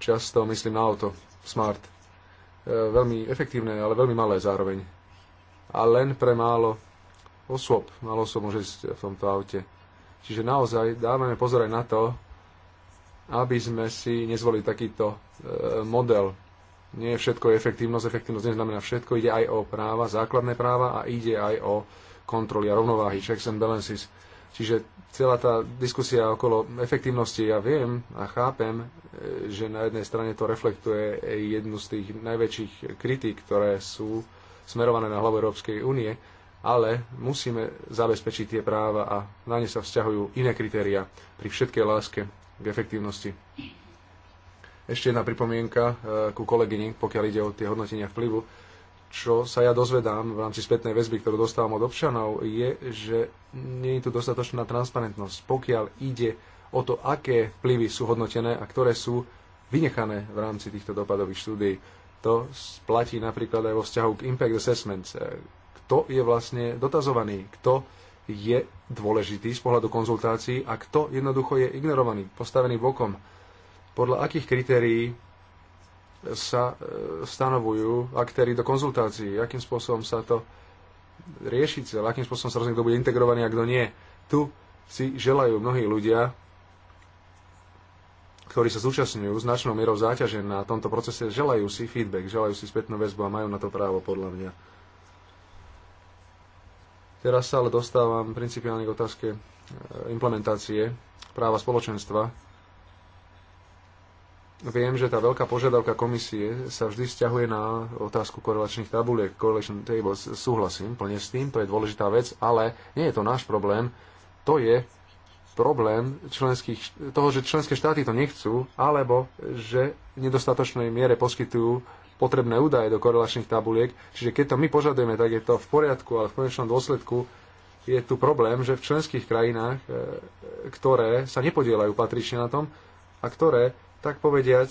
často myslím na auto. Smart. E, veľmi efektívne, ale veľmi malé zároveň. A len pre málo osôb. Málo osôb môže ísť v tomto aute. Čiže naozaj dávame pozor aj na to, aby sme si nezvolili takýto e, model nie všetko je efektívnosť. Efektívnosť neznamená všetko. Ide aj o práva, základné práva a ide aj o kontroly a rovnováhy, checks and balances. Čiže celá tá diskusia okolo efektívnosti, ja viem a chápem, e, že na jednej strane to reflektuje jednu z tých najväčších kritík, ktoré sú smerované na hlavu Európskej únie, ale musíme zabezpečiť tie práva a na ne sa vzťahujú iné kritéria pri všetkej láske k efektívnosti. Ešte jedna pripomienka eh, ku kolegyni, pokiaľ ide o tie hodnotenia vplyvu. Čo sa ja dozvedám v rámci spätnej väzby, ktorú dostávam od občanov, je, že nie je tu dostatočná transparentnosť, pokiaľ ide o to, aké vplyvy sú hodnotené a ktoré sú vynechané v rámci týchto dopadových štúdií. To platí napríklad aj vo vzťahu k impact assessments. Eh, kto je vlastne dotazovaný? Kto je dôležitý z pohľadu konzultácií a kto jednoducho je ignorovaný, postavený bokom? podľa akých kritérií sa e, stanovujú aktéry do konzultácií, akým spôsobom sa to rieši celé, akým spôsobom sa rozhodne, kto bude integrovaný a kto nie. Tu si želajú mnohí ľudia, ktorí sa zúčastňujú značnou mierou záťaže na tomto procese, želajú si feedback, želajú si spätnú väzbu a majú na to právo, podľa mňa. Teraz sa ale dostávam principiálne k otázke e, implementácie práva spoločenstva Viem, že tá veľká požiadavka komisie sa vždy vzťahuje na otázku korelačných tabuliek, correlation tables. Súhlasím plne s tým, to je dôležitá vec, ale nie je to náš problém. To je problém členských, toho, že členské štáty to nechcú, alebo že v nedostatočnej miere poskytujú potrebné údaje do korelačných tabuliek. Čiže keď to my požadujeme, tak je to v poriadku, ale v konečnom dôsledku je tu problém, že v členských krajinách, e, e, ktoré sa nepodielajú patrične na tom a ktoré tak povediac,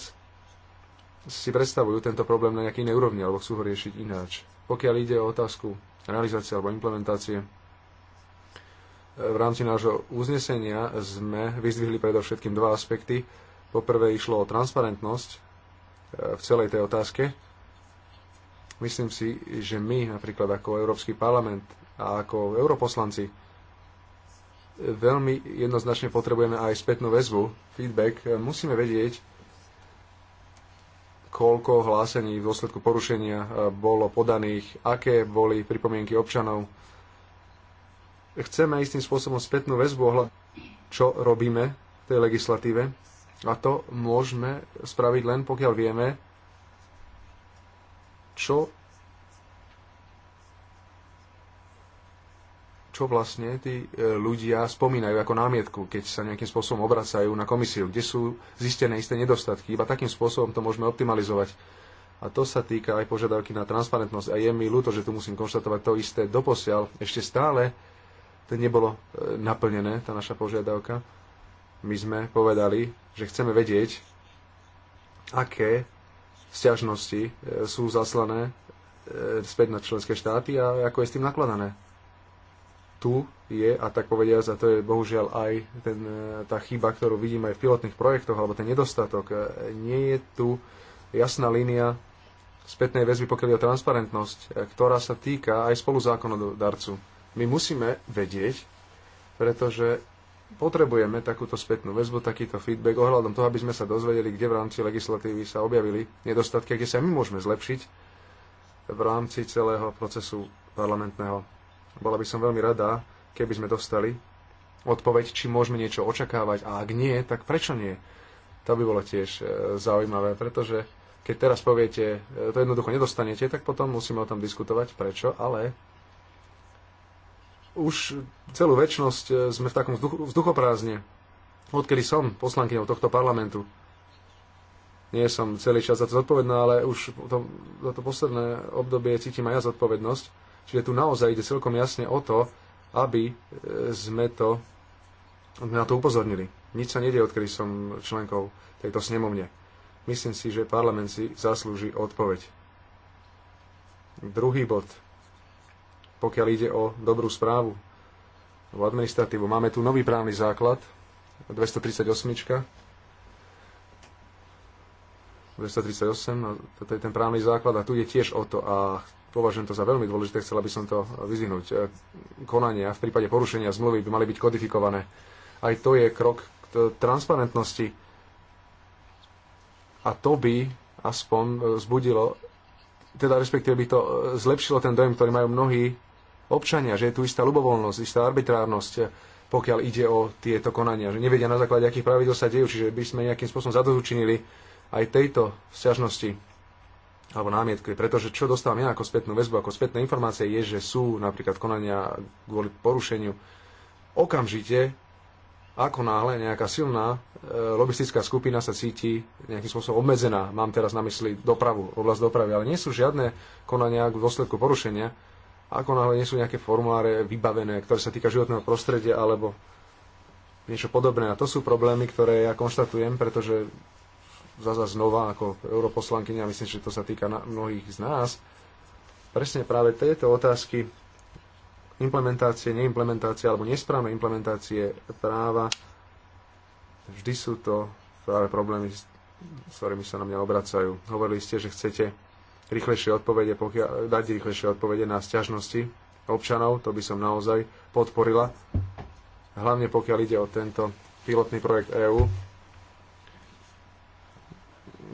si predstavujú tento problém na nejaký inej úrovni alebo chcú ho riešiť ináč. Pokiaľ ide o otázku realizácie alebo implementácie, v rámci nášho uznesenia sme vyzdvihli predovšetkým dva aspekty. Poprvé išlo o transparentnosť e, v celej tej otázke. Myslím si, že my napríklad ako Európsky parlament a ako europoslanci veľmi jednoznačne potrebujeme aj spätnú väzbu, feedback. Musíme vedieť, koľko hlásení v dôsledku porušenia eh, bolo podaných, aké boli pripomienky občanov. Chceme istým spôsobom spätnú väzbu ohľad, čo robíme v tej legislatíve a to môžeme spraviť len pokiaľ vieme, čo čo vlastne tí e, ľudia spomínajú ako námietku, keď sa nejakým spôsobom obracajú na komisiu, kde sú zistené isté nedostatky. Iba takým spôsobom to môžeme optimalizovať. A to sa týka aj požiadavky na transparentnosť. A je mi ľúto, že tu musím konštatovať to isté. Doposiaľ ešte stále to nebolo e, naplnené, tá naša požiadavka. My sme povedali, že chceme vedieť, aké sťažnosti e, sú zaslané späť na členské štáty a ako je s tým nakladané tu je, a tak povediať, a to je bohužiaľ aj ten, e, tá chyba, ktorú vidím aj v pilotných projektoch, alebo ten nedostatok, e, nie je tu jasná línia spätnej väzby, pokiaľ je o transparentnosť, e, ktorá sa týka aj spolu zákonodarcu. My musíme vedieť, pretože potrebujeme takúto spätnú väzbu, takýto feedback ohľadom toho, aby sme sa dozvedeli, kde v rámci legislatívy sa objavili nedostatky, kde sa my môžeme zlepšiť v rámci celého procesu parlamentného. Bola by som veľmi rada, keby sme dostali odpoveď, či môžeme niečo očakávať a ak nie, tak prečo nie? To by bolo tiež e, zaujímavé, pretože keď teraz poviete, e, to jednoducho nedostanete, tak potom musíme o tom diskutovať, prečo, ale už celú väčnosť e, sme v takom vzduchoprázdne, odkedy som poslankyňou tohto parlamentu. Nie som celý čas za to zodpovedná, ale už to, za to posledné obdobie cítim aj ja zodpovednosť Čiže tu naozaj ide celkom jasne o to, aby e, sme to, na to upozornili. Nič sa nedie, odkedy som členkou tejto snemovne. Myslím si, že parlament si zaslúži odpoveď. Druhý bod. Pokiaľ ide o dobrú správu, v administratívu, máme tu nový právny základ, 238. 238, toto je ten právny základ a tu je tiež o to a Považujem to za veľmi dôležité, chcela by som to vyzvinúť. E, konania v prípade porušenia zmluvy by mali byť kodifikované. Aj to je krok k transparentnosti. A to by aspoň e, zbudilo, teda respektíve by to e, zlepšilo ten dojem, ktorý majú mnohí občania, že je tu istá ľubovoľnosť, istá arbitrárnosť, pokiaľ ide o tieto konania, že nevedia na základe akých pravidel sa dejú, čiže by sme nejakým spôsobom zadozučinili aj tejto sťažnosti alebo námietky, pretože čo dostávam ja ako spätnú väzbu, ako spätné informácie je, že sú napríklad konania kvôli porušeniu okamžite, ako náhle nejaká silná e, lobistická skupina sa cíti nejakým spôsobom obmedzená. Mám teraz na mysli dopravu, oblasť dopravy, ale nie sú žiadne konania v dôsledku porušenia, ako náhle nie sú nejaké formuláre vybavené, ktoré sa týka životného prostredia alebo niečo podobné. A to sú problémy, ktoré ja konštatujem, pretože zase znova ako europoslankyňa, myslím, že to sa týka mnohých z nás, presne práve tieto otázky implementácie, neimplementácie alebo nesprávne implementácie práva, vždy sú to práve problémy, s ktorými sa na mňa obracajú. Hovorili ste, že chcete rýchlejšie odpovede, pokiaľ, dať rýchlejšie odpovede na sťažnosti občanov, to by som naozaj podporila. Hlavne pokiaľ ide o tento pilotný projekt EÚ,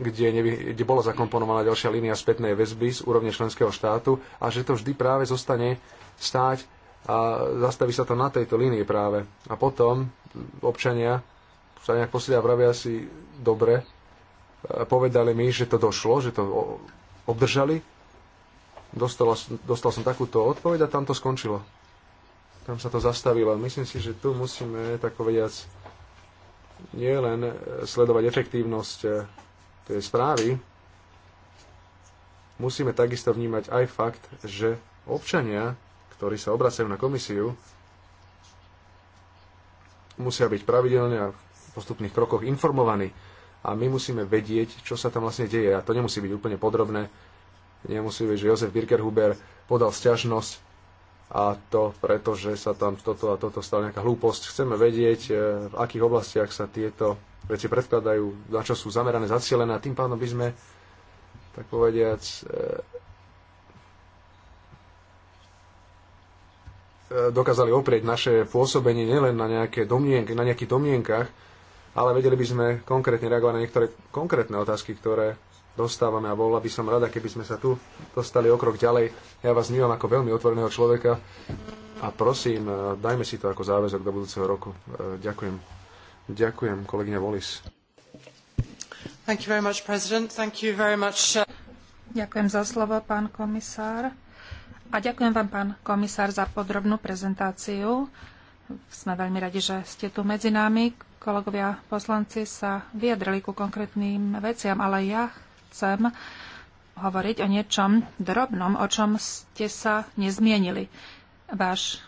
kde, nevy, kde bola zakomponovaná ďalšia línia spätnej väzby z úrovne členského štátu a že to vždy práve zostane stáť a zastaví sa to na tejto línii práve. A potom občania sa nejak posilia a vravia si dobre, povedali mi, že to došlo, že to obdržali. Dostal, dostal som takúto odpoveď a tam to skončilo. Tam sa to zastavilo. Myslím si, že tu musíme, tak povediac, nie len sledovať efektívnosť tej správy, musíme takisto vnímať aj fakt, že občania, ktorí sa obracajú na komisiu, musia byť pravidelne a v postupných krokoch informovaní a my musíme vedieť, čo sa tam vlastne deje. A to nemusí byť úplne podrobné. Nemusí byť, že Jozef Birkerhuber podal sťažnosť a to preto, že sa tam toto a toto stala nejaká hlúposť. Chceme vedieť, e, v akých oblastiach sa tieto veci predkladajú, na čo sú zamerané, zacielené a tým pádom by sme, tak povediac, e, e, dokázali oprieť naše pôsobenie nielen na, nejaké domnienk, na nejakých domienkach, ale vedeli by sme konkrétne reagovať na niektoré konkrétne otázky, ktoré dostávame a bola by som rada, keby sme sa tu dostali o krok ďalej. Ja vás vnímam ako veľmi otvoreného človeka a prosím, e, dajme si to ako záväzok do budúceho roku. Ďakujem. Ďakujem, kolegyňa Wallis. Thank you very much, President. Thank you very much. Uh, ďakujem za slovo, pán komisár. A ďakujem vám, pán komisár, za podrobnú prezentáciu. Sme veľmi radi, že ste tu medzi nami. Kolegovia poslanci sa vyjadrili ku konkrétnym veciam, ale ja chcem hovoriť o niečom drobnom, o čom ste sa nezmienili. Váš,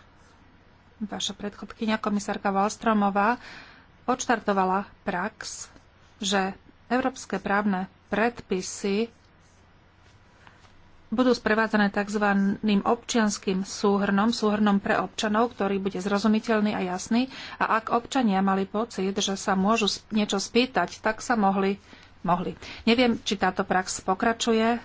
vaša predchodkynia, komisárka Wallstromová, odštartovala prax, že európske právne predpisy budú sprevádzané tzv. občianským súhrnom, súhrnom pre občanov, ktorý bude zrozumiteľný a jasný. A ak občania mali pocit, že sa môžu niečo spýtať, tak sa mohli. mohli. Neviem, či táto prax pokračuje.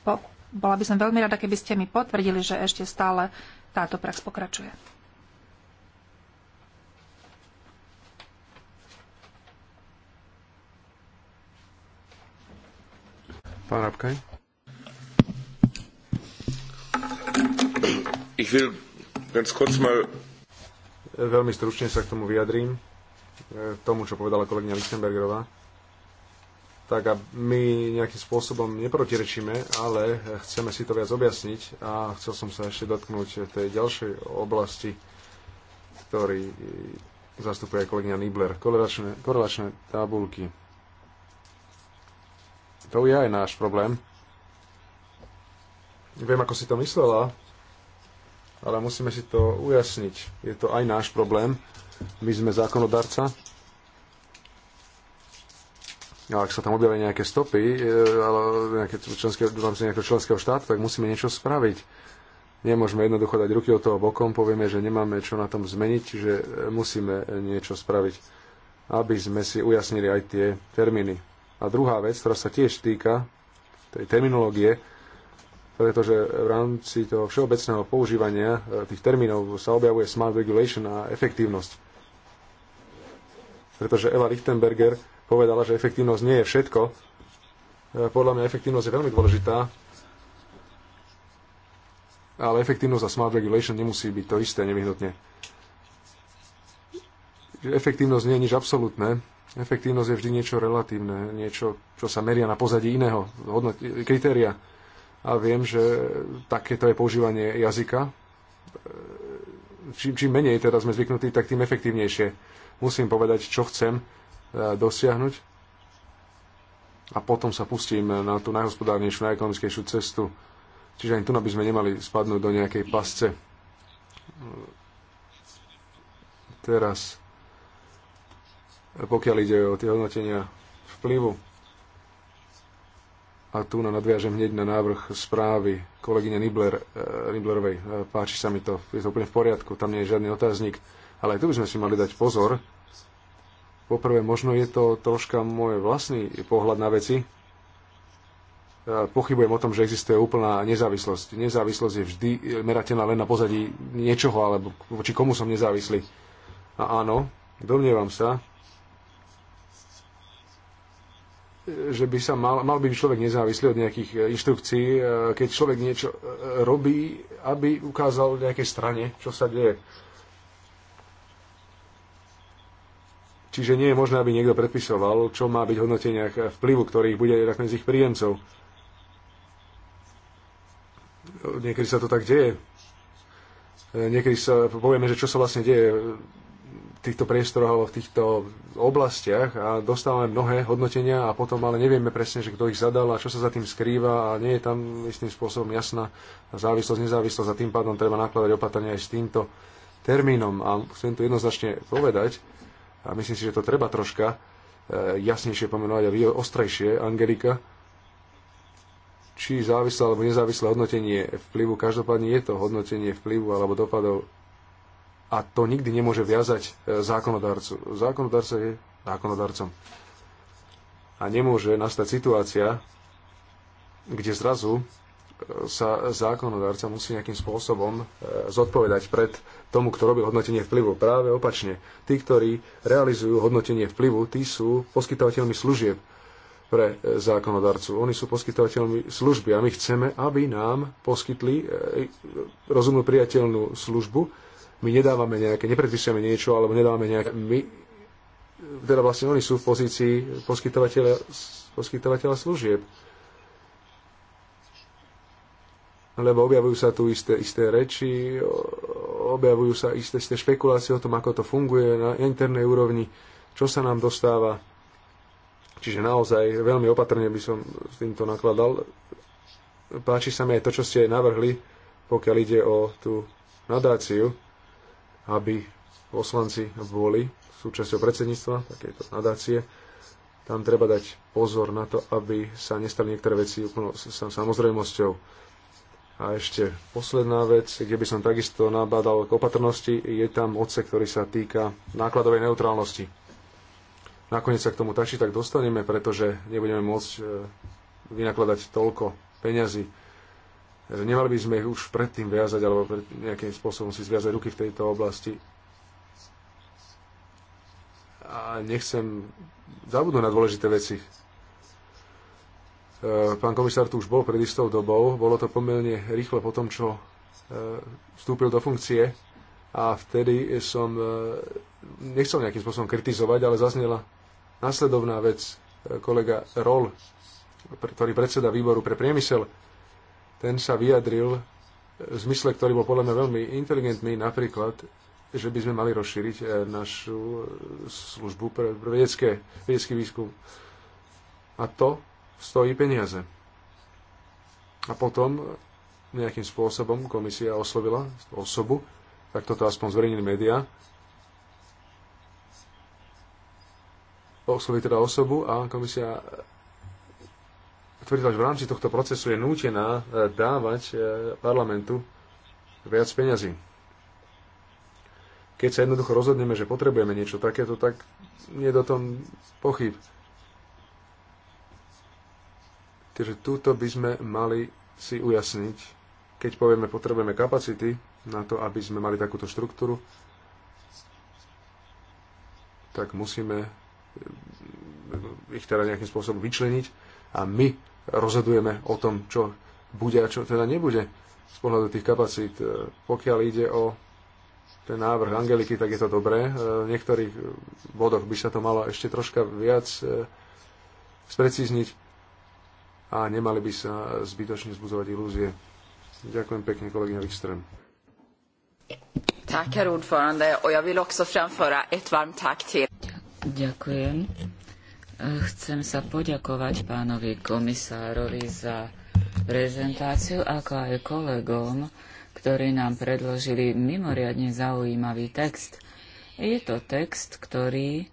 Po, bola by som veľmi rada, keby ste mi potvrdili, že ešte stále táto prax pokračuje. Pán Rabkaj. Ich will ganz kurz mal... Veľmi stručne sa k tomu vyjadrím, k e, tomu, čo povedala kolegyňa Lichtenbergerová. Tak a my nejakým spôsobom neprotirečíme, ale chceme si to viac objasniť a chcel som sa ešte dotknúť tej ďalšej oblasti, ktorý zastupuje kolegyňa Nibler. Korelačné, korelačné tabulky to je aj náš problém. Viem, ako si to myslela, ale musíme si to ujasniť. Je to aj náš problém. My sme zákonodarca. A ak sa tam objavia nejaké stopy, e, ale nejaké členské, v rámci nejakého členského štátu, tak musíme niečo spraviť. Nemôžeme jednoducho dať ruky od toho bokom, povieme, že nemáme čo na tom zmeniť, že musíme niečo spraviť, aby sme si ujasnili aj tie termíny. A druhá vec, ktorá sa tiež týka tej terminológie, pretože v rámci toho všeobecného používania e, tých termínov sa objavuje smart regulation a efektívnosť. Pretože Eva Lichtenberger povedala, že efektívnosť nie je všetko. E, podľa mňa efektívnosť je veľmi dôležitá, ale efektívnosť a smart regulation nemusí byť to isté nevyhnutne. Efektívnosť nie je nič absolútne, Efektívnosť je vždy niečo relatívne, niečo, čo sa meria na pozadí iného hodnot, kritéria. A viem, že takéto je používanie jazyka. Čím, čím menej teraz sme zvyknutí, tak tým efektívnejšie. Musím povedať, čo chcem eh, dosiahnuť a potom sa pustím na tú najhospodárnejšiu, najekonomickejšiu cestu. Čiže ani tu by sme nemali spadnúť do nejakej pasce. Teraz pokiaľ ide o tie hodnotenia vplyvu. A tu na nadviažem hneď na návrh správy kolegyne Nibler, eh, Niblerovej. Eh, páči sa mi to, je to úplne v poriadku, tam nie je žiadny otáznik. Ale aj tu by sme si mali dať pozor. Poprvé, možno je to troška môj vlastný pohľad na veci. Eh, pochybujem o tom, že existuje úplná nezávislosť. Nezávislosť je vždy merateľná len na pozadí niečoho, alebo voči komu som nezávislý. A áno, domnievam sa, že by sa mal, mal byť človek nezávislý od nejakých e, inštrukcií, e, keď človek niečo e, robí, aby ukázal nejakej strane, čo sa deje. Čiže nie je možné, aby niekto predpisoval, čo má byť hodnotenia vplyvu, ktorých bude medzi ich príjemcov. Niekedy sa to tak deje. Niekedy sa povieme, že čo sa vlastne deje týchto priestoroch alebo v týchto oblastiach a dostávame mnohé hodnotenia a potom ale nevieme presne, že kto ich zadal a čo sa za tým skrýva a nie je tam istým spôsobom jasná závislosť, nezávislosť a tým pádom treba nakladať opatrenia aj s týmto termínom. A chcem tu jednoznačne povedať, a myslím si, že to treba troška e, jasnejšie pomenovať a ostrejšie, Angelika, či závislé alebo nezávislé hodnotenie vplyvu, každopádne je to hodnotenie vplyvu alebo dopadov a to nikdy nemôže viazať e, zákonodarcu. Zákonodarca je zákonodarcom. A nemôže nastať situácia, kde zrazu e, sa zákonodárca musí nejakým spôsobom e, zodpovedať pred tomu, kto robí hodnotenie vplyvu. Práve opačne, tí, ktorí realizujú hodnotenie vplyvu, tí sú poskytovateľmi služieb pre zákonodarcu. Oni sú poskytovateľmi služby a my chceme, aby nám poskytli rozumnú priateľnú službu, my nedávame nejaké, nepredpisujeme niečo, alebo nedávame nejaké... My, teda vlastne oni sú v pozícii poskytovateľa, poskytovateľa služieb. Lebo objavujú sa tu isté, isté reči, objavujú sa isté, isté špekulácie o tom, ako to funguje na internej úrovni, čo sa nám dostáva. Čiže naozaj veľmi opatrne by som s týmto nakladal. Páči sa mi aj to, čo ste navrhli, pokiaľ ide o tú nadáciu aby poslanci boli súčasťou predsedníctva takéto nadácie. Tam treba dať pozor na to, aby sa nestali niektoré veci úplne samozrejmosťou. A ešte posledná vec, kde by som takisto nabádal k opatrnosti, je tam odsek, ktorý sa týka nákladovej neutrálnosti. Nakoniec sa k tomu tači tak dostaneme, pretože nebudeme môcť e, vynakladať toľko peňazí Nemali by sme ich už predtým viazať alebo pred nejakým spôsobom si zviazať ruky v tejto oblasti. A nechcem zabudnúť na dôležité veci. E, pán komisár tu už bol pred istou dobou. Bolo to pomerne rýchlo po tom, čo e, vstúpil do funkcie a vtedy som e, nechcel nejakým spôsobom kritizovať, ale zaznela následovná vec. Kolega Rol, ktorý predseda výboru pre priemysel, ten sa vyjadril v zmysle, ktorý bol podľa mňa veľmi inteligentný, napríklad, že by sme mali rozšíriť e, našu e, službu pre vedecké, vedecký výskum. A to stojí peniaze. A potom nejakým spôsobom komisia oslovila osobu, tak toto aspoň zverejnili médiá, osloviť teda osobu a komisia tvrdila, že v rámci tohto procesu je nútená e, dávať e, parlamentu viac peňazí. Keď sa jednoducho rozhodneme, že potrebujeme niečo takéto, tak nie je do tom pochyb. Takže túto by sme mali si ujasniť, keď povieme, potrebujeme kapacity na to, aby sme mali takúto štruktúru, tak musíme ich teda nejakým spôsobom vyčleniť a my rozhodujeme o tom, čo bude a čo teda nebude z pohľadu tých kapacít. E, pokiaľ ide o ten návrh Angeliky, tak je to dobré. E, v niektorých bodoch by sa to malo ešte troška viac e, sprecízniť a nemali by sa zbytočne zbudzovať ilúzie. Ďakujem pekne, kolegyňa Wikström. herr ordförande, också framföra ett varmt tack till... Ďakujem. Chcem sa poďakovať pánovi komisárovi za prezentáciu, ako aj kolegom, ktorí nám predložili mimoriadne zaujímavý text. Je to text, ktorý e,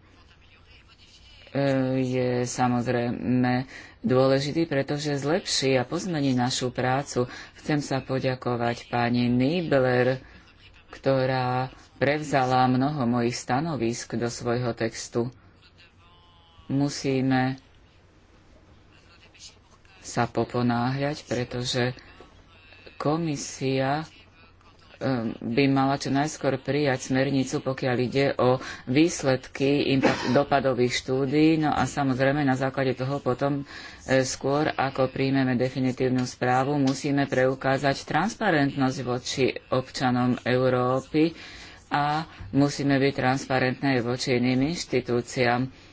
je samozrejme dôležitý, pretože zlepší a pozmení našu prácu. Chcem sa poďakovať pani Nibler, ktorá prevzala mnoho mojich stanovisk do svojho textu musíme sa poponáhľať, pretože komisia um, by mala čo najskôr prijať smernicu, pokiaľ ide o výsledky dopadových štúdií. No a samozrejme na základe toho potom e, skôr, ako príjmeme definitívnu správu, musíme preukázať transparentnosť voči občanom Európy a musíme byť transparentné voči iným inštitúciám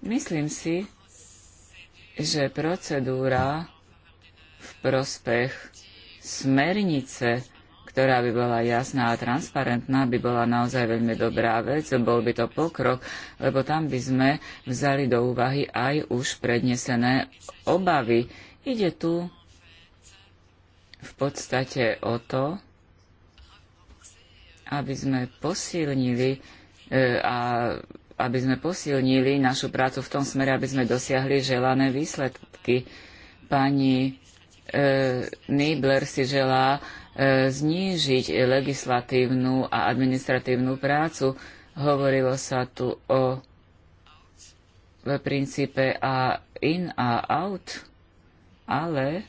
Myslím si, že procedúra v prospech smernice, ktorá by bola jasná a transparentná, by bola naozaj veľmi dobrá vec, bol by to pokrok, lebo tam by sme vzali do úvahy aj už prednesené obavy. Ide tu v podstate o to, aby sme posilnili e, a aby sme posilnili našu prácu v tom smere, aby sme dosiahli želané výsledky. Pani e, Nibler si želá e, znížiť legislatívnu a administratívnu prácu. Hovorilo sa tu o v princípe a in a out, ale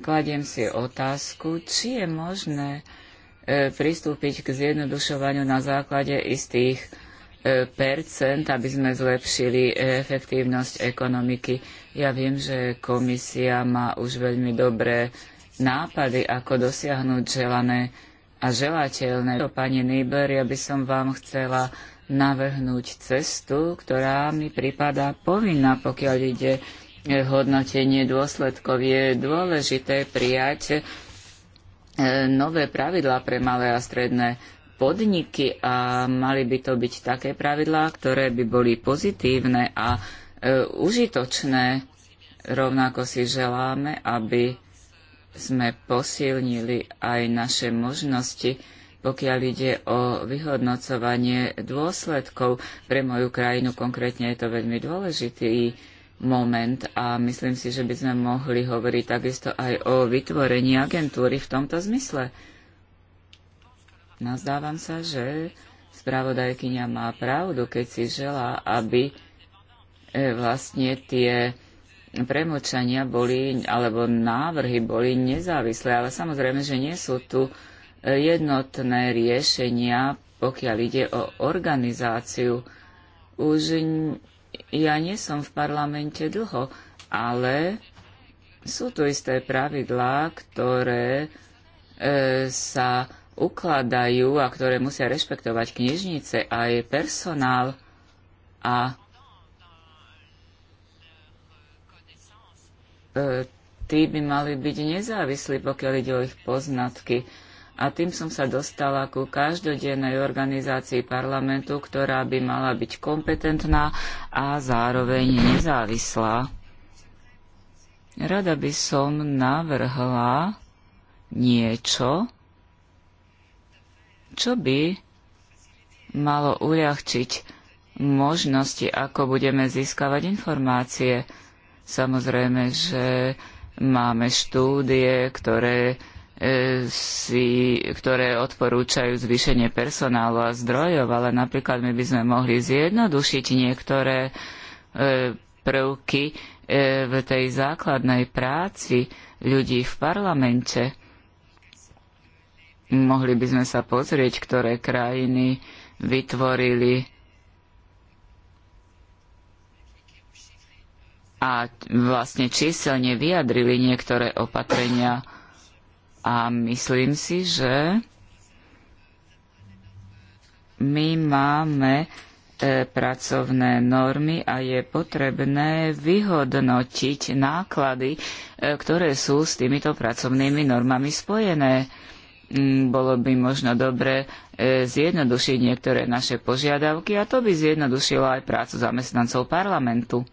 kladiem si otázku, či je možné E, pristúpiť k zjednodušovaniu na základe istých e, percent, aby sme zlepšili e, efektívnosť ekonomiky. Ja viem, že komisia má už veľmi dobré nápady, ako dosiahnuť želané a želateľné. Pani Nýber, ja by som vám chcela navrhnúť cestu, ktorá mi pripadá povinná, pokiaľ ide hodnotenie dôsledkov. Je dôležité prijať E, nové pravidlá pre malé a stredné podniky a mali by to byť také pravidlá, ktoré by boli pozitívne a e, užitočné. Rovnako si želáme, aby sme posilnili aj naše možnosti, pokiaľ ide o vyhodnocovanie dôsledkov. Pre moju krajinu konkrétne je to veľmi dôležitý moment a myslím si, že by sme mohli hovoriť takisto aj o vytvorení agentúry v tomto zmysle. Nazdávam sa, že spravodajkyňa má pravdu, keď si želá, aby e, vlastne tie premočania boli, alebo návrhy boli nezávislé, ale samozrejme, že nie sú tu e, jednotné riešenia, pokiaľ ide o organizáciu. Už ja nie som v parlamente dlho, ale sú tu isté pravidlá, ktoré e, sa ukladajú a ktoré musia rešpektovať knižnice a aj personál a e, tí by mali byť nezávislí, pokiaľ ide o ich poznatky. A tým som sa dostala ku každodennej organizácii parlamentu, ktorá by mala byť kompetentná a zároveň nezávislá. Rada by som navrhla niečo, čo by malo uľahčiť možnosti, ako budeme získavať informácie. Samozrejme, že máme štúdie, ktoré si, ktoré odporúčajú zvýšenie personálu a zdrojov, ale napríklad my by sme mohli zjednodušiť niektoré e, prvky e, v tej základnej práci ľudí v parlamente. Mohli by sme sa pozrieť, ktoré krajiny vytvorili a vlastne číselne vyjadrili niektoré opatrenia a myslím si, že my máme e, pracovné normy a je potrebné vyhodnotiť náklady, e, ktoré sú s týmito pracovnými normami spojené. Mm, bolo by možno dobre e, zjednodušiť niektoré naše požiadavky a to by zjednodušilo aj prácu zamestnancov parlamentu.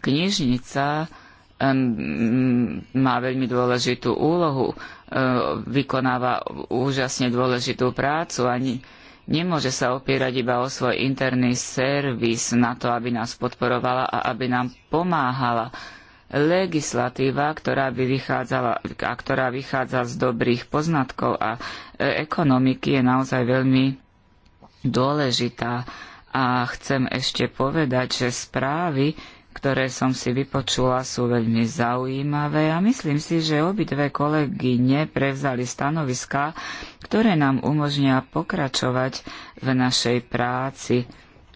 Knižnica má veľmi dôležitú úlohu, e, vykonáva úžasne dôležitú prácu a nemôže sa opierať iba o svoj interný servis na to, aby nás podporovala a aby nám pomáhala. Legislatíva, ktorá, by vychádzala, a ktorá vychádza z dobrých poznatkov a e, ekonomiky, je naozaj veľmi dôležitá. A chcem ešte povedať, že správy, ktoré som si vypočula, sú veľmi zaujímavé a myslím si, že obidve kolegyne prevzali stanoviská, ktoré nám umožnia pokračovať v našej práci.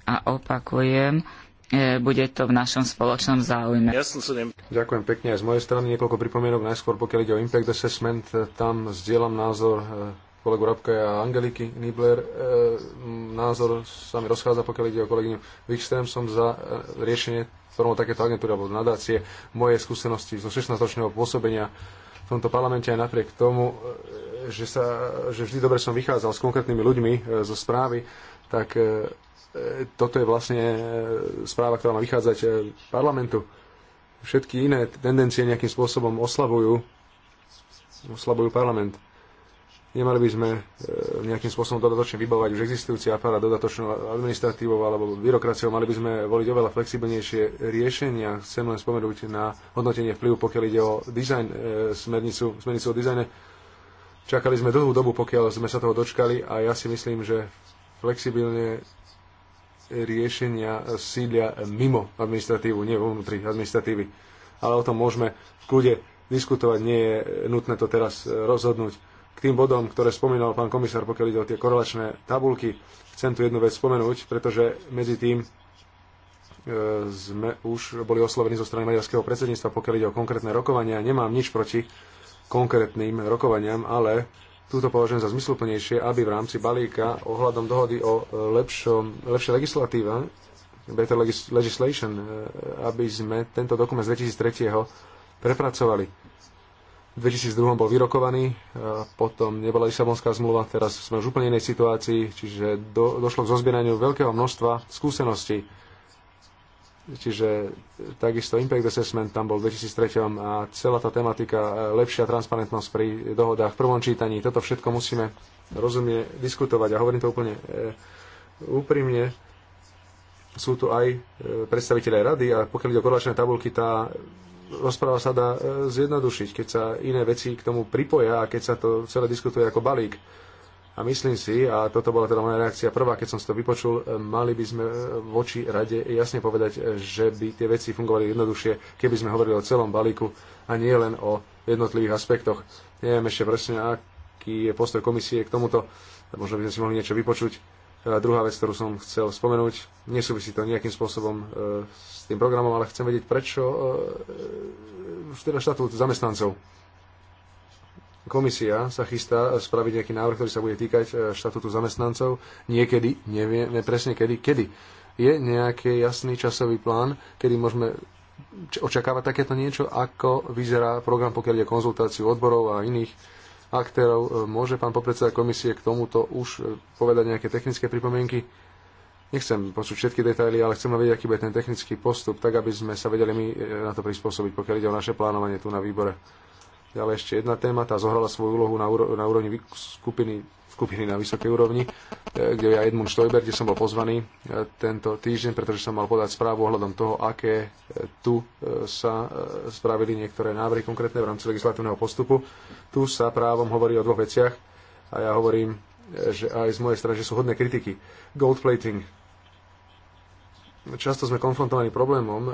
A opakujem, e, bude to v našom spoločnom záujme. Ďakujem pekne aj z mojej strany. Niekoľko pripomienok najskôr, pokiaľ ide o impact assessment, e, tam zdieľam názor e, kolegu Rabka a Angeliky Nibler. Názor sa mi rozchádza, pokiaľ ide o kolegyňu Wikström. Som za riešenie formou takéto agentúry alebo nadácie. Moje skúsenosti zo 16-ročného pôsobenia v tomto parlamente aj napriek tomu, e, že, sa, že vždy dobre som vychádzal s konkrétnymi ľuďmi e, zo správy, tak e, toto je vlastne správa, ktorá má vychádzať parlamentu. Všetky iné tendencie nejakým spôsobom oslabujú oslabujú parlament. Nemali by sme e, nejakým spôsobom dodatočne vybavovať už existujúci aparát dodatočnou administratívou alebo byrokraciou. Mali by sme voliť oveľa flexibilnejšie riešenia. Chcem len spomenúť na hodnotenie vplyvu, pokiaľ ide o design, e, smernicu, smernicu o dizajne. Čakali sme dlhú dobu, pokiaľ sme sa toho dočkali a ja si myslím, že flexibilne riešenia sídlia mimo administratívu, nie vnútri administratívy. Ale o tom môžeme v kľude diskutovať, nie je nutné to teraz e, rozhodnúť k tým bodom, ktoré spomínal pán komisár, pokiaľ ide o tie korelačné tabulky, chcem tu jednu vec spomenúť, pretože medzi tým e, sme už boli oslovení zo strany maďarského predsedníctva, pokiaľ ide o konkrétne rokovania. Nemám nič proti konkrétnym rokovaniam, ale túto považujem za zmysluplnejšie, aby v rámci balíka ohľadom dohody o e, lepšom, lepšej legislatíve, better legislation, e, aby sme tento dokument z 2003. prepracovali v 2002 bol vyrokovaný, potom nebola Lisabonská zmluva, teraz sme už úplne inej situácii, čiže do, došlo k zozbieraniu veľkého množstva skúseností. Čiže takisto Impact Assessment tam bol v 2003 a celá tá tematika, e, lepšia transparentnosť pri dohodách v prvom čítaní, toto všetko musíme rozumne diskutovať a hovorím to úplne e, úprimne. Sú tu aj e, predstaviteľe rady a pokiaľ ide o korelačné tabulky, tá rozpráva sa dá e, zjednodušiť, keď sa iné veci k tomu pripoja a keď sa to celé diskutuje ako balík. A myslím si, a toto bola teda moja reakcia prvá, keď som si to vypočul, e, mali by sme e, voči rade jasne povedať, že by tie veci fungovali jednoduchšie, keby sme hovorili o celom balíku a nie len o jednotlivých aspektoch. Neviem ešte presne, aký je postoj komisie k tomuto, možno by sme si mohli niečo vypočuť a teda druhá vec, ktorú som chcel spomenúť, nesúvisí to nejakým spôsobom e, s tým programom, ale chcem vedieť, prečo e, e, teda štatút zamestnancov. Komisia sa chystá spraviť nejaký návrh, ktorý sa bude týkať štatútu zamestnancov. Niekedy, nevieme presne kedy, kedy. Je nejaký jasný časový plán, kedy môžeme očakávať takéto niečo, ako vyzerá program, pokiaľ je konzultáciu odborov a iných aktérov. E, môže pán podpredseda komisie k tomuto už e, povedať nejaké technické pripomienky? Nechcem počuť všetky detaily, ale chcem vedieť, aký bude ten technický postup, tak aby sme sa vedeli my e, na to prispôsobiť, pokiaľ ide o naše plánovanie tu na výbore. Ďalej ešte jedna téma, tá zohrala svoju úlohu na, úro- na úrovni skupiny skupiny na vysokej úrovni, e, kde ja Edmund Stoiber, kde som bol pozvaný e, tento týždeň, pretože som mal podať správu ohľadom toho, aké e, tu sa spravili niektoré návrhy konkrétne v rámci legislatívneho postupu. Tu sa právom hovorí o dvoch veciach a ja hovorím, že aj z mojej strany, že sú hodné kritiky. Gold plating. Často sme konfrontovaní problémom,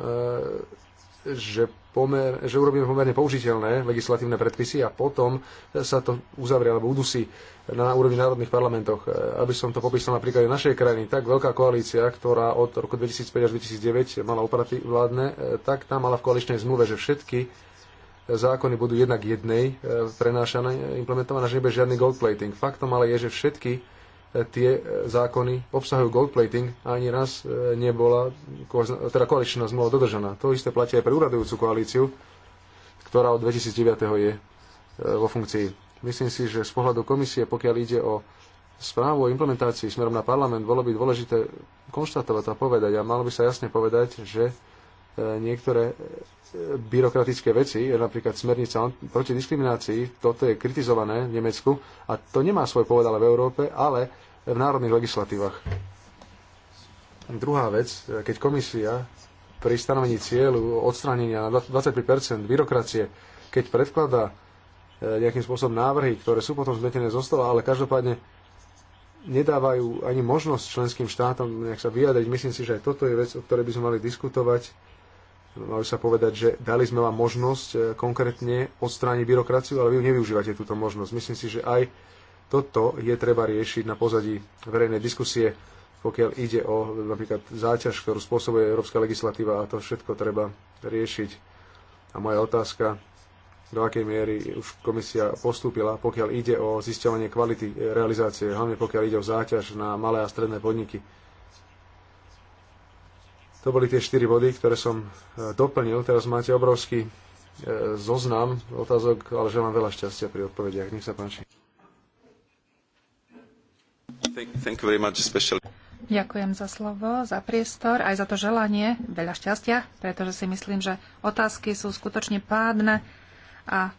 že, pomer, že urobíme pomerne použiteľné legislatívne predpisy a potom sa to uzavrie alebo udusí na úrovni národných parlamentoch. Aby som to popísal napríklad príklade našej krajiny, tak veľká koalícia, ktorá od roku 2005 až 2009 mala opraty vládne, tak tam mala v koaličnej zmluve, že všetky zákony budú jednak jednej eh, prenášané, implementované, že nebude žiadny gold plating. Faktom ale je, že všetky tie zákony obsahujú gold plating a ani raz e, nebola teda koaličná zmluva dodržaná. To isté platí aj pre úradujúcu koalíciu, ktorá od 2009. je e, vo funkcii. Myslím si, že z pohľadu komisie, pokiaľ ide o správu o implementácii smerom na parlament, bolo by dôležité konštatovať a povedať a malo by sa jasne povedať, že e, niektoré byrokratické veci, napríklad smernica proti diskriminácii, toto je kritizované v Nemecku a to nemá svoj povedal v Európe, ale v národných legislatívach. Druhá vec, keď komisia pri stanovení cieľu odstránenia na 25 byrokracie, keď predkladá e, nejakým spôsobom návrhy, ktoré sú potom zmetené zo stola, ale každopádne nedávajú ani možnosť členským štátom nejak sa vyjadriť. Myslím si, že aj toto je vec, o ktorej by sme mali diskutovať. Mali sa povedať, že dali sme vám možnosť e, konkrétne odstrániť byrokraciu, ale vy nevyužívate túto možnosť. Myslím si, že aj toto je treba riešiť na pozadí verejnej diskusie, pokiaľ ide o napríklad záťaž, ktorú spôsobuje európska legislatíva a to všetko treba riešiť. A moja otázka, do akej miery už komisia postúpila, pokiaľ ide o zisťovanie kvality realizácie, hlavne pokiaľ ide o záťaž na malé a stredné podniky. To boli tie štyri body, ktoré som e, doplnil. Teraz máte obrovský e, zoznam otázok, ale želám veľa šťastia pri odpovediach. Nech sa páči. Ďakujem za slovo, za priestor, aj za to želanie. Veľa šťastia, pretože si myslím, že otázky sú skutočne pádne a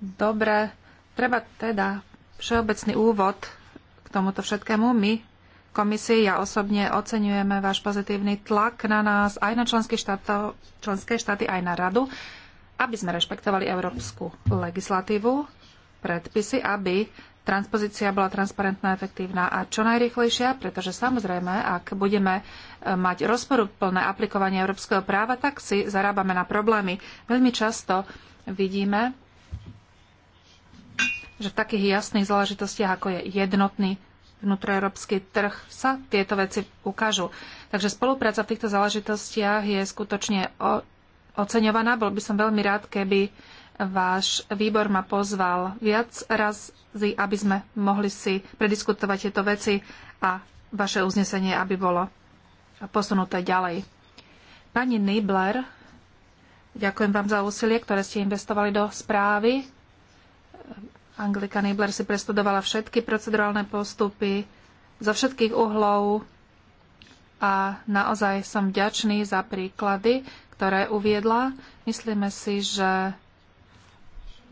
dobré. Treba teda všeobecný úvod k tomuto všetkému. My, komisii, ja osobne oceňujeme váš pozitívny tlak na nás, aj na členské, štáto, členské štáty, aj na radu, aby sme rešpektovali európsku legislatívu, predpisy, aby transpozícia bola transparentná, efektívna a čo najrychlejšia, pretože samozrejme, ak budeme e, mať rozporuplné aplikovanie európskeho práva, tak si zarábame na problémy. Veľmi často vidíme, že v takých jasných záležitostiach, ako je jednotný vnútroeurópsky trh, sa tieto veci ukážu. Takže spolupráca v týchto záležitostiach je skutočne oceňovaná. Bol by som veľmi rád, keby váš výbor ma pozval viac aby sme mohli si prediskutovať tieto veci a vaše uznesenie, aby bolo posunuté ďalej. Pani Nibler, ďakujem vám za úsilie, ktoré ste investovali do správy. Anglika Nibler si prestudovala všetky procedurálne postupy zo všetkých uhlov a naozaj som vďačný za príklady, ktoré uviedla. Myslíme si, že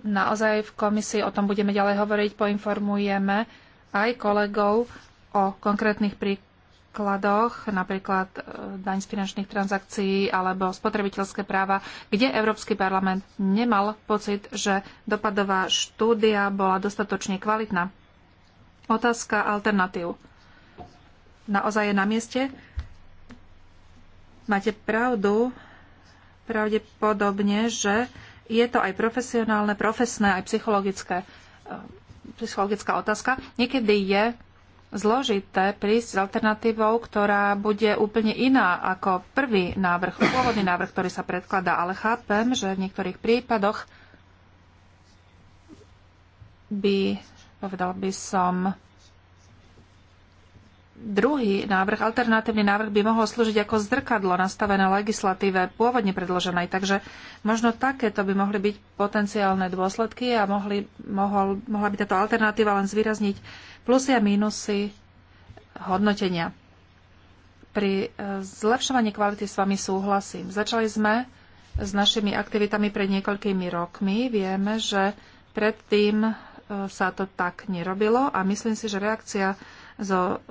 naozaj v komisii o tom budeme ďalej hovoriť, poinformujeme aj kolegov o konkrétnych príkladoch, napríklad e, daň z finančných transakcií alebo spotrebiteľské práva, kde Európsky parlament nemal pocit, že dopadová štúdia bola dostatočne kvalitná. Otázka alternatív. Naozaj je na mieste? Máte pravdu, pravdepodobne, že je to aj profesionálne, profesné, aj psychologické, eh, psychologická otázka. Niekedy je zložité prísť s alternatívou, ktorá bude úplne iná ako prvý návrh, pôvodný návrh, ktorý sa predkladá, ale chápem, že v niektorých prípadoch by, povedal by som, Druhý návrh, alternatívny návrh by mohol slúžiť ako zrkadlo nastavené legislatíve pôvodne predloženej, takže možno takéto by mohli byť potenciálne dôsledky a mohli, mohol, mohla by táto alternatíva len zvýrazniť plusy a mínusy hodnotenia. Pri e, zlepšovaní kvality s vami súhlasím. Začali sme s našimi aktivitami pred niekoľkými rokmi. Vieme, že predtým e, sa to tak nerobilo a myslím si, že reakcia zo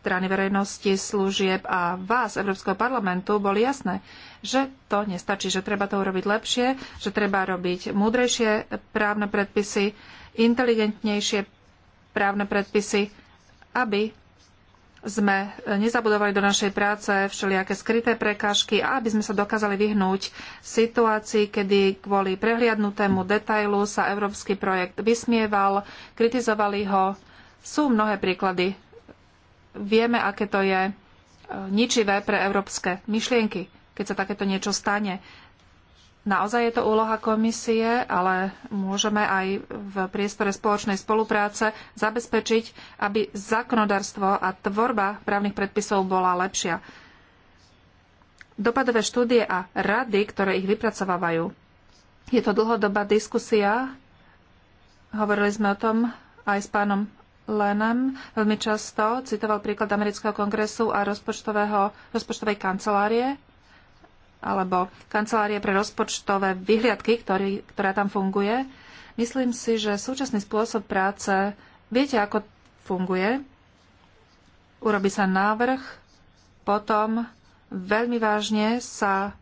strany verejnosti, služieb a vás, Európskeho parlamentu, boli jasné, že to nestačí, že treba to urobiť lepšie, že treba robiť múdrejšie právne predpisy, inteligentnejšie právne predpisy, aby sme nezabudovali do našej práce všelijaké skryté prekážky a aby sme sa dokázali vyhnúť situácii, kedy kvôli prehliadnutému detailu sa európsky projekt vysmieval, kritizovali ho sú mnohé príklady. Vieme, aké to je e, ničivé pre európske myšlienky, keď sa takéto niečo stane. Naozaj je to úloha komisie, ale môžeme aj v priestore spoločnej spolupráce zabezpečiť, aby zákonodárstvo a tvorba právnych predpisov bola lepšia. Dopadové štúdie a rady, ktoré ich vypracovávajú. Je to dlhodobá diskusia. Hovorili sme o tom aj s pánom Lennon veľmi často citoval príklad amerického kongresu a rozpočtovej kancelárie alebo kancelárie pre rozpočtové vyhliadky, ktorý, ktorá tam funguje. Myslím si, že súčasný spôsob práce, viete, ako funguje. Urobí sa návrh, potom veľmi vážne sa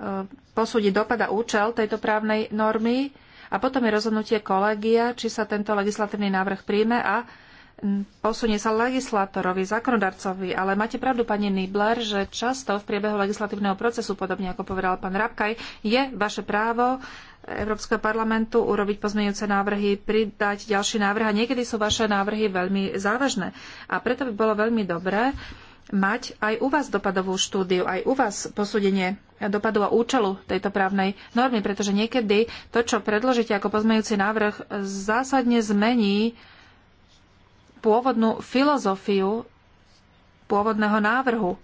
e, posúdi dopada účel tejto právnej normy a potom je rozhodnutie kolegia, či sa tento legislatívny návrh príjme a posunie sa legislátorovi, zákonodarcovi, ale máte pravdu, pani Nibler, že často v priebehu legislatívneho procesu, podobne ako povedal pán Rabkaj, je vaše právo Európskeho parlamentu urobiť pozmeňujúce návrhy, pridať ďalšie návrhy a niekedy sú vaše návrhy veľmi závažné. A preto by bolo veľmi dobré mať aj u vás dopadovú štúdiu, aj u vás posúdenie dopadu a účelu tejto právnej normy, pretože niekedy to, čo predložíte ako pozmeňujúci návrh, zásadne zmení pôvodnú filozofiu pôvodného návrhu,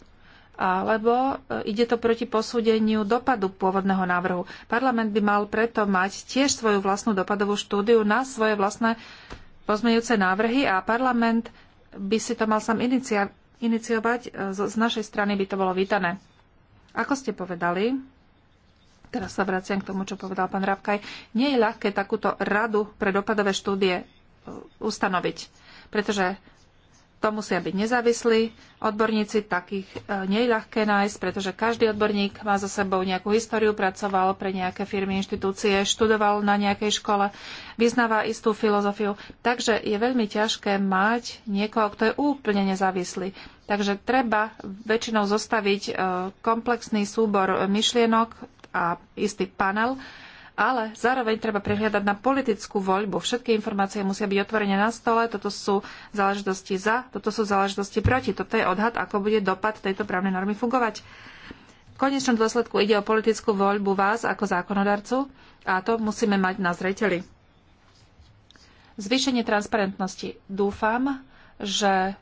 alebo e, ide to proti posúdeniu dopadu pôvodného návrhu. Parlament by mal preto mať tiež svoju vlastnú dopadovú štúdiu na svoje vlastné pozmeňujúce návrhy a parlament by si to mal sám inicia- iniciovať. E, z našej strany by to bolo vítané. Ako ste povedali, teraz sa vraciam k tomu, čo povedal pán Rabkaj, nie je ľahké takúto radu pre dopadové štúdie e, ustanoviť pretože to musia byť nezávislí odborníci, takých e, nie je ľahké nájsť, pretože každý odborník má za sebou nejakú históriu, pracoval pre nejaké firmy, inštitúcie, študoval na nejakej škole, vyznáva istú filozofiu. Takže je veľmi ťažké mať niekoho, kto je úplne nezávislý. Takže treba väčšinou zostaviť e, komplexný súbor myšlienok a istý panel, ale zároveň treba prehliadať na politickú voľbu. Všetky informácie musia byť otvorene na stole, toto sú záležitosti za, toto sú záležitosti proti. Toto je odhad, ako bude dopad tejto právnej normy fungovať. V konečnom dôsledku ide o politickú voľbu vás ako zákonodarcu a to musíme mať na zreteli. Zvýšenie transparentnosti. Dúfam, že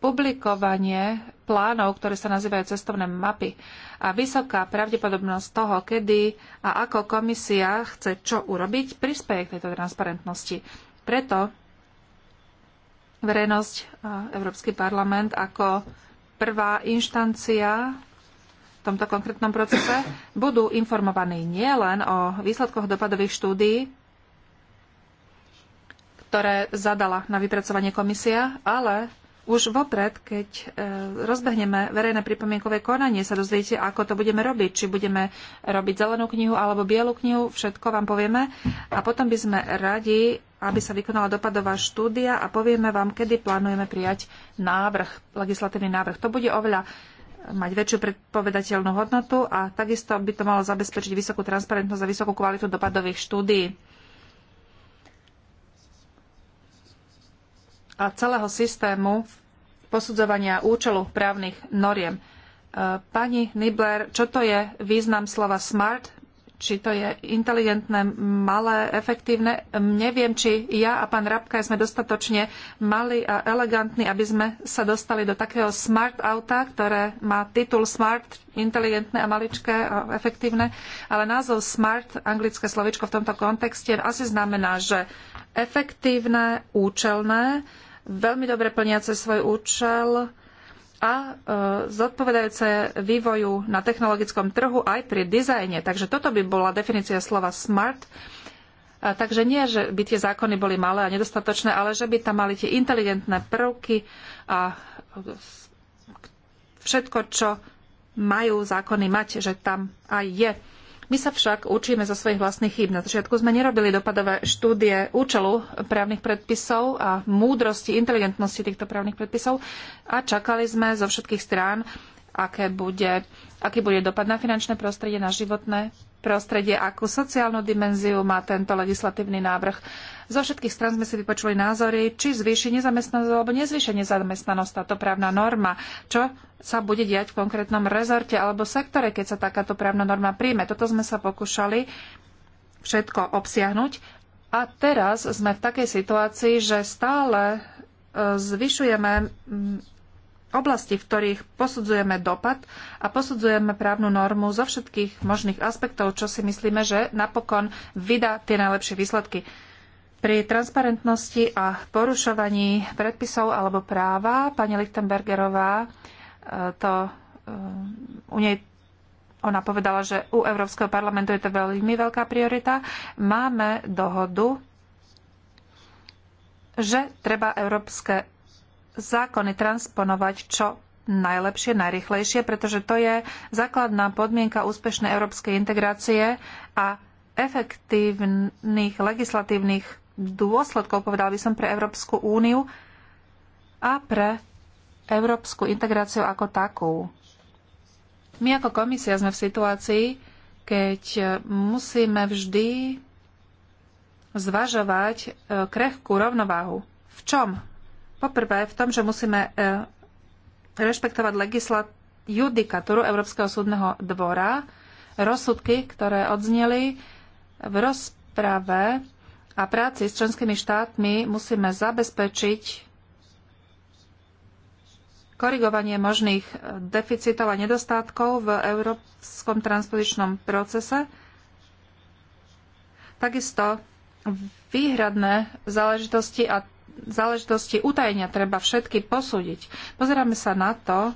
publikovanie plánov, ktoré sa nazývajú cestovné mapy a vysoká pravdepodobnosť toho, kedy a ako komisia chce čo urobiť, prispieje k tejto transparentnosti. Preto verejnosť a Európsky parlament ako prvá inštancia v tomto konkrétnom procese budú informovaní nielen o výsledkoch dopadových štúdií, ktoré zadala na vypracovanie komisia, ale už vopred, keď e, rozbehneme verejné pripomienkové konanie, sa dozviete, ako to budeme robiť. Či budeme robiť zelenú knihu alebo bielu knihu, všetko vám povieme. A potom by sme radi, aby sa vykonala dopadová štúdia a povieme vám, kedy plánujeme prijať návrh, legislatívny návrh. To bude oveľa e, mať väčšiu predpovedateľnú hodnotu a takisto by to malo zabezpečiť vysokú transparentnosť a vysokú kvalitu dopadových štúdií. A celého systému posudzovania účelu právnych noriem. E, pani Nibler, čo to je význam slova smart? Či to je inteligentné, malé, efektívne? Neviem, či ja a pán Rabka sme dostatočne mali a elegantní, aby sme sa dostali do takého smart auta, ktoré má titul smart, inteligentné a maličké a efektívne. Ale názov smart, anglické slovičko v tomto kontexte, asi znamená, že efektívne, účelné, veľmi dobre plniace svoj účel a e, zodpovedajúce vývoju na technologickom trhu aj pri dizajne. Takže toto by bola definícia slova smart. A takže nie, že by tie zákony boli malé a nedostatočné, ale že by tam mali tie inteligentné prvky a všetko, čo majú zákony mať, že tam aj je. My sa však učíme zo svojich vlastných chýb. Na začiatku sme nerobili dopadové štúdie účelu právnych predpisov a múdrosti, inteligentnosti týchto právnych predpisov a čakali sme zo všetkých strán, aké bude, aký bude dopad na finančné prostredie, na životné prostredie, akú sociálnu dimenziu má tento legislatívny návrh. Zo všetkých stran sme si vypočuli názory, či zvýši nezamestnanosť alebo nezvýši nezamestnanosť táto právna norma. Čo sa bude diať v konkrétnom rezorte alebo sektore, keď sa takáto právna norma príjme. Toto sme sa pokúšali všetko obsiahnuť. A teraz sme v takej situácii, že stále e, zvyšujeme oblasti, v ktorých posudzujeme dopad a posudzujeme právnu normu zo všetkých možných aspektov, čo si myslíme, že napokon vydá tie najlepšie výsledky. Pri transparentnosti a porušovaní predpisov alebo práva pani Lichtenbergerová e, to e, u nej ona povedala, že u Európskeho parlamentu je to veľmi veľká priorita. Máme dohodu, že treba európske zákony transponovať čo najlepšie, najrychlejšie, pretože to je základná podmienka úspešnej európskej integrácie a efektívnych legislatívnych dôsledkov, povedal by som, pre Európsku úniu a pre európsku integráciu ako takú. My ako komisia sme v situácii, keď musíme vždy zvažovať eh, krehkú rovnováhu. V čom Poprvé v tom, že musíme e, rešpektovať legislat judikatúru Európskeho súdneho dvora, rozsudky, ktoré odzneli v rozprave a práci s členskými štátmi musíme zabezpečiť korigovanie možných e, deficitov a nedostatkov v európskom transpozičnom procese. Takisto výhradné záležitosti a záležitosti utajenia treba všetky posúdiť. Pozeráme sa na to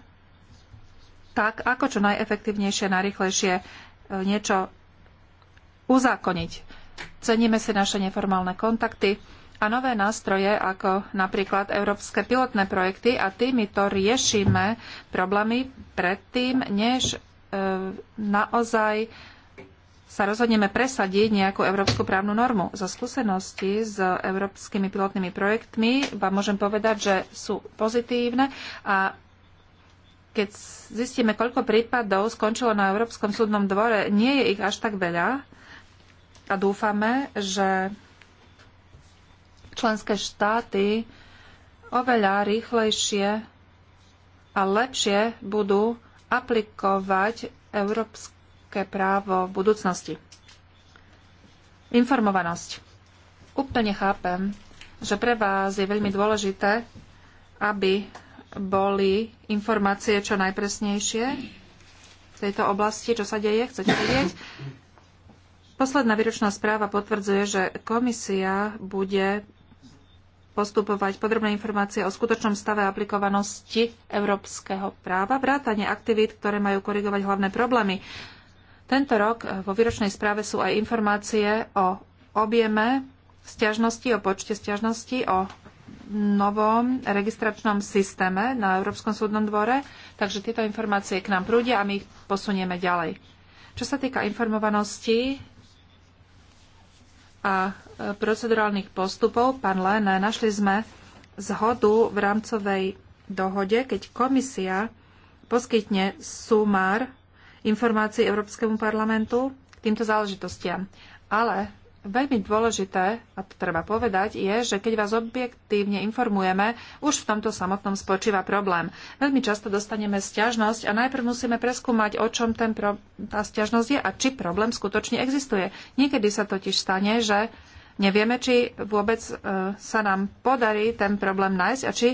tak, ako čo najefektívnejšie, najrychlejšie e, niečo uzákoniť. Ceníme si naše neformálne kontakty a nové nástroje, ako napríklad európske pilotné projekty a týmito riešime problémy predtým, než e, naozaj sa rozhodneme presadiť nejakú európsku právnu normu. Zo skúsenosti s európskymi pilotnými projektmi vám môžem povedať, že sú pozitívne a keď zistíme, koľko prípadov skončilo na Európskom súdnom dvore, nie je ich až tak veľa a dúfame, že členské štáty oveľa rýchlejšie a lepšie budú aplikovať európske ľudské právo v budúcnosti. Informovanosť. Úplne chápem, že pre vás je veľmi dôležité, aby boli informácie čo najpresnejšie v tejto oblasti, čo sa deje, chcete vedieť. Posledná výročná správa potvrdzuje, že komisia bude postupovať podrobné informácie o skutočnom stave aplikovanosti európskeho práva, vrátanie aktivít, ktoré majú korigovať hlavné problémy. Tento rok eh, vo výročnej správe sú aj informácie o objeme stiažnosti, o počte stiažnosti, o novom registračnom systéme na Európskom súdnom dvore, takže tieto informácie k nám prúdia a my ich posunieme ďalej. Čo sa týka informovanosti a eh, procedurálnych postupov, pán Lene, našli sme zhodu v rámcovej dohode, keď komisia poskytne sumár informácií Európskemu parlamentu k týmto záležitostiam. Ale veľmi dôležité, a to treba povedať, je, že keď vás objektívne informujeme, už v tomto samotnom spočíva problém. Veľmi často dostaneme stiažnosť a najprv musíme preskúmať, o čom ten pro- tá stiažnosť je a či problém skutočne existuje. Niekedy sa totiž stane, že nevieme, či vôbec e, sa nám podarí ten problém nájsť a či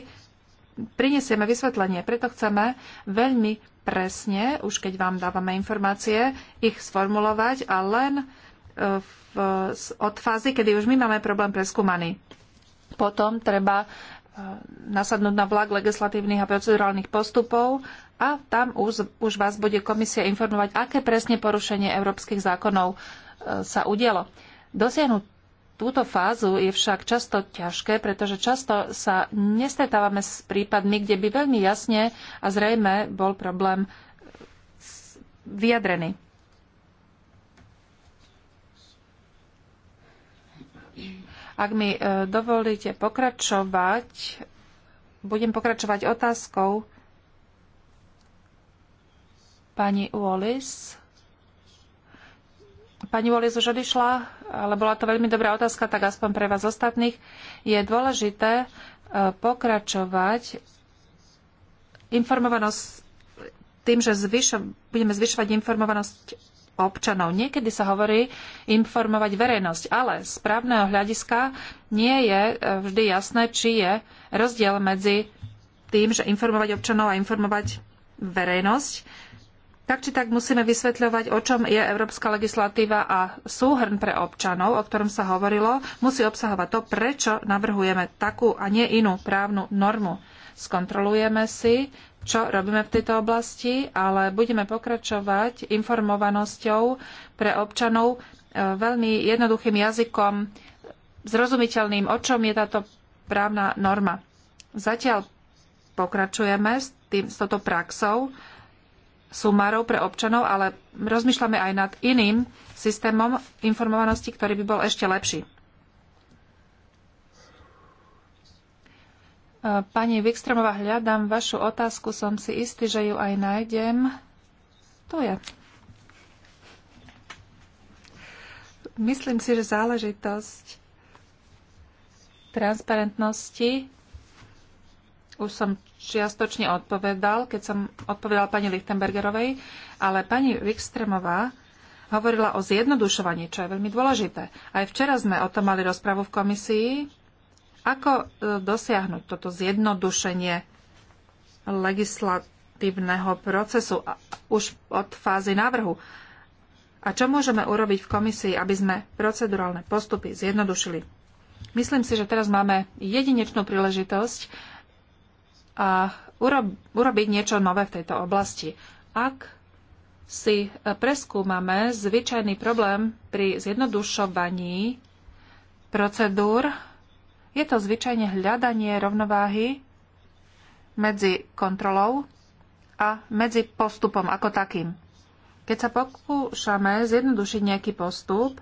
prinesieme vysvetlenie. Preto chceme veľmi presne, už keď vám dávame informácie, ich sformulovať a len e, v, od fázy, kedy už my máme problém preskúmaný. Potom treba e, nasadnúť na vlak legislatívnych a procedurálnych postupov a tam už, už vás bude komisia informovať, aké presne porušenie európskych zákonov e, sa udielo. Dosiahnuť Túto fázu je však často ťažké, pretože často sa nestretávame s prípadmi, kde by veľmi jasne a zrejme bol problém vyjadrený. Ak mi e, dovolíte pokračovať, budem pokračovať otázkou pani Wallis. Pani Wallis už odišla, ale bola to veľmi dobrá otázka, tak aspoň pre vás ostatných. Je dôležité e, pokračovať informovanosť tým, že zvyšo, budeme zvyšovať informovanosť občanov. Niekedy sa hovorí informovať verejnosť, ale z právneho hľadiska nie je e, vždy jasné, či je rozdiel medzi tým, že informovať občanov a informovať verejnosť tak či tak musíme vysvetľovať, o čom je európska legislatíva a súhrn pre občanov, o ktorom sa hovorilo, musí obsahovať to, prečo navrhujeme takú a nie inú právnu normu. Skontrolujeme si, čo robíme v tejto oblasti, ale budeme pokračovať informovanosťou pre občanov e, veľmi jednoduchým jazykom, zrozumiteľným, o čom je táto právna norma. Zatiaľ pokračujeme s, tým, s touto praxou, sumárov pre občanov, ale rozmýšľame aj nad iným systémom informovanosti, ktorý by bol ešte lepší. E, pani Vikstromová, hľadám vašu otázku, som si istý, že ju aj nájdem. Tu je. Myslím si, že záležitosť transparentnosti už som čiastočne odpovedal, keď som odpovedal pani Lichtenbergerovej, ale pani Wikstremová hovorila o zjednodušovaní, čo je veľmi dôležité. Aj včera sme o tom mali rozpravu v komisii, ako e, dosiahnuť toto zjednodušenie legislatívneho procesu už od fázy návrhu. A čo môžeme urobiť v komisii, aby sme procedurálne postupy zjednodušili? Myslím si, že teraz máme jedinečnú príležitosť a urobiť niečo nové v tejto oblasti. Ak si e, preskúmame zvyčajný problém pri zjednodušovaní procedúr, je to zvyčajne hľadanie rovnováhy medzi kontrolou a medzi postupom ako takým. Keď sa pokúšame zjednodušiť nejaký postup,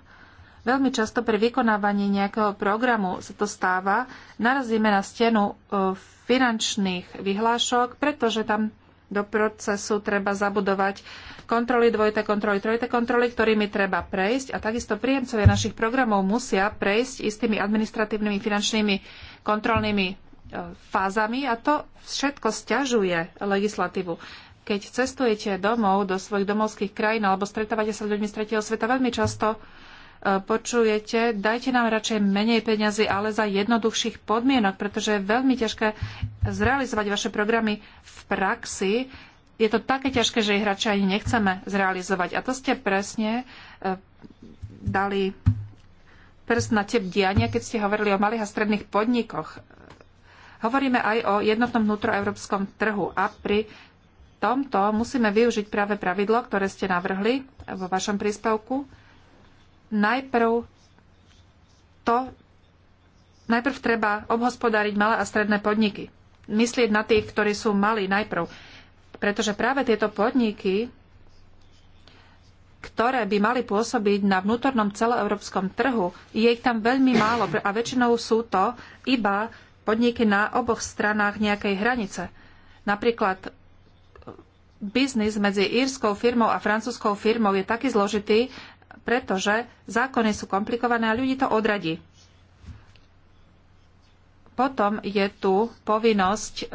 Veľmi často pri vykonávaní nejakého programu sa to stáva. Narazíme na stenu e, finančných vyhlášok, pretože tam do procesu treba zabudovať kontroly, dvojité kontroly, trojité kontroly, ktorými treba prejsť a takisto príjemcovia našich programov musia prejsť istými administratívnymi, finančnými, kontrolnými e, fázami a to všetko sťažuje legislatívu. Keď cestujete domov do svojich domovských krajín alebo stretávate sa s ľuďmi z tretieho sveta, veľmi často počujete, dajte nám radšej menej peňazí, ale za jednoduchších podmienok, pretože je veľmi ťažké zrealizovať vaše programy v praxi. Je to také ťažké, že ich radšej ani nechceme zrealizovať. A to ste presne e, dali prst na tep diania, keď ste hovorili o malých a stredných podnikoch. Hovoríme aj o jednotnom vnútroeurópskom trhu a pri tomto musíme využiť práve pravidlo, ktoré ste navrhli vo vašom príspevku, najprv to, najprv treba obhospodáriť malé a stredné podniky. Myslieť na tých, ktorí sú malí najprv. Pretože práve tieto podniky, ktoré by mali pôsobiť na vnútornom celoeurópskom trhu, je ich tam veľmi málo a väčšinou sú to iba podniky na oboch stranách nejakej hranice. Napríklad biznis medzi írskou firmou a francúzskou firmou je taký zložitý, pretože zákony sú komplikované a ľudí to odradí. Potom je tu povinnosť e,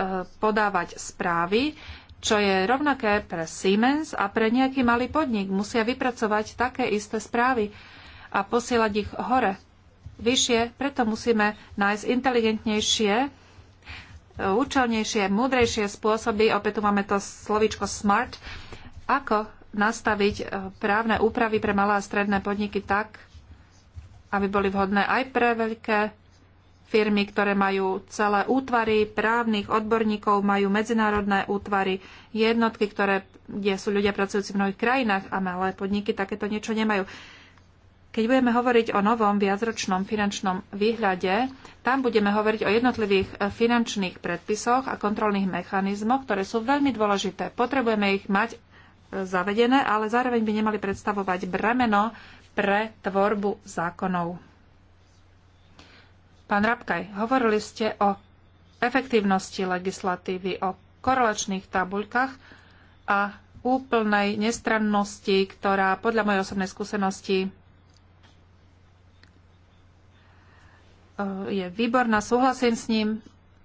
podávať správy, čo je rovnaké pre Siemens a pre nejaký malý podnik. Musia vypracovať také isté správy a posielať ich hore, vyššie, preto musíme nájsť inteligentnejšie, e, účelnejšie, múdrejšie spôsoby, opäť tu máme to slovíčko smart, ako nastaviť e, právne úpravy pre malé a stredné podniky tak, aby boli vhodné aj pre veľké firmy, ktoré majú celé útvary právnych odborníkov, majú medzinárodné útvary, jednotky, ktoré, kde sú ľudia pracujúci v mnohých krajinách a malé podniky takéto niečo nemajú. Keď budeme hovoriť o novom viacročnom finančnom výhľade, tam budeme hovoriť o jednotlivých e, finančných predpisoch a kontrolných mechanizmoch, ktoré sú veľmi dôležité. Potrebujeme ich mať zavedené, ale zároveň by nemali predstavovať bremeno pre tvorbu zákonov. Pán Rabkaj, hovorili ste o efektívnosti legislatívy, o korelačných tabuľkách a úplnej nestrannosti, ktorá podľa mojej osobnej skúsenosti eh, je výborná, súhlasím s ním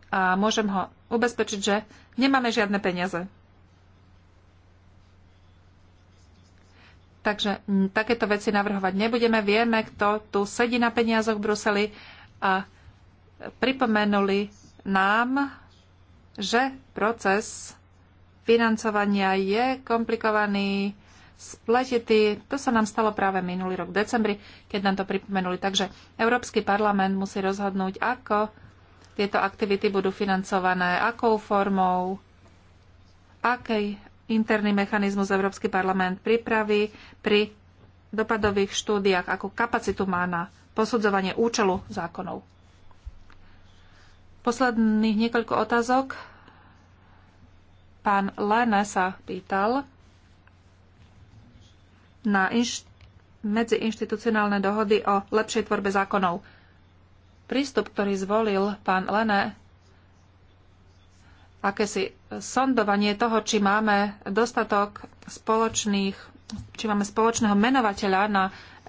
a môžem ho ubezpečiť, že nemáme žiadne peniaze. Takže m, takéto veci navrhovať nebudeme. Vieme, kto tu sedí na peniazoch v Bruseli a pripomenuli nám, že proces financovania je komplikovaný, spletitý. To sa nám stalo práve minulý rok v decembri, keď nám to pripomenuli. Takže Európsky parlament musí rozhodnúť, ako tieto aktivity budú financované, akou formou, akej, interný mechanizmus Európsky parlament pripraví pri dopadových štúdiách, ako kapacitu má na posudzovanie účelu zákonov. Posledných niekoľko otázok. Pán Lene sa pýtal na inš- medziinštitucionálne dohody o lepšej tvorbe zákonov. Prístup, ktorý zvolil pán Lene, akési sondovanie toho, či máme dostatok spoločných, či máme spoločného menovateľa na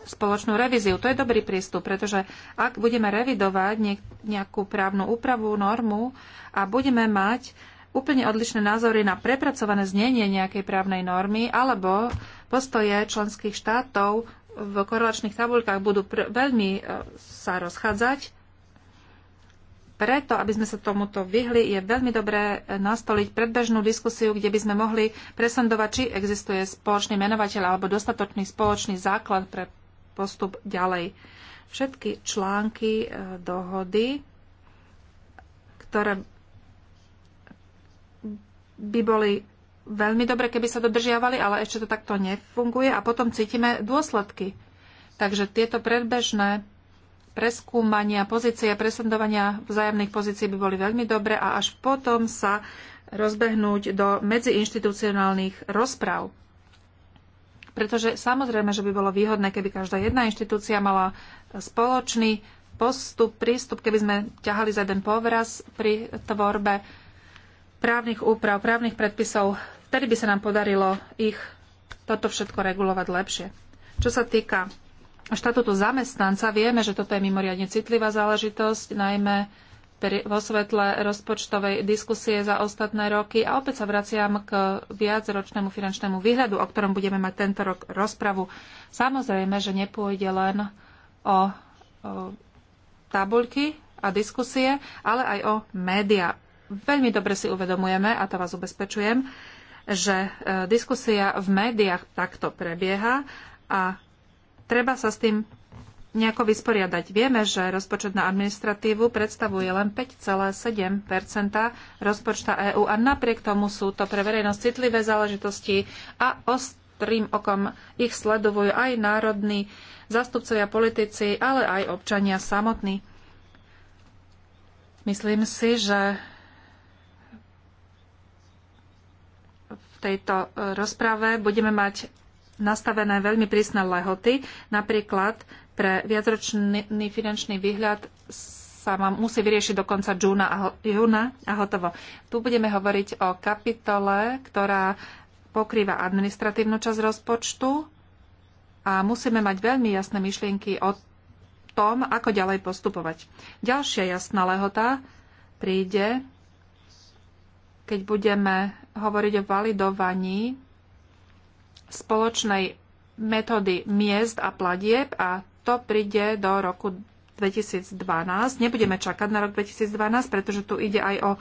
spoločnú revíziu. To je dobrý prístup, pretože ak budeme revidovať nejakú právnu úpravu, normu a budeme mať úplne odlišné názory na prepracované znenie nejakej právnej normy alebo postoje členských štátov v korelačných tabuľkách budú veľmi e, sa rozchádzať, preto, aby sme sa tomuto vyhli, je veľmi dobré nastoliť predbežnú diskusiu, kde by sme mohli presandovať, či existuje spoločný menovateľ alebo dostatočný spoločný základ pre postup ďalej. Všetky články e, dohody, ktoré by boli veľmi dobre, keby sa dodržiavali, ale ešte to takto nefunguje a potom cítime dôsledky. Takže tieto predbežné preskúmania pozície, presledovania vzájomných pozícií by boli veľmi dobré a až potom sa rozbehnúť do medziinštitucionálnych rozpráv. Pretože samozrejme, že by bolo výhodné, keby každá jedna inštitúcia mala spoločný postup, prístup, keby sme ťahali za jeden povraz pri tvorbe právnych úprav, právnych predpisov, vtedy by sa nám podarilo ich toto všetko regulovať lepšie. Čo sa týka štatútu zamestnanca vieme, že toto je mimoriadne citlivá záležitosť, najmä vo svetle rozpočtovej diskusie za ostatné roky. A opäť sa vraciam k viacročnému finančnému výhľadu, o ktorom budeme mať tento rok rozpravu. Samozrejme, že nepôjde len o, o tabuľky a diskusie, ale aj o médiá. Veľmi dobre si uvedomujeme, a to vás ubezpečujem, že e, diskusia v médiách takto prebieha a treba sa s tým nejako vysporiadať. Vieme, že rozpočet na administratívu predstavuje len 5,7 rozpočta EÚ a napriek tomu sú to pre verejnosť citlivé záležitosti a ostrým okom ich sledujú aj národní zastupcovia politici, ale aj občania samotní. Myslím si, že v tejto e, rozprave budeme mať nastavené veľmi prísne lehoty. Napríklad pre viacročný finančný výhľad sa vám musí vyriešiť do konca júna a, ho, júna a hotovo. Tu budeme hovoriť o kapitole, ktorá pokrýva administratívnu časť rozpočtu a musíme mať veľmi jasné myšlienky o tom, ako ďalej postupovať. Ďalšia jasná lehota príde, keď budeme hovoriť o validovaní spoločnej metódy miest a platieb a to príde do roku 2012. Nebudeme čakať na rok 2012, pretože tu ide aj o e,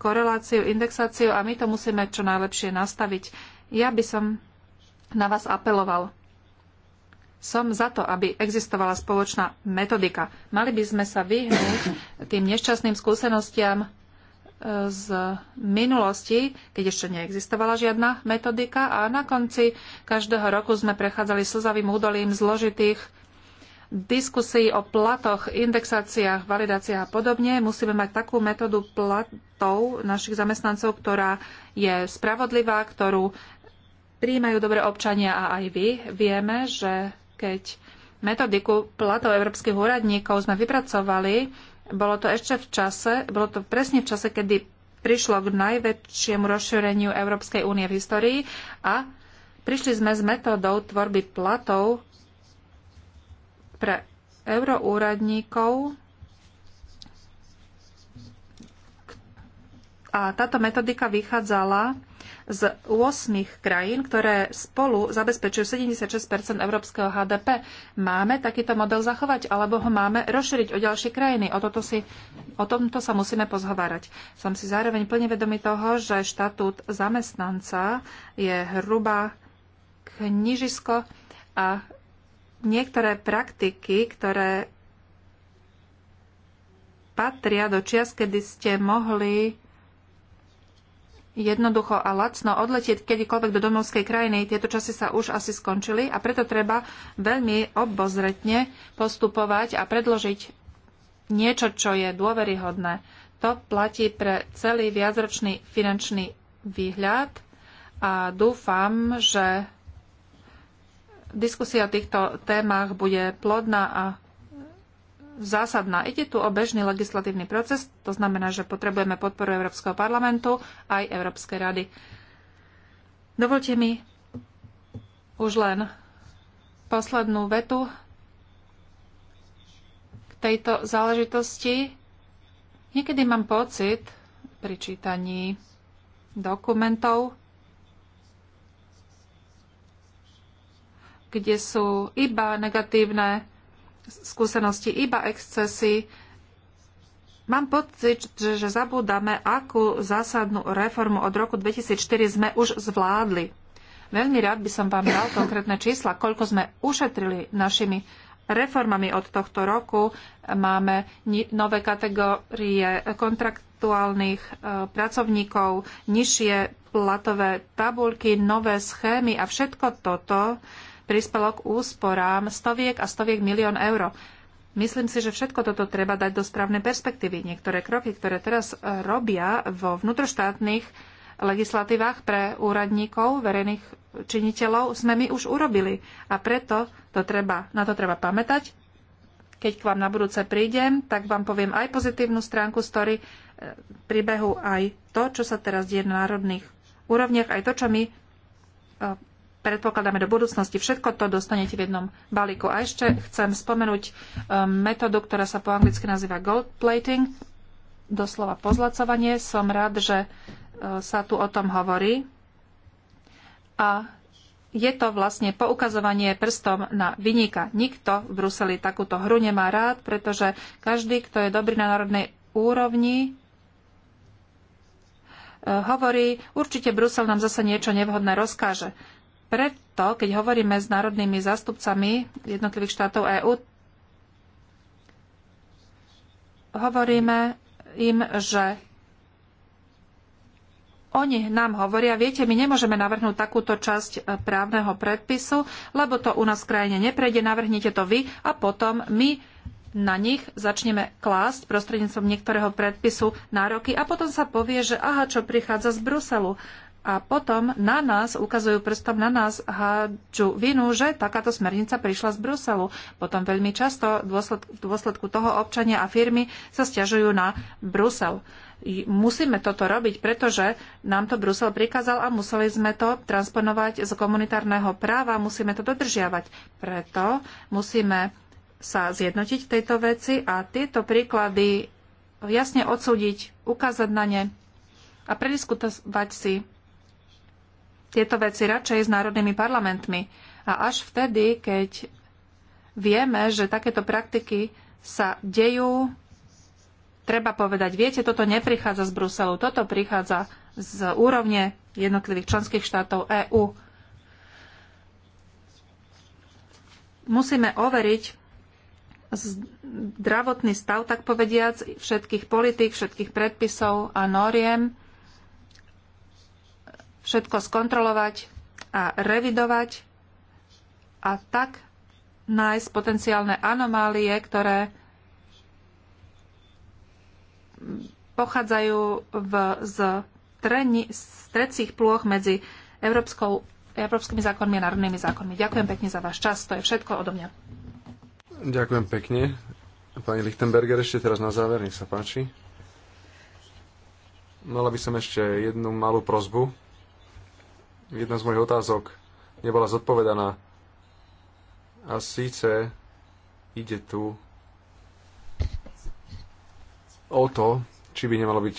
koreláciu, indexáciu a my to musíme čo najlepšie nastaviť. Ja by som na vás apeloval. Som za to, aby existovala spoločná metodika. Mali by sme sa vyhnúť tým nešťastným skúsenostiam z minulosti, keď ešte neexistovala žiadna metodika a na konci každého roku sme prechádzali slzavým údolím zložitých diskusí o platoch, indexáciách, validáciách a podobne. Musíme mať takú metódu platov našich zamestnancov, ktorá je spravodlivá, ktorú príjmajú dobre občania a aj vy. Vieme, že keď metodiku platov európskych úradníkov sme vypracovali, bolo to ešte v čase, bolo to presne v čase, kedy prišlo k najväčšiemu rozšíreniu Európskej únie v histórii a prišli sme s metódou tvorby platov pre euroúradníkov a táto metodika vychádzala z 8 krajín, ktoré spolu zabezpečujú 76 európskeho HDP. Máme takýto model zachovať, alebo ho máme rozšíriť o ďalšie krajiny? O, toto si, o tomto sa musíme pozhovárať. Som si zároveň plne vedomý toho, že štatút zamestnanca je hrubá knižisko a niektoré praktiky, ktoré patria do čias, kedy ste mohli jednoducho a lacno odletieť kedykoľvek do domovskej krajiny. Tieto časy sa už asi skončili a preto treba veľmi obozretne postupovať a predložiť niečo, čo je dôveryhodné. To platí pre celý viacročný finančný výhľad a dúfam, že diskusia o týchto témach bude plodná a zásadná. Ide tu o bežný legislatívny proces, to znamená, že potrebujeme podporu Európskeho parlamentu aj Európskej rady. Dovolte mi už len poslednú vetu k tejto záležitosti. Niekedy mám pocit pri čítaní dokumentov, kde sú iba negatívne skúsenosti iba excesy. Mám pocit, že, že zabúdame, akú zásadnú reformu od roku 2004 sme už zvládli. Veľmi rád by som vám dal konkrétne čísla, koľko sme ušetrili našimi reformami od tohto roku. Máme nové kategórie kontraktuálnych e, pracovníkov, nižšie platové tabulky, nové schémy a všetko toto prispelo k úsporám stoviek a stoviek milión eur. Myslím si, že všetko toto treba dať do správnej perspektívy. Niektoré kroky, ktoré teraz e, robia vo vnútroštátnych legislatívach pre úradníkov, verejných činiteľov, sme my už urobili. A preto to treba, na to treba pamätať. Keď k vám na budúce prídem, tak vám poviem aj pozitívnu stránku story e, príbehu, aj to, čo sa teraz deje na národných úrovniach, aj to, čo my e, predpokladáme do budúcnosti. Všetko to dostanete v jednom balíku. A ešte chcem spomenúť um, metódu, ktorá sa po anglicky nazýva gold plating, doslova pozlacovanie. Som rád, že uh, sa tu o tom hovorí. A je to vlastne poukazovanie prstom na vyníka. Nikto v Bruseli takúto hru nemá rád, pretože každý, kto je dobrý na národnej úrovni, uh, hovorí, určite Brusel nám zase niečo nevhodné rozkáže preto, keď hovoríme s národnými zastupcami jednotlivých štátov EÚ, hovoríme im, že oni nám hovoria, viete, my nemôžeme navrhnúť takúto časť právneho predpisu, lebo to u nás v krajine neprejde, navrhnite to vy a potom my na nich začneme klásť prostredníctvom niektorého predpisu nároky a potom sa povie, že aha, čo prichádza z Bruselu a potom na nás, ukazujú prstom na nás, hádžu vinu, že takáto smernica prišla z Bruselu. Potom veľmi často v dôsledku, dôsledku toho občania a firmy sa stiažujú na Brusel. Musíme toto robiť, pretože nám to Brusel prikázal a museli sme to transponovať z komunitárneho práva, musíme to dodržiavať. Preto musíme sa zjednotiť v tejto veci a tieto príklady jasne odsúdiť, ukázať na ne a prediskutovať si tieto veci radšej s národnými parlamentmi. A až vtedy, keď vieme, že takéto praktiky sa dejú, treba povedať, viete, toto neprichádza z Bruselu, toto prichádza z úrovne jednotlivých členských štátov EÚ. Musíme overiť zdravotný stav, tak povediac, všetkých politik, všetkých predpisov a noriem, všetko skontrolovať a revidovať a tak nájsť potenciálne anomálie, ktoré pochádzajú v, z, treni, z trecích plôch medzi Európskou, európskymi zákonmi a národnými zákonmi. Ďakujem pekne za váš čas. To je všetko odo mňa. Ďakujem pekne. Pani Lichtenberger, ešte teraz na záver, nech sa páči. Mala by som ešte jednu malú prozbu jedna z mojich otázok nebola zodpovedaná. A síce ide tu o to, či by nemalo byť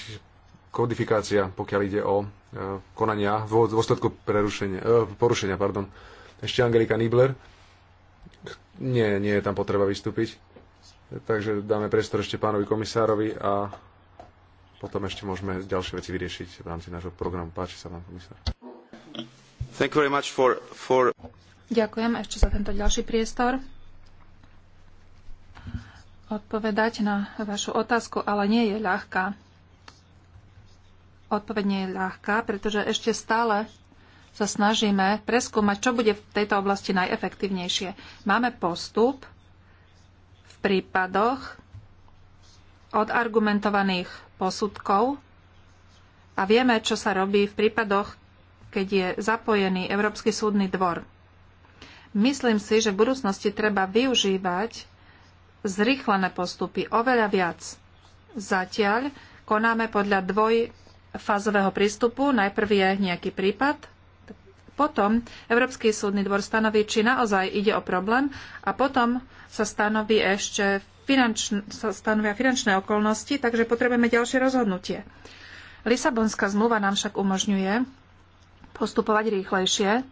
kodifikácia, pokiaľ ide o e, konania v dôsledku e, porušenia. Pardon. Ešte Angelika Nibler. Nie, nie je tam potreba vystúpiť. Takže dáme priestor ešte pánovi komisárovi a potom ešte môžeme ďalšie veci vyriešiť v rámci nášho programu. Páči sa vám, komisár. Ďakujem ešte za tento ďalší priestor odpovedať na vašu otázku, ale nie je ľahká. Odpoveď nie je ľahká, pretože ešte stále sa snažíme preskúmať, čo bude v tejto oblasti najefektívnejšie. Máme postup v prípadoch odargumentovaných posudkov a vieme, čo sa robí v prípadoch, keď je zapojený Európsky súdny dvor. Myslím si, že v budúcnosti treba využívať zrýchlené postupy oveľa viac. Zatiaľ konáme podľa dvojfázového prístupu. Najprv je nejaký prípad, potom Európsky súdny dvor stanoví, či naozaj ide o problém a potom sa stanoví ešte finančn- sa stanovia finančné okolnosti, takže potrebujeme ďalšie rozhodnutie. Lisabonská zmluva nám však umožňuje postupovať rýchlejšie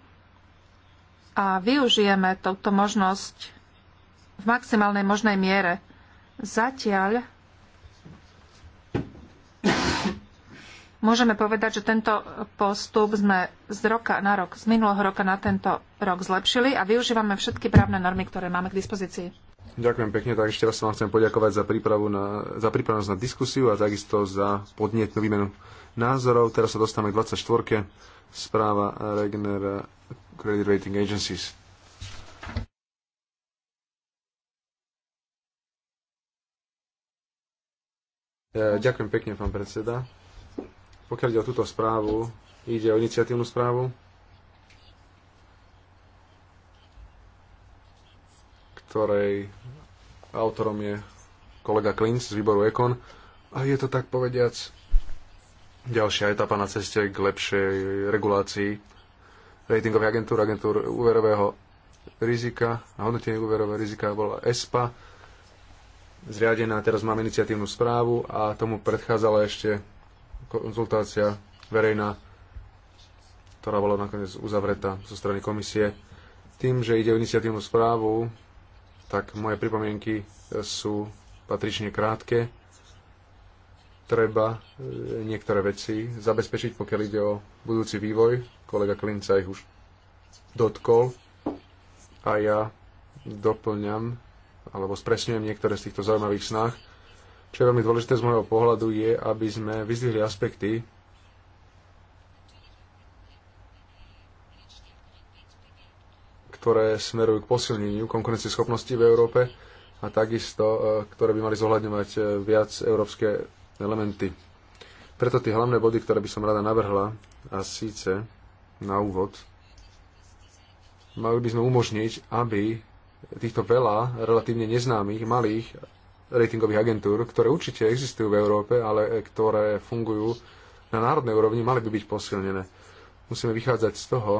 a využijeme túto možnosť v maximálnej možnej miere. Zatiaľ môžeme povedať, že tento postup sme z roka na rok, z minulého roka na tento rok zlepšili a využívame všetky právne normy, ktoré máme k dispozícii. Ďakujem pekne, tak ešte raz sa vám chcem poďakovať za, prípravu na, za prípravnosť na diskusiu a takisto za podnetnú výmenu názorov. Teraz sa dostávame k 24 správa Regner eh, Credit Rating Agencies. Eh, ďakujem pekne, pán predseda. Pokiaľ ide o túto správu, ide o iniciatívnu správu, ktorej autorom je kolega Klinc z výboru Ekon. A je to tak povediac ďalšia etapa na ceste k lepšej regulácii ratingových agentúr, agentúr úverového rizika a hodnotenie úverového rizika bola ESPA zriadená, teraz máme iniciatívnu správu a tomu predchádzala ešte konzultácia verejná, ktorá bola nakoniec uzavretá zo strany komisie. Tým, že ide o iniciatívnu správu, tak moje pripomienky sú patrične krátke treba e, niektoré veci zabezpečiť, pokiaľ ide o budúci vývoj. Kolega Klinca ich už dotkol a ja doplňam alebo spresňujem niektoré z týchto zaujímavých snách. Čo je veľmi dôležité z môjho pohľadu je, aby sme vyzdvihli aspekty, ktoré smerujú k posilneniu konkurencieschopnosti v Európe a takisto, e, ktoré by mali zohľadňovať e, viac európske elementy. Preto tie hlavné body, ktoré by som rada navrhla, a síce na úvod, mali by sme umožniť, aby týchto veľa relatívne neznámych, malých ratingových agentúr, ktoré určite existujú v Európe, ale ktoré fungujú na národnej úrovni, mali by byť posilnené. Musíme vychádzať z toho,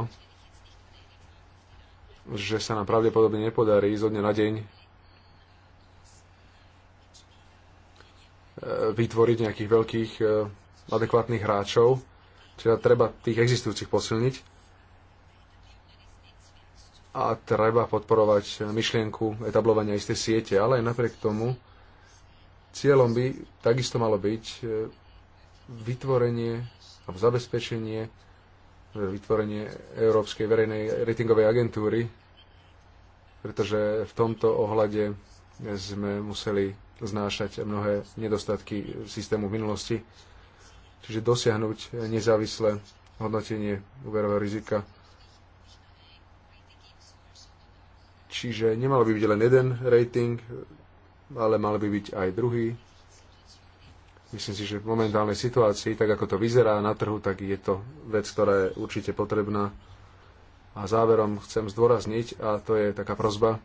že sa nám pravdepodobne nepodarí zo dňa na deň E, vytvoriť nejakých veľkých e, adekvátnych hráčov, čiže treba tých existujúcich posilniť a treba podporovať myšlienku etablovania istej siete, ale aj napriek tomu cieľom by takisto malo byť e, vytvorenie alebo zabezpečenie vytvorenie Európskej verejnej ratingovej agentúry, pretože v tomto ohľade sme museli znášať mnohé nedostatky systému v minulosti. Čiže dosiahnuť nezávislé hodnotenie úverového rizika. Čiže nemalo by byť len jeden rating, ale mal by byť aj druhý. Myslím si, že v momentálnej situácii, tak ako to vyzerá na trhu, tak je to vec, ktorá je určite potrebná. A záverom chcem zdôrazniť, a to je taká prozba,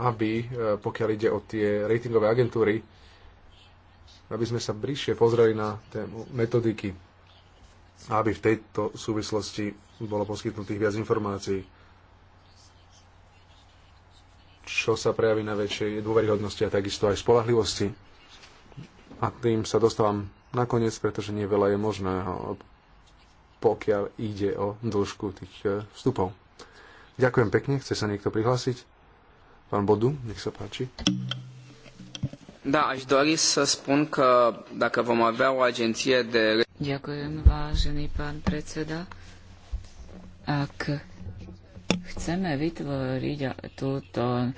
aby, e, pokiaľ ide o tie ratingové agentúry, aby sme sa bližšie pozreli na tému metodiky a aby v tejto súvislosti bolo poskytnutých viac informácií, čo sa prejaví na väčšej dôveryhodnosti a takisto aj spolahlivosti. A tým sa dostávam nakoniec, pretože nie veľa je možné, e, pokiaľ ide o dĺžku tých e, vstupov. Ďakujem pekne, chce sa niekto prihlásiť? Pán Bodu, nech sa páči. Da, aș dori să spun că dacă vom avea o agenție de... Ďakujem, vážený pán predseda. Ak chceme vytvoriť túto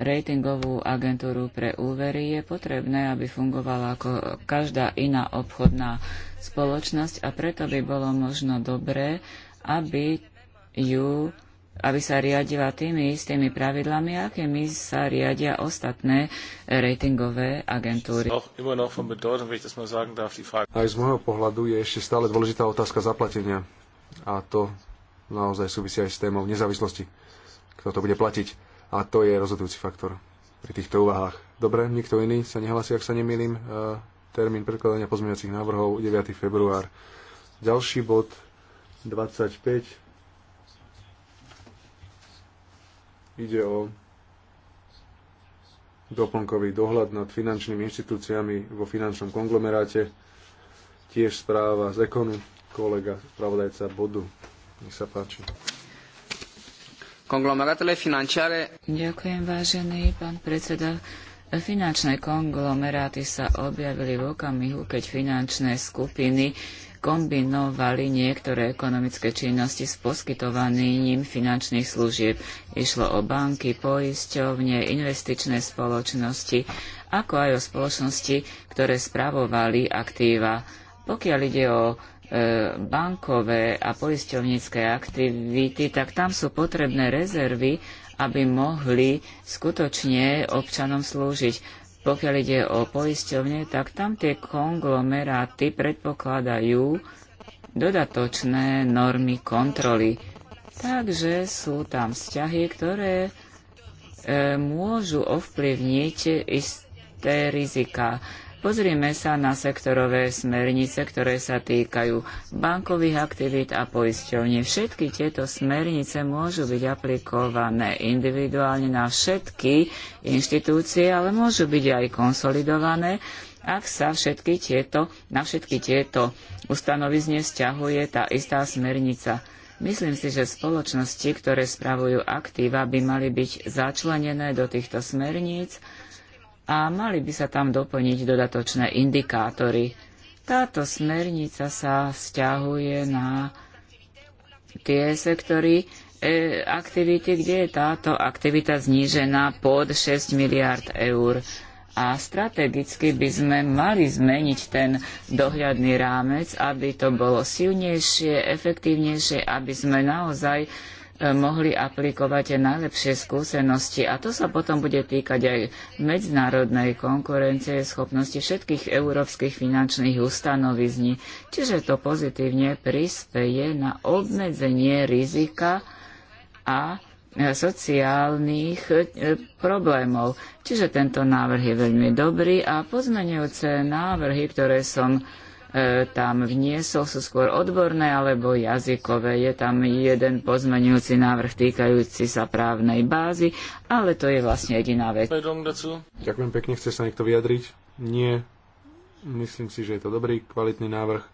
ratingovú agentúru pre úvery, je potrebné, aby fungovala ako každá iná obchodná spoločnosť a preto by bolo možno dobré, aby ju aby sa riadila tými istými pravidlami, akými sa riadia ostatné ratingové agentúry. Aj z môjho pohľadu je ešte stále dôležitá otázka zaplatenia. A to naozaj súvisí aj s témou nezávislosti. Kto to bude platiť? A to je rozhodujúci faktor pri týchto úvahách. Dobre, nikto iný sa nehlasí, ak sa nemýlim. E, termín predkladania pozmeňacích návrhov 9. február. Ďalší bod 25 Ide o doplnkový dohľad nad finančnými inštitúciami vo finančnom konglomeráte. Tiež správa z Ekonu, kolega spravodajca Bodu. Nech sa páči. Konglomerátele finančiare. Ďakujem, vážený pán predseda. Finančné konglomeráty sa objavili v okamihu, keď finančné skupiny kombinovali niektoré ekonomické činnosti s poskytovaním finančných služieb. Išlo o banky, poisťovne, investičné spoločnosti, ako aj o spoločnosti, ktoré spravovali aktíva. Pokiaľ ide o e, bankové a poisťovnícke aktivity, tak tam sú potrebné rezervy, aby mohli skutočne občanom slúžiť. Pokiaľ ide o poisťovne, tak tam tie konglomeráty predpokladajú dodatočné normy kontroly. Takže sú tam vzťahy, ktoré e, môžu ovplyvniť isté rizika. Pozrime sa na sektorové smernice, ktoré sa týkajú bankových aktivít a poisťovní. Všetky tieto smernice môžu byť aplikované individuálne na všetky inštitúcie, ale môžu byť aj konsolidované, ak sa všetky tieto, na všetky tieto ustanovizne vzťahuje tá istá smernica. Myslím si, že spoločnosti, ktoré spravujú aktíva, by mali byť začlenené do týchto smerníc, a mali by sa tam doplniť dodatočné indikátory. Táto smernica sa vzťahuje na tie sektory e, aktivity, kde je táto aktivita znížená pod 6 miliard eur. A strategicky by sme mali zmeniť ten dohľadný rámec, aby to bolo silnejšie, efektívnejšie, aby sme naozaj mohli aplikovať najlepšie skúsenosti. A to sa potom bude týkať aj medzinárodnej konkurencie, schopnosti všetkých európskych finančných ustanovizní. Čiže to pozitívne prispeje na obmedzenie rizika a sociálnych e, problémov. Čiže tento návrh je veľmi dobrý a pozmenujúce návrhy, ktoré som E, tam vniesol, sú skôr odborné alebo jazykové. Je tam jeden pozmenujúci návrh týkajúci sa právnej bázy, ale to je vlastne jediná vec. Ďakujem pekne, chce sa niekto vyjadriť? Nie. Myslím si, že je to dobrý, kvalitný návrh.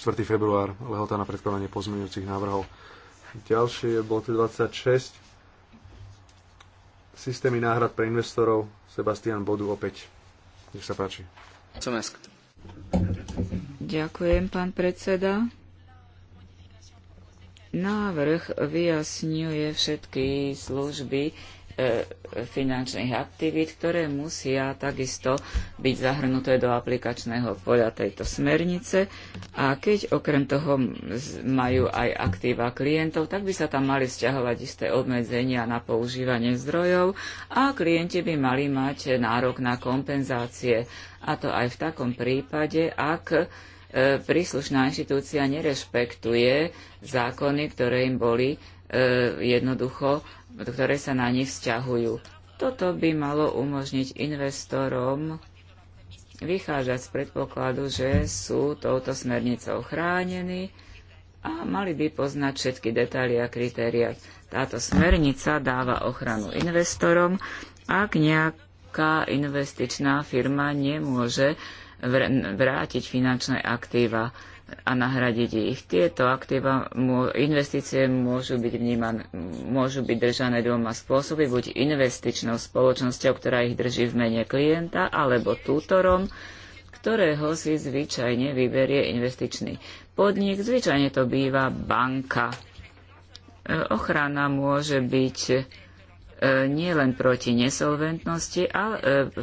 4. február, lehota na predkladanie pozmenujúcich návrhov. Ďalšie je bod 26. Systémy náhrad pre investorov. Sebastian Bodu opäť. Nech sa páči. Som Ďakujem, pán predseda. Návrh vyjasňuje všetky služby e, finančných aktivít, ktoré musia takisto byť zahrnuté do aplikačného poľa tejto smernice. A keď okrem toho majú aj aktíva klientov, tak by sa tam mali vzťahovať isté obmedzenia na používanie zdrojov a klienti by mali mať nárok na kompenzácie a to aj v takom prípade, ak e, príslušná inštitúcia nerešpektuje zákony, ktoré im boli e, jednoducho, ktoré sa na nich vzťahujú. Toto by malo umožniť investorom vychádzať z predpokladu, že sú touto smernicou chránení a mali by poznať všetky detaily a kritéria. Táto smernica dáva ochranu investorom, ak nejak veľká investičná firma nemôže vrátiť finančné aktíva a nahradiť ich. Tieto aktíva, investície môžu byť, vníman, môžu byť držané dvoma spôsoby, buď investičnou spoločnosťou, ktorá ich drží v mene klienta, alebo tútorom, ktorého si zvyčajne vyberie investičný podnik. Zvyčajne to býva banka. E, ochrana môže byť nie len proti nesolventnosti e,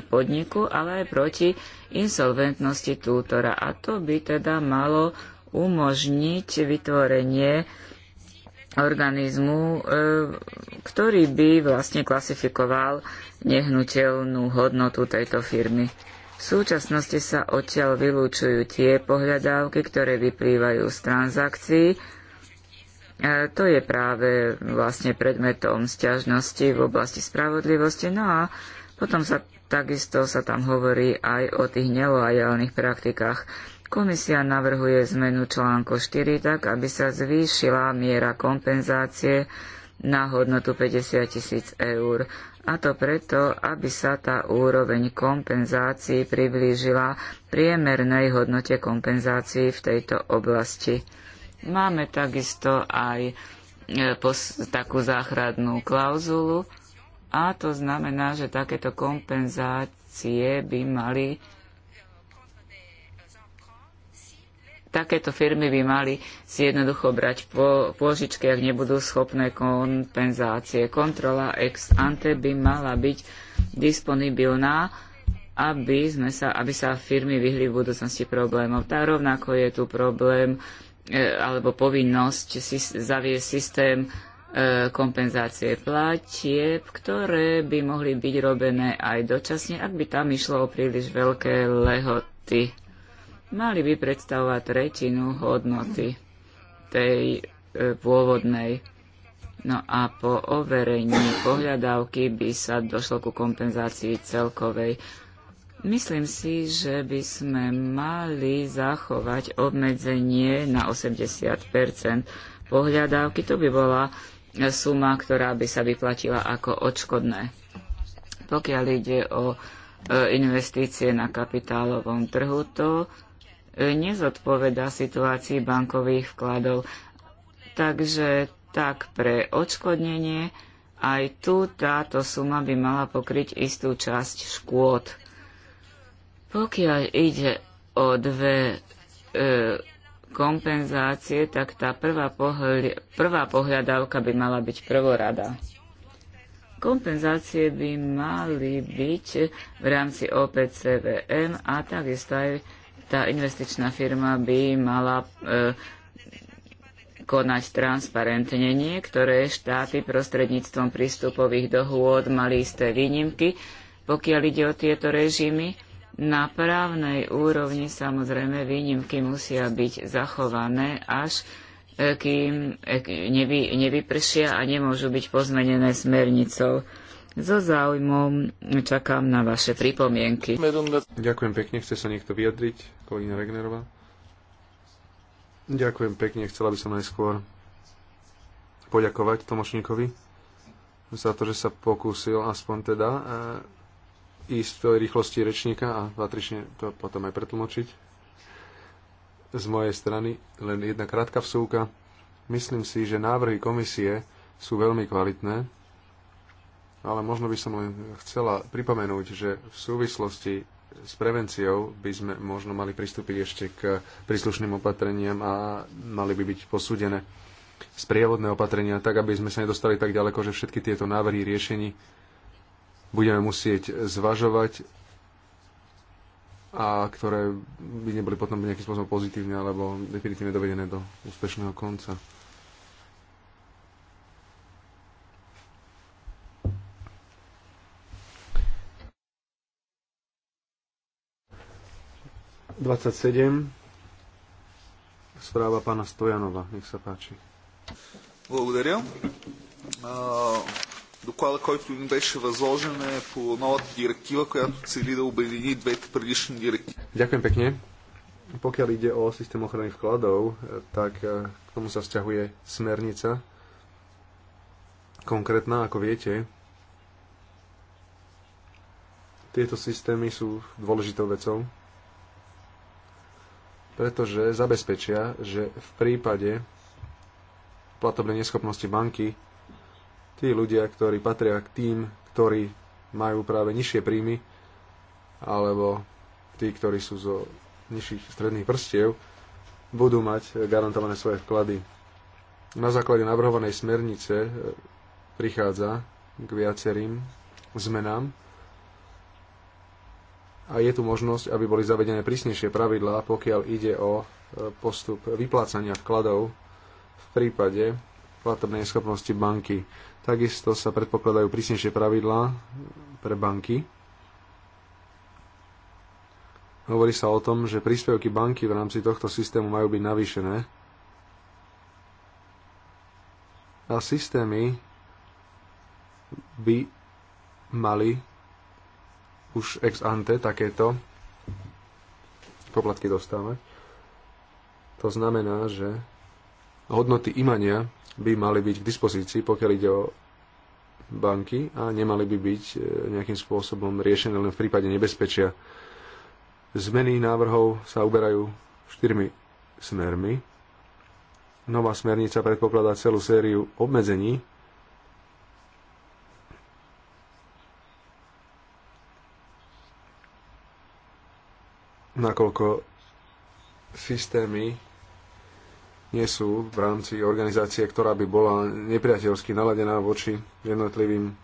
podniku, ale aj proti insolventnosti tútora. A to by teda malo umožniť vytvorenie organizmu, e, ktorý by vlastne klasifikoval nehnuteľnú hodnotu tejto firmy. V súčasnosti sa odtiaľ vylúčujú tie pohľadávky, ktoré vyplývajú z transakcií, to je práve vlastne predmetom sťažnosti v oblasti spravodlivosti. No a potom sa takisto sa tam hovorí aj o tých neloajálnych praktikách. Komisia navrhuje zmenu článku 4 tak, aby sa zvýšila miera kompenzácie na hodnotu 50 tisíc eur. A to preto, aby sa tá úroveň kompenzácií priblížila priemernej hodnote kompenzácií v tejto oblasti. Máme takisto aj e, takú záchradnú klauzulu a to znamená, že takéto kompenzácie by mali takéto firmy by mali si jednoducho brať po, pôžičky, ak nebudú schopné kompenzácie. Kontrola ex ante by mala byť disponibilná, aby, sme sa, aby sa firmy vyhli v budúcnosti problémov. Tá rovnako je tu problém uh, E, alebo povinnosť zaviesť systém e, kompenzácie platieb, ktoré by mohli byť robené aj dočasne, ak by tam išlo o príliš veľké lehoty. Mali by predstavovať tretinu hodnoty tej e, pôvodnej. No a po overení pohľadávky by sa došlo ku kompenzácii celkovej Myslím si, že by sme mali zachovať obmedzenie na 80 pohľadávky. To by bola suma, ktorá by sa vyplatila ako odškodné. Pokiaľ ide o e, investície na kapitálovom trhu, to e, nezodpoveda situácii bankových vkladov. Takže tak pre odškodnenie aj tu táto suma by mala pokryť istú časť škôd pokiaľ ide o dve e, kompenzácie, tak tá prvá, pohľ- prvá pohľadávka by mala byť prvorada. Kompenzácie by mali byť v rámci OPCVM a takisto aj tá investičná firma by mala e, konať transparentne. Niektoré štáty prostredníctvom prístupových dohôd mali isté výnimky, pokiaľ ide o tieto režimy na právnej úrovni samozrejme výnimky musia byť zachované až e, kým e, nevy, nevypršia a nemôžu byť pozmenené smernicou. So záujmom čakám na vaše pripomienky. Ďakujem pekne. Chce sa niekto vyjadriť? Kolína Regnerová. Ďakujem pekne. Chcela by som najskôr poďakovať Tomočníkovi za to, že sa pokúsil aspoň teda e, ísť v tej rýchlosti rečníka a patrične to potom aj pretlmočiť. Z mojej strany len jedna krátka vsúka. Myslím si, že návrhy komisie sú veľmi kvalitné, ale možno by som len chcela pripomenúť, že v súvislosti s prevenciou by sme možno mali pristúpiť ešte k príslušným opatreniam a mali by byť posúdené sprievodné opatrenia, tak aby sme sa nedostali tak ďaleko, že všetky tieto návrhy riešení budeme musieť zvažovať a ktoré by neboli potom nejakým spôsobom pozitívne alebo definitívne dovedené do úspešného konca. Dvadsaťsedem. Správa pána Stojanova. Nech sa páči. Благодаря. Доклада, който им беше възложен е по новата директива, която цели да обедини двете предишни директиви. Ďakujem pekne. Pokiaľ ide o systém ochrany vkladov, e, tak e, k tomu sa vzťahuje smernica konkrétna, ako viete. Tieto systémy sú dôležitou vecou, pretože zabezpečia, že v prípade platobnej neschopnosti banky tí ľudia, ktorí patria k tým, ktorí majú práve nižšie príjmy, alebo tí, ktorí sú zo nižších stredných vrstiev, budú mať garantované svoje vklady. Na základe navrhovanej smernice e, prichádza k viacerým zmenám a je tu možnosť, aby boli zavedené prísnejšie pravidlá, pokiaľ ide o e, postup vyplácania vkladov v prípade platobnej schopnosti banky. Takisto sa predpokladajú prísnejšie pravidlá pre banky. Hovorí sa o tom, že príspevky banky v rámci tohto systému majú byť navýšené. A systémy by mali už ex ante takéto poplatky dostávať. To znamená, že hodnoty imania by mali byť k dispozícii, pokiaľ ide o banky a nemali by byť e, nejakým spôsobom riešené len v prípade nebezpečia. Zmeny návrhov sa uberajú štyrmi smermi. Nová smernica predpokladá celú sériu obmedzení nakoľko systémy nie sú v rámci organizácie, ktorá by bola nepriateľsky naladená voči jednotlivým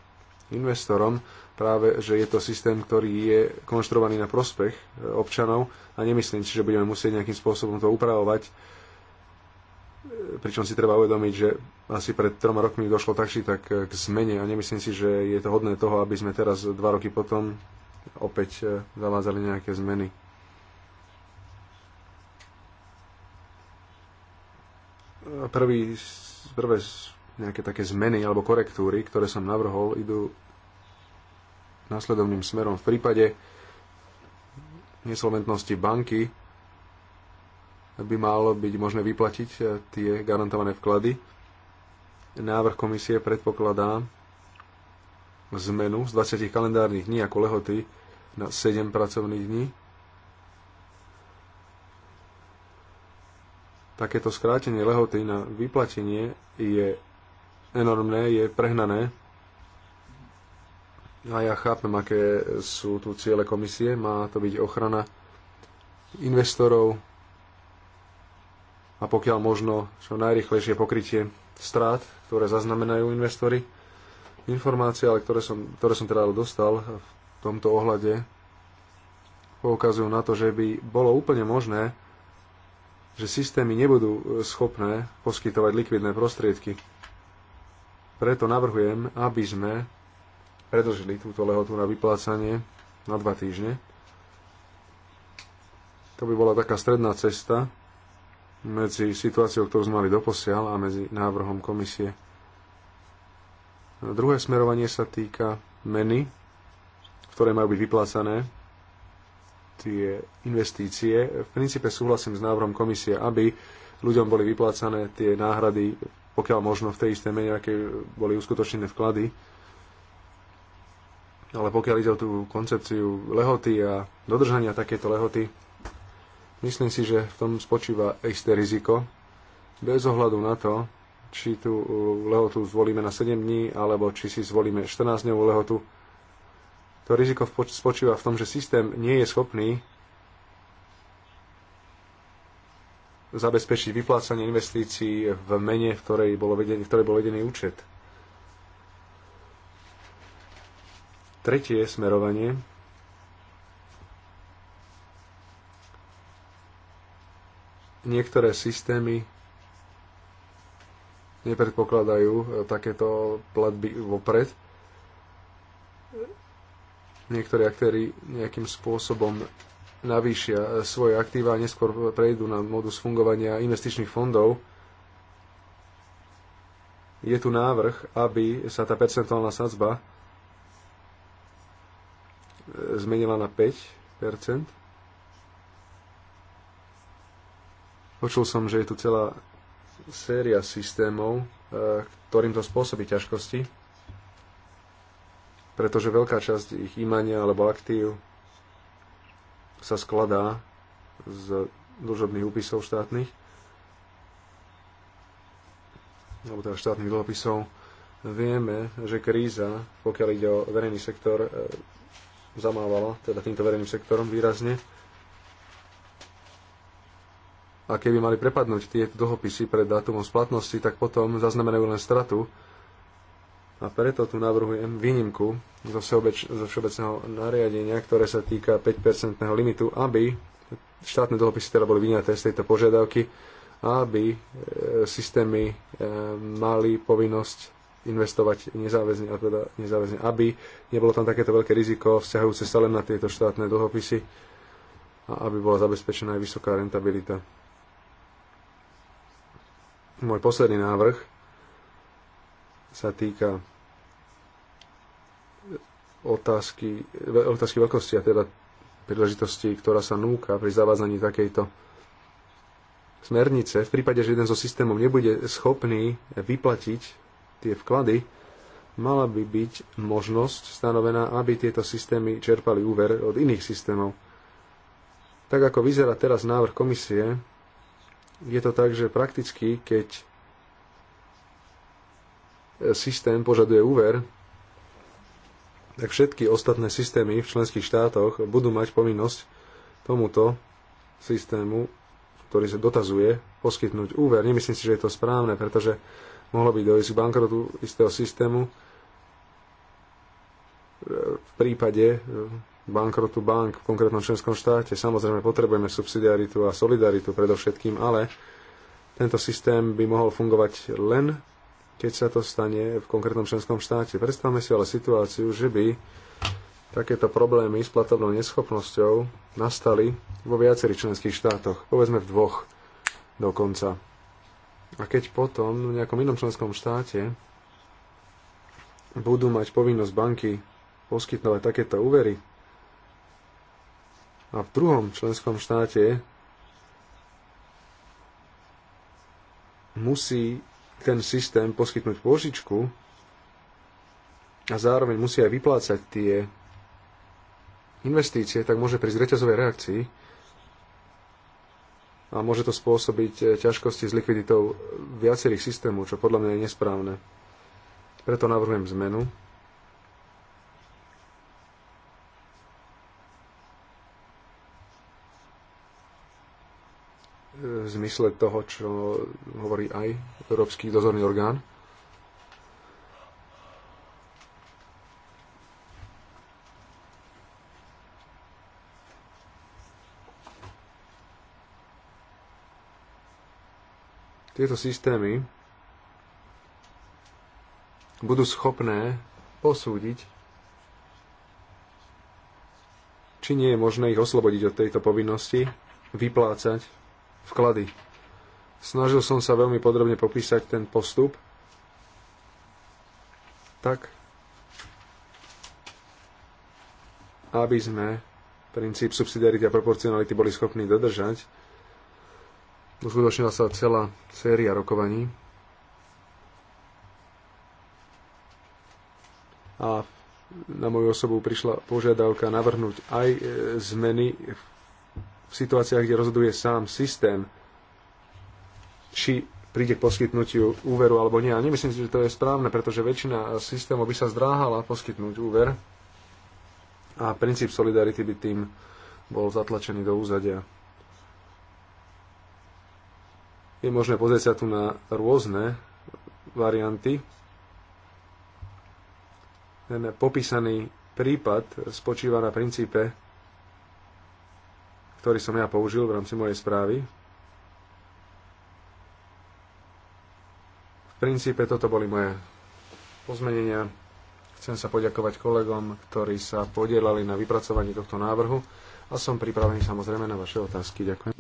investorom, práve, že je to systém, ktorý je konštruovaný na prospech eh, občanov a nemyslím si, že budeme musieť nejakým spôsobom to upravovať, eh, pričom si treba uvedomiť, že asi pred troma rokmi došlo tak či tak eh, k zmene a nemyslím si, že je to hodné toho, aby sme teraz dva roky potom opäť zavádzali nejaké zmeny. Prvý, prvé nejaké také zmeny alebo korektúry, ktoré som navrhol, idú následovným smerom. V prípade nesolventnosti banky by malo byť možné vyplatiť eh, tie garantované vklady. Návrh komisie predpokladá zmenu z 20 kalendárnych dní ako lehoty na 7 pracovných dní takéto skrátenie lehoty na vyplatenie je enormné, je prehnané. A ja chápem, aké sú tu ciele komisie. Má to byť ochrana investorov a pokiaľ možno čo najrychlejšie pokrytie strát, ktoré zaznamenajú investory. Informácie, ale ktoré som, ktoré som teda dostal v tomto ohľade, poukazujú na to, že by bolo úplne možné že systémy nebudú e, schopné poskytovať likvidné prostriedky. Preto navrhujem, aby sme predlžili túto lehotu na vyplácanie na dva týždne. To by bola taká stredná cesta medzi situáciou, ktorú sme mali doposiaľ a medzi návrhom komisie. Druhé smerovanie sa týka meny, ktoré majú byť vyplácané tie investície. V princípe súhlasím s návrhom komisie, aby ľuďom boli vyplácané tie náhrady, pokiaľ možno v tej istej mene, aké boli uskutočnené vklady. Ale pokiaľ ide o tú koncepciu lehoty a dodržania takéto lehoty, myslím si, že v tom spočíva isté riziko. Bez ohľadu na to, či tú lehotu zvolíme na 7 dní, alebo či si zvolíme 14-dňovú lehotu, to riziko spočíva v tom, že systém nie je schopný zabezpečiť vyplácanie investícií v mene, v ktorej, bolo vedený, v ktorej bol vedený účet. Tretie smerovanie niektoré systémy nepredpokladajú eh, takéto platby vopred niektorí aktéry nejakým spôsobom navýšia eh, svoje aktíva a neskôr prejdú na modus fungovania investičných fondov, je tu návrh, aby sa tá percentuálna sadzba eh, zmenila na 5%. Počul som, že je tu celá séria systémov, eh, ktorým to spôsobí ťažkosti pretože veľká časť ich imania alebo aktív sa skladá z dlžobných úpisov štátnych alebo teda štátnych dlhopisov. Vieme, že kríza, pokiaľ ide o verejný sektor, e, zamávala teda týmto verejným sektorom výrazne. A keby mali prepadnúť tieto dlhopisy pred dátumom splatnosti, tak potom zaznamenajú len stratu a preto tu navrhujem výnimku zo, všeobeč- zo všeobecného nariadenia, ktoré sa týka 5 limitu, aby štátne dlhopisy teda boli vyňaté z tejto požiadavky, aby e, systémy e, mali povinnosť investovať nezáväzne, a teda nezáväzne, aby nebolo tam takéto veľké riziko vzťahujúce sa len na tieto štátne dlhopisy a aby bola zabezpečená aj vysoká rentabilita. Môj posledný návrh sa týka otázky, otázky veľkosti a teda príležitosti, ktorá sa núka pri zavádzaní takejto smernice. V prípade, že jeden zo systémov nebude schopný vyplatiť tie vklady, mala by byť možnosť stanovená, aby tieto systémy čerpali úver od iných systémov. Tak ako vyzerá teraz návrh komisie, je to tak, že prakticky, keď systém požaduje úver, tak všetky ostatné systémy v členských štátoch budú mať povinnosť tomuto systému, ktorý sa dotazuje, poskytnúť úver. Nemyslím si, že je to správne, pretože mohlo by dojsť k bankrotu istého systému v prípade eh, bankrotu bank v konkrétnom členskom štáte. Samozrejme, potrebujeme subsidiaritu a solidaritu predovšetkým, ale tento systém by mohol fungovať len keď sa to stane v konkrétnom členskom štáte. Predstavme si ale situáciu, že by takéto problémy s platobnou neschopnosťou nastali vo viacerých členských štátoch, povedzme v dvoch dokonca. A keď potom v nejakom inom členskom štáte budú mať povinnosť banky poskytnovať takéto úvery a v druhom členskom štáte musí ten systém poskytnúť pôžičku a zároveň musí aj vyplácať tie investície, tak môže prísť reťazovej reakcii a môže to spôsobiť eh, ťažkosti s likviditou viacerých systémov, čo podľa mňa je nesprávne. Preto navrhujem zmenu zmysle toho, čo hovorí aj Európsky dozorný orgán. Tieto systémy budú schopné posúdiť, či nie je možné ich oslobodiť od tejto povinnosti vyplácať vklady. Snažil som sa veľmi podrobne popísať ten postup. Tak, aby sme princíp subsidiarity a proporcionality boli schopní dodržať, uskutočnila sa celá séria rokovaní. A na moju osobu prišla požiadavka navrhnúť aj e, zmeny v v situáciách, kde rozhoduje sám systém, či príde k poskytnutiu úveru alebo nie. A nemyslím si, že to je správne, pretože väčšina systémov by sa zdráhala poskytnúť úver a princíp solidarity by tým bol zatlačený do úzadia. Je možné pozrieť sa tu na rôzne varianty. Ten popísaný prípad spočíva na princípe ktorý som ja použil v rámci mojej správy. V princípe toto boli moje pozmenenia. Chcem sa poďakovať kolegom, ktorí sa podielali na vypracovaní tohto návrhu a som pripravený samozrejme na vaše otázky. Ďakujem.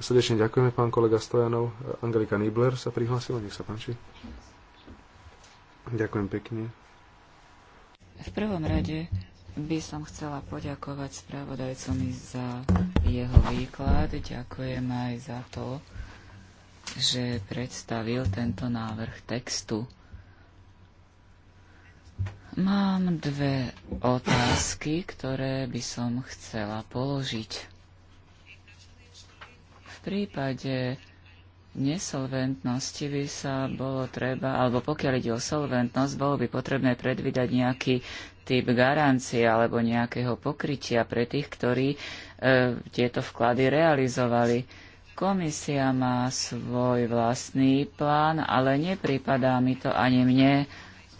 Srdečne ďakujeme, pán kolega Stojanov. Angelika Nibler sa prihlásila, nech sa páči. Ďakujem pekne. V prvom rade by som chcela poďakovať spravodajcovi za jeho výklad. Ďakujem aj za to, že predstavil tento návrh textu. Mám dve otázky, ktoré by som chcela položiť. V prípade nesolventnosti by sa bolo treba, alebo pokiaľ ide o solventnosť, bolo by potrebné predvídať nejaký typ garancie alebo nejakého pokrytia pre tých, ktorí e, tieto vklady realizovali. Komisia má svoj vlastný plán, ale nepripadá mi to ani mne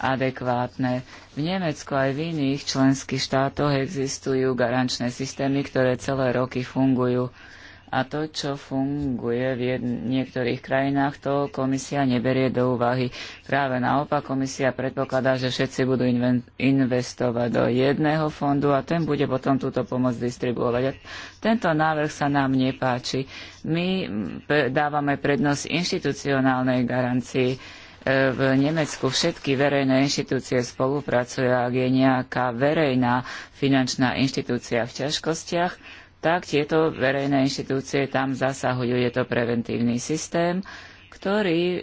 adekvátne. V Nemecku aj v iných členských štátoch existujú garančné systémy, ktoré celé roky fungujú a to, čo funguje v niektorých krajinách, to komisia neberie do úvahy. Práve naopak, komisia predpokladá, že všetci budú investovať do jedného fondu a ten bude potom túto pomoc distribuovať. Tento návrh sa nám nepáči. My dávame prednosť inštitucionálnej garancii. E, v Nemecku všetky verejné inštitúcie spolupracujú. Ak je nejaká verejná finančná inštitúcia v ťažkostiach, tak tieto verejné inštitúcie tam zasahujú. Je to preventívny systém, ktorý e,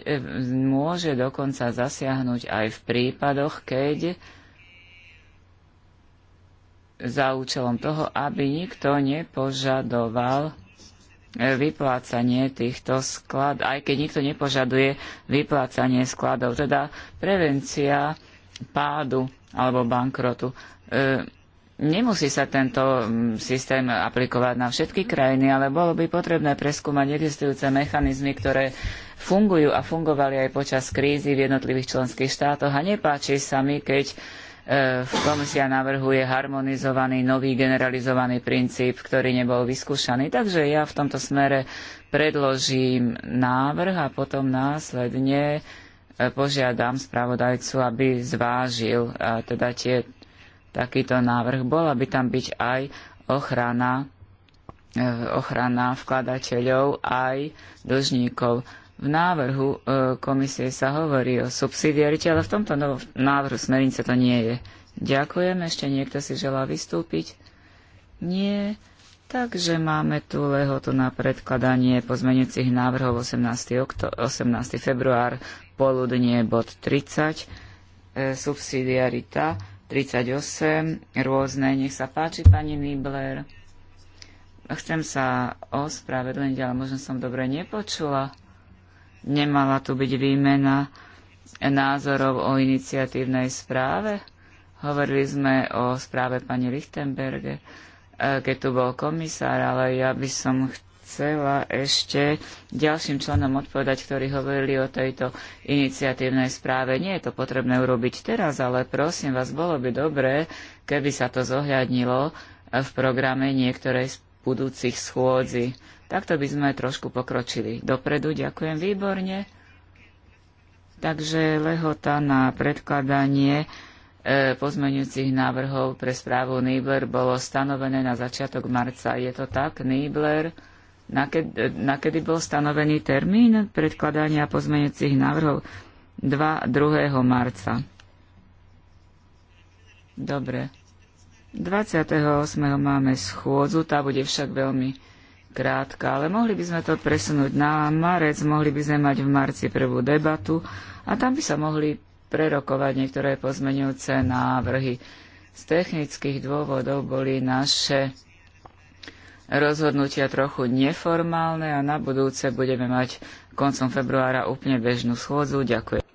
môže dokonca zasiahnuť aj v prípadoch, keď za účelom toho, aby nikto nepožadoval e, vyplácanie týchto sklad, aj keď nikto nepožaduje vyplácanie skladov, teda prevencia pádu alebo bankrotu. E, Nemusí sa tento mm, systém aplikovať na všetky krajiny, ale bolo by potrebné preskúmať existujúce mechanizmy, ktoré fungujú a fungovali aj počas krízy v jednotlivých členských štátoch. A nepáči sa mi, keď e, komisia navrhuje harmonizovaný nový generalizovaný princíp, ktorý nebol vyskúšaný. Takže ja v tomto smere predložím návrh a potom následne e, požiadam spravodajcu, aby zvážil teda tie takýto návrh bol, aby tam byť aj ochrana, e, ochrana vkladateľov aj dlžníkov. V návrhu e, komisie sa hovorí o subsidiarite, ale v tomto návrhu smernice to nie je. Ďakujem. Ešte niekto si želá vystúpiť? Nie. Takže máme tu lehotu na predkladanie pozmenujúcich návrhov 18. Okto- 18. február, poludnie bod 30, e, subsidiarita. 38, rôzne. Nech sa páči, pani Nibler. Chcem sa ospravedlniť, ale možno som dobre nepočula. Nemala tu byť výmena názorov o iniciatívnej správe. Hovorili sme o správe pani Lichtenberge, eh, keď tu bol komisár, ale ja by som chcela chcela ešte ďalším členom odpovedať, ktorí hovorili o tejto iniciatívnej správe. Nie je to potrebné urobiť teraz, ale prosím vás, bolo by dobré, keby sa to zohľadnilo v programe niektorej z budúcich schôdzi. Takto by sme trošku pokročili. Dopredu ďakujem výborne. Takže lehota na predkladanie e, pozmeňujúcich návrhov pre správu Nýbler bolo stanovené na začiatok marca. Je to tak, Nýbler? Na kedy bol stanovený termín predkladania pozmeňujúcich návrhov? 2. 2. marca. Dobre. 28. máme schôdzu, tá bude však veľmi krátka, ale mohli by sme to presunúť na marec, mohli by sme mať v marci prvú debatu a tam by sa mohli prerokovať niektoré pozmeňujúce návrhy. Z technických dôvodov boli naše rozhodnutia trochu neformálne a na budúce budeme mať koncom februára úplne bežnú schôdzu. Ďakujem.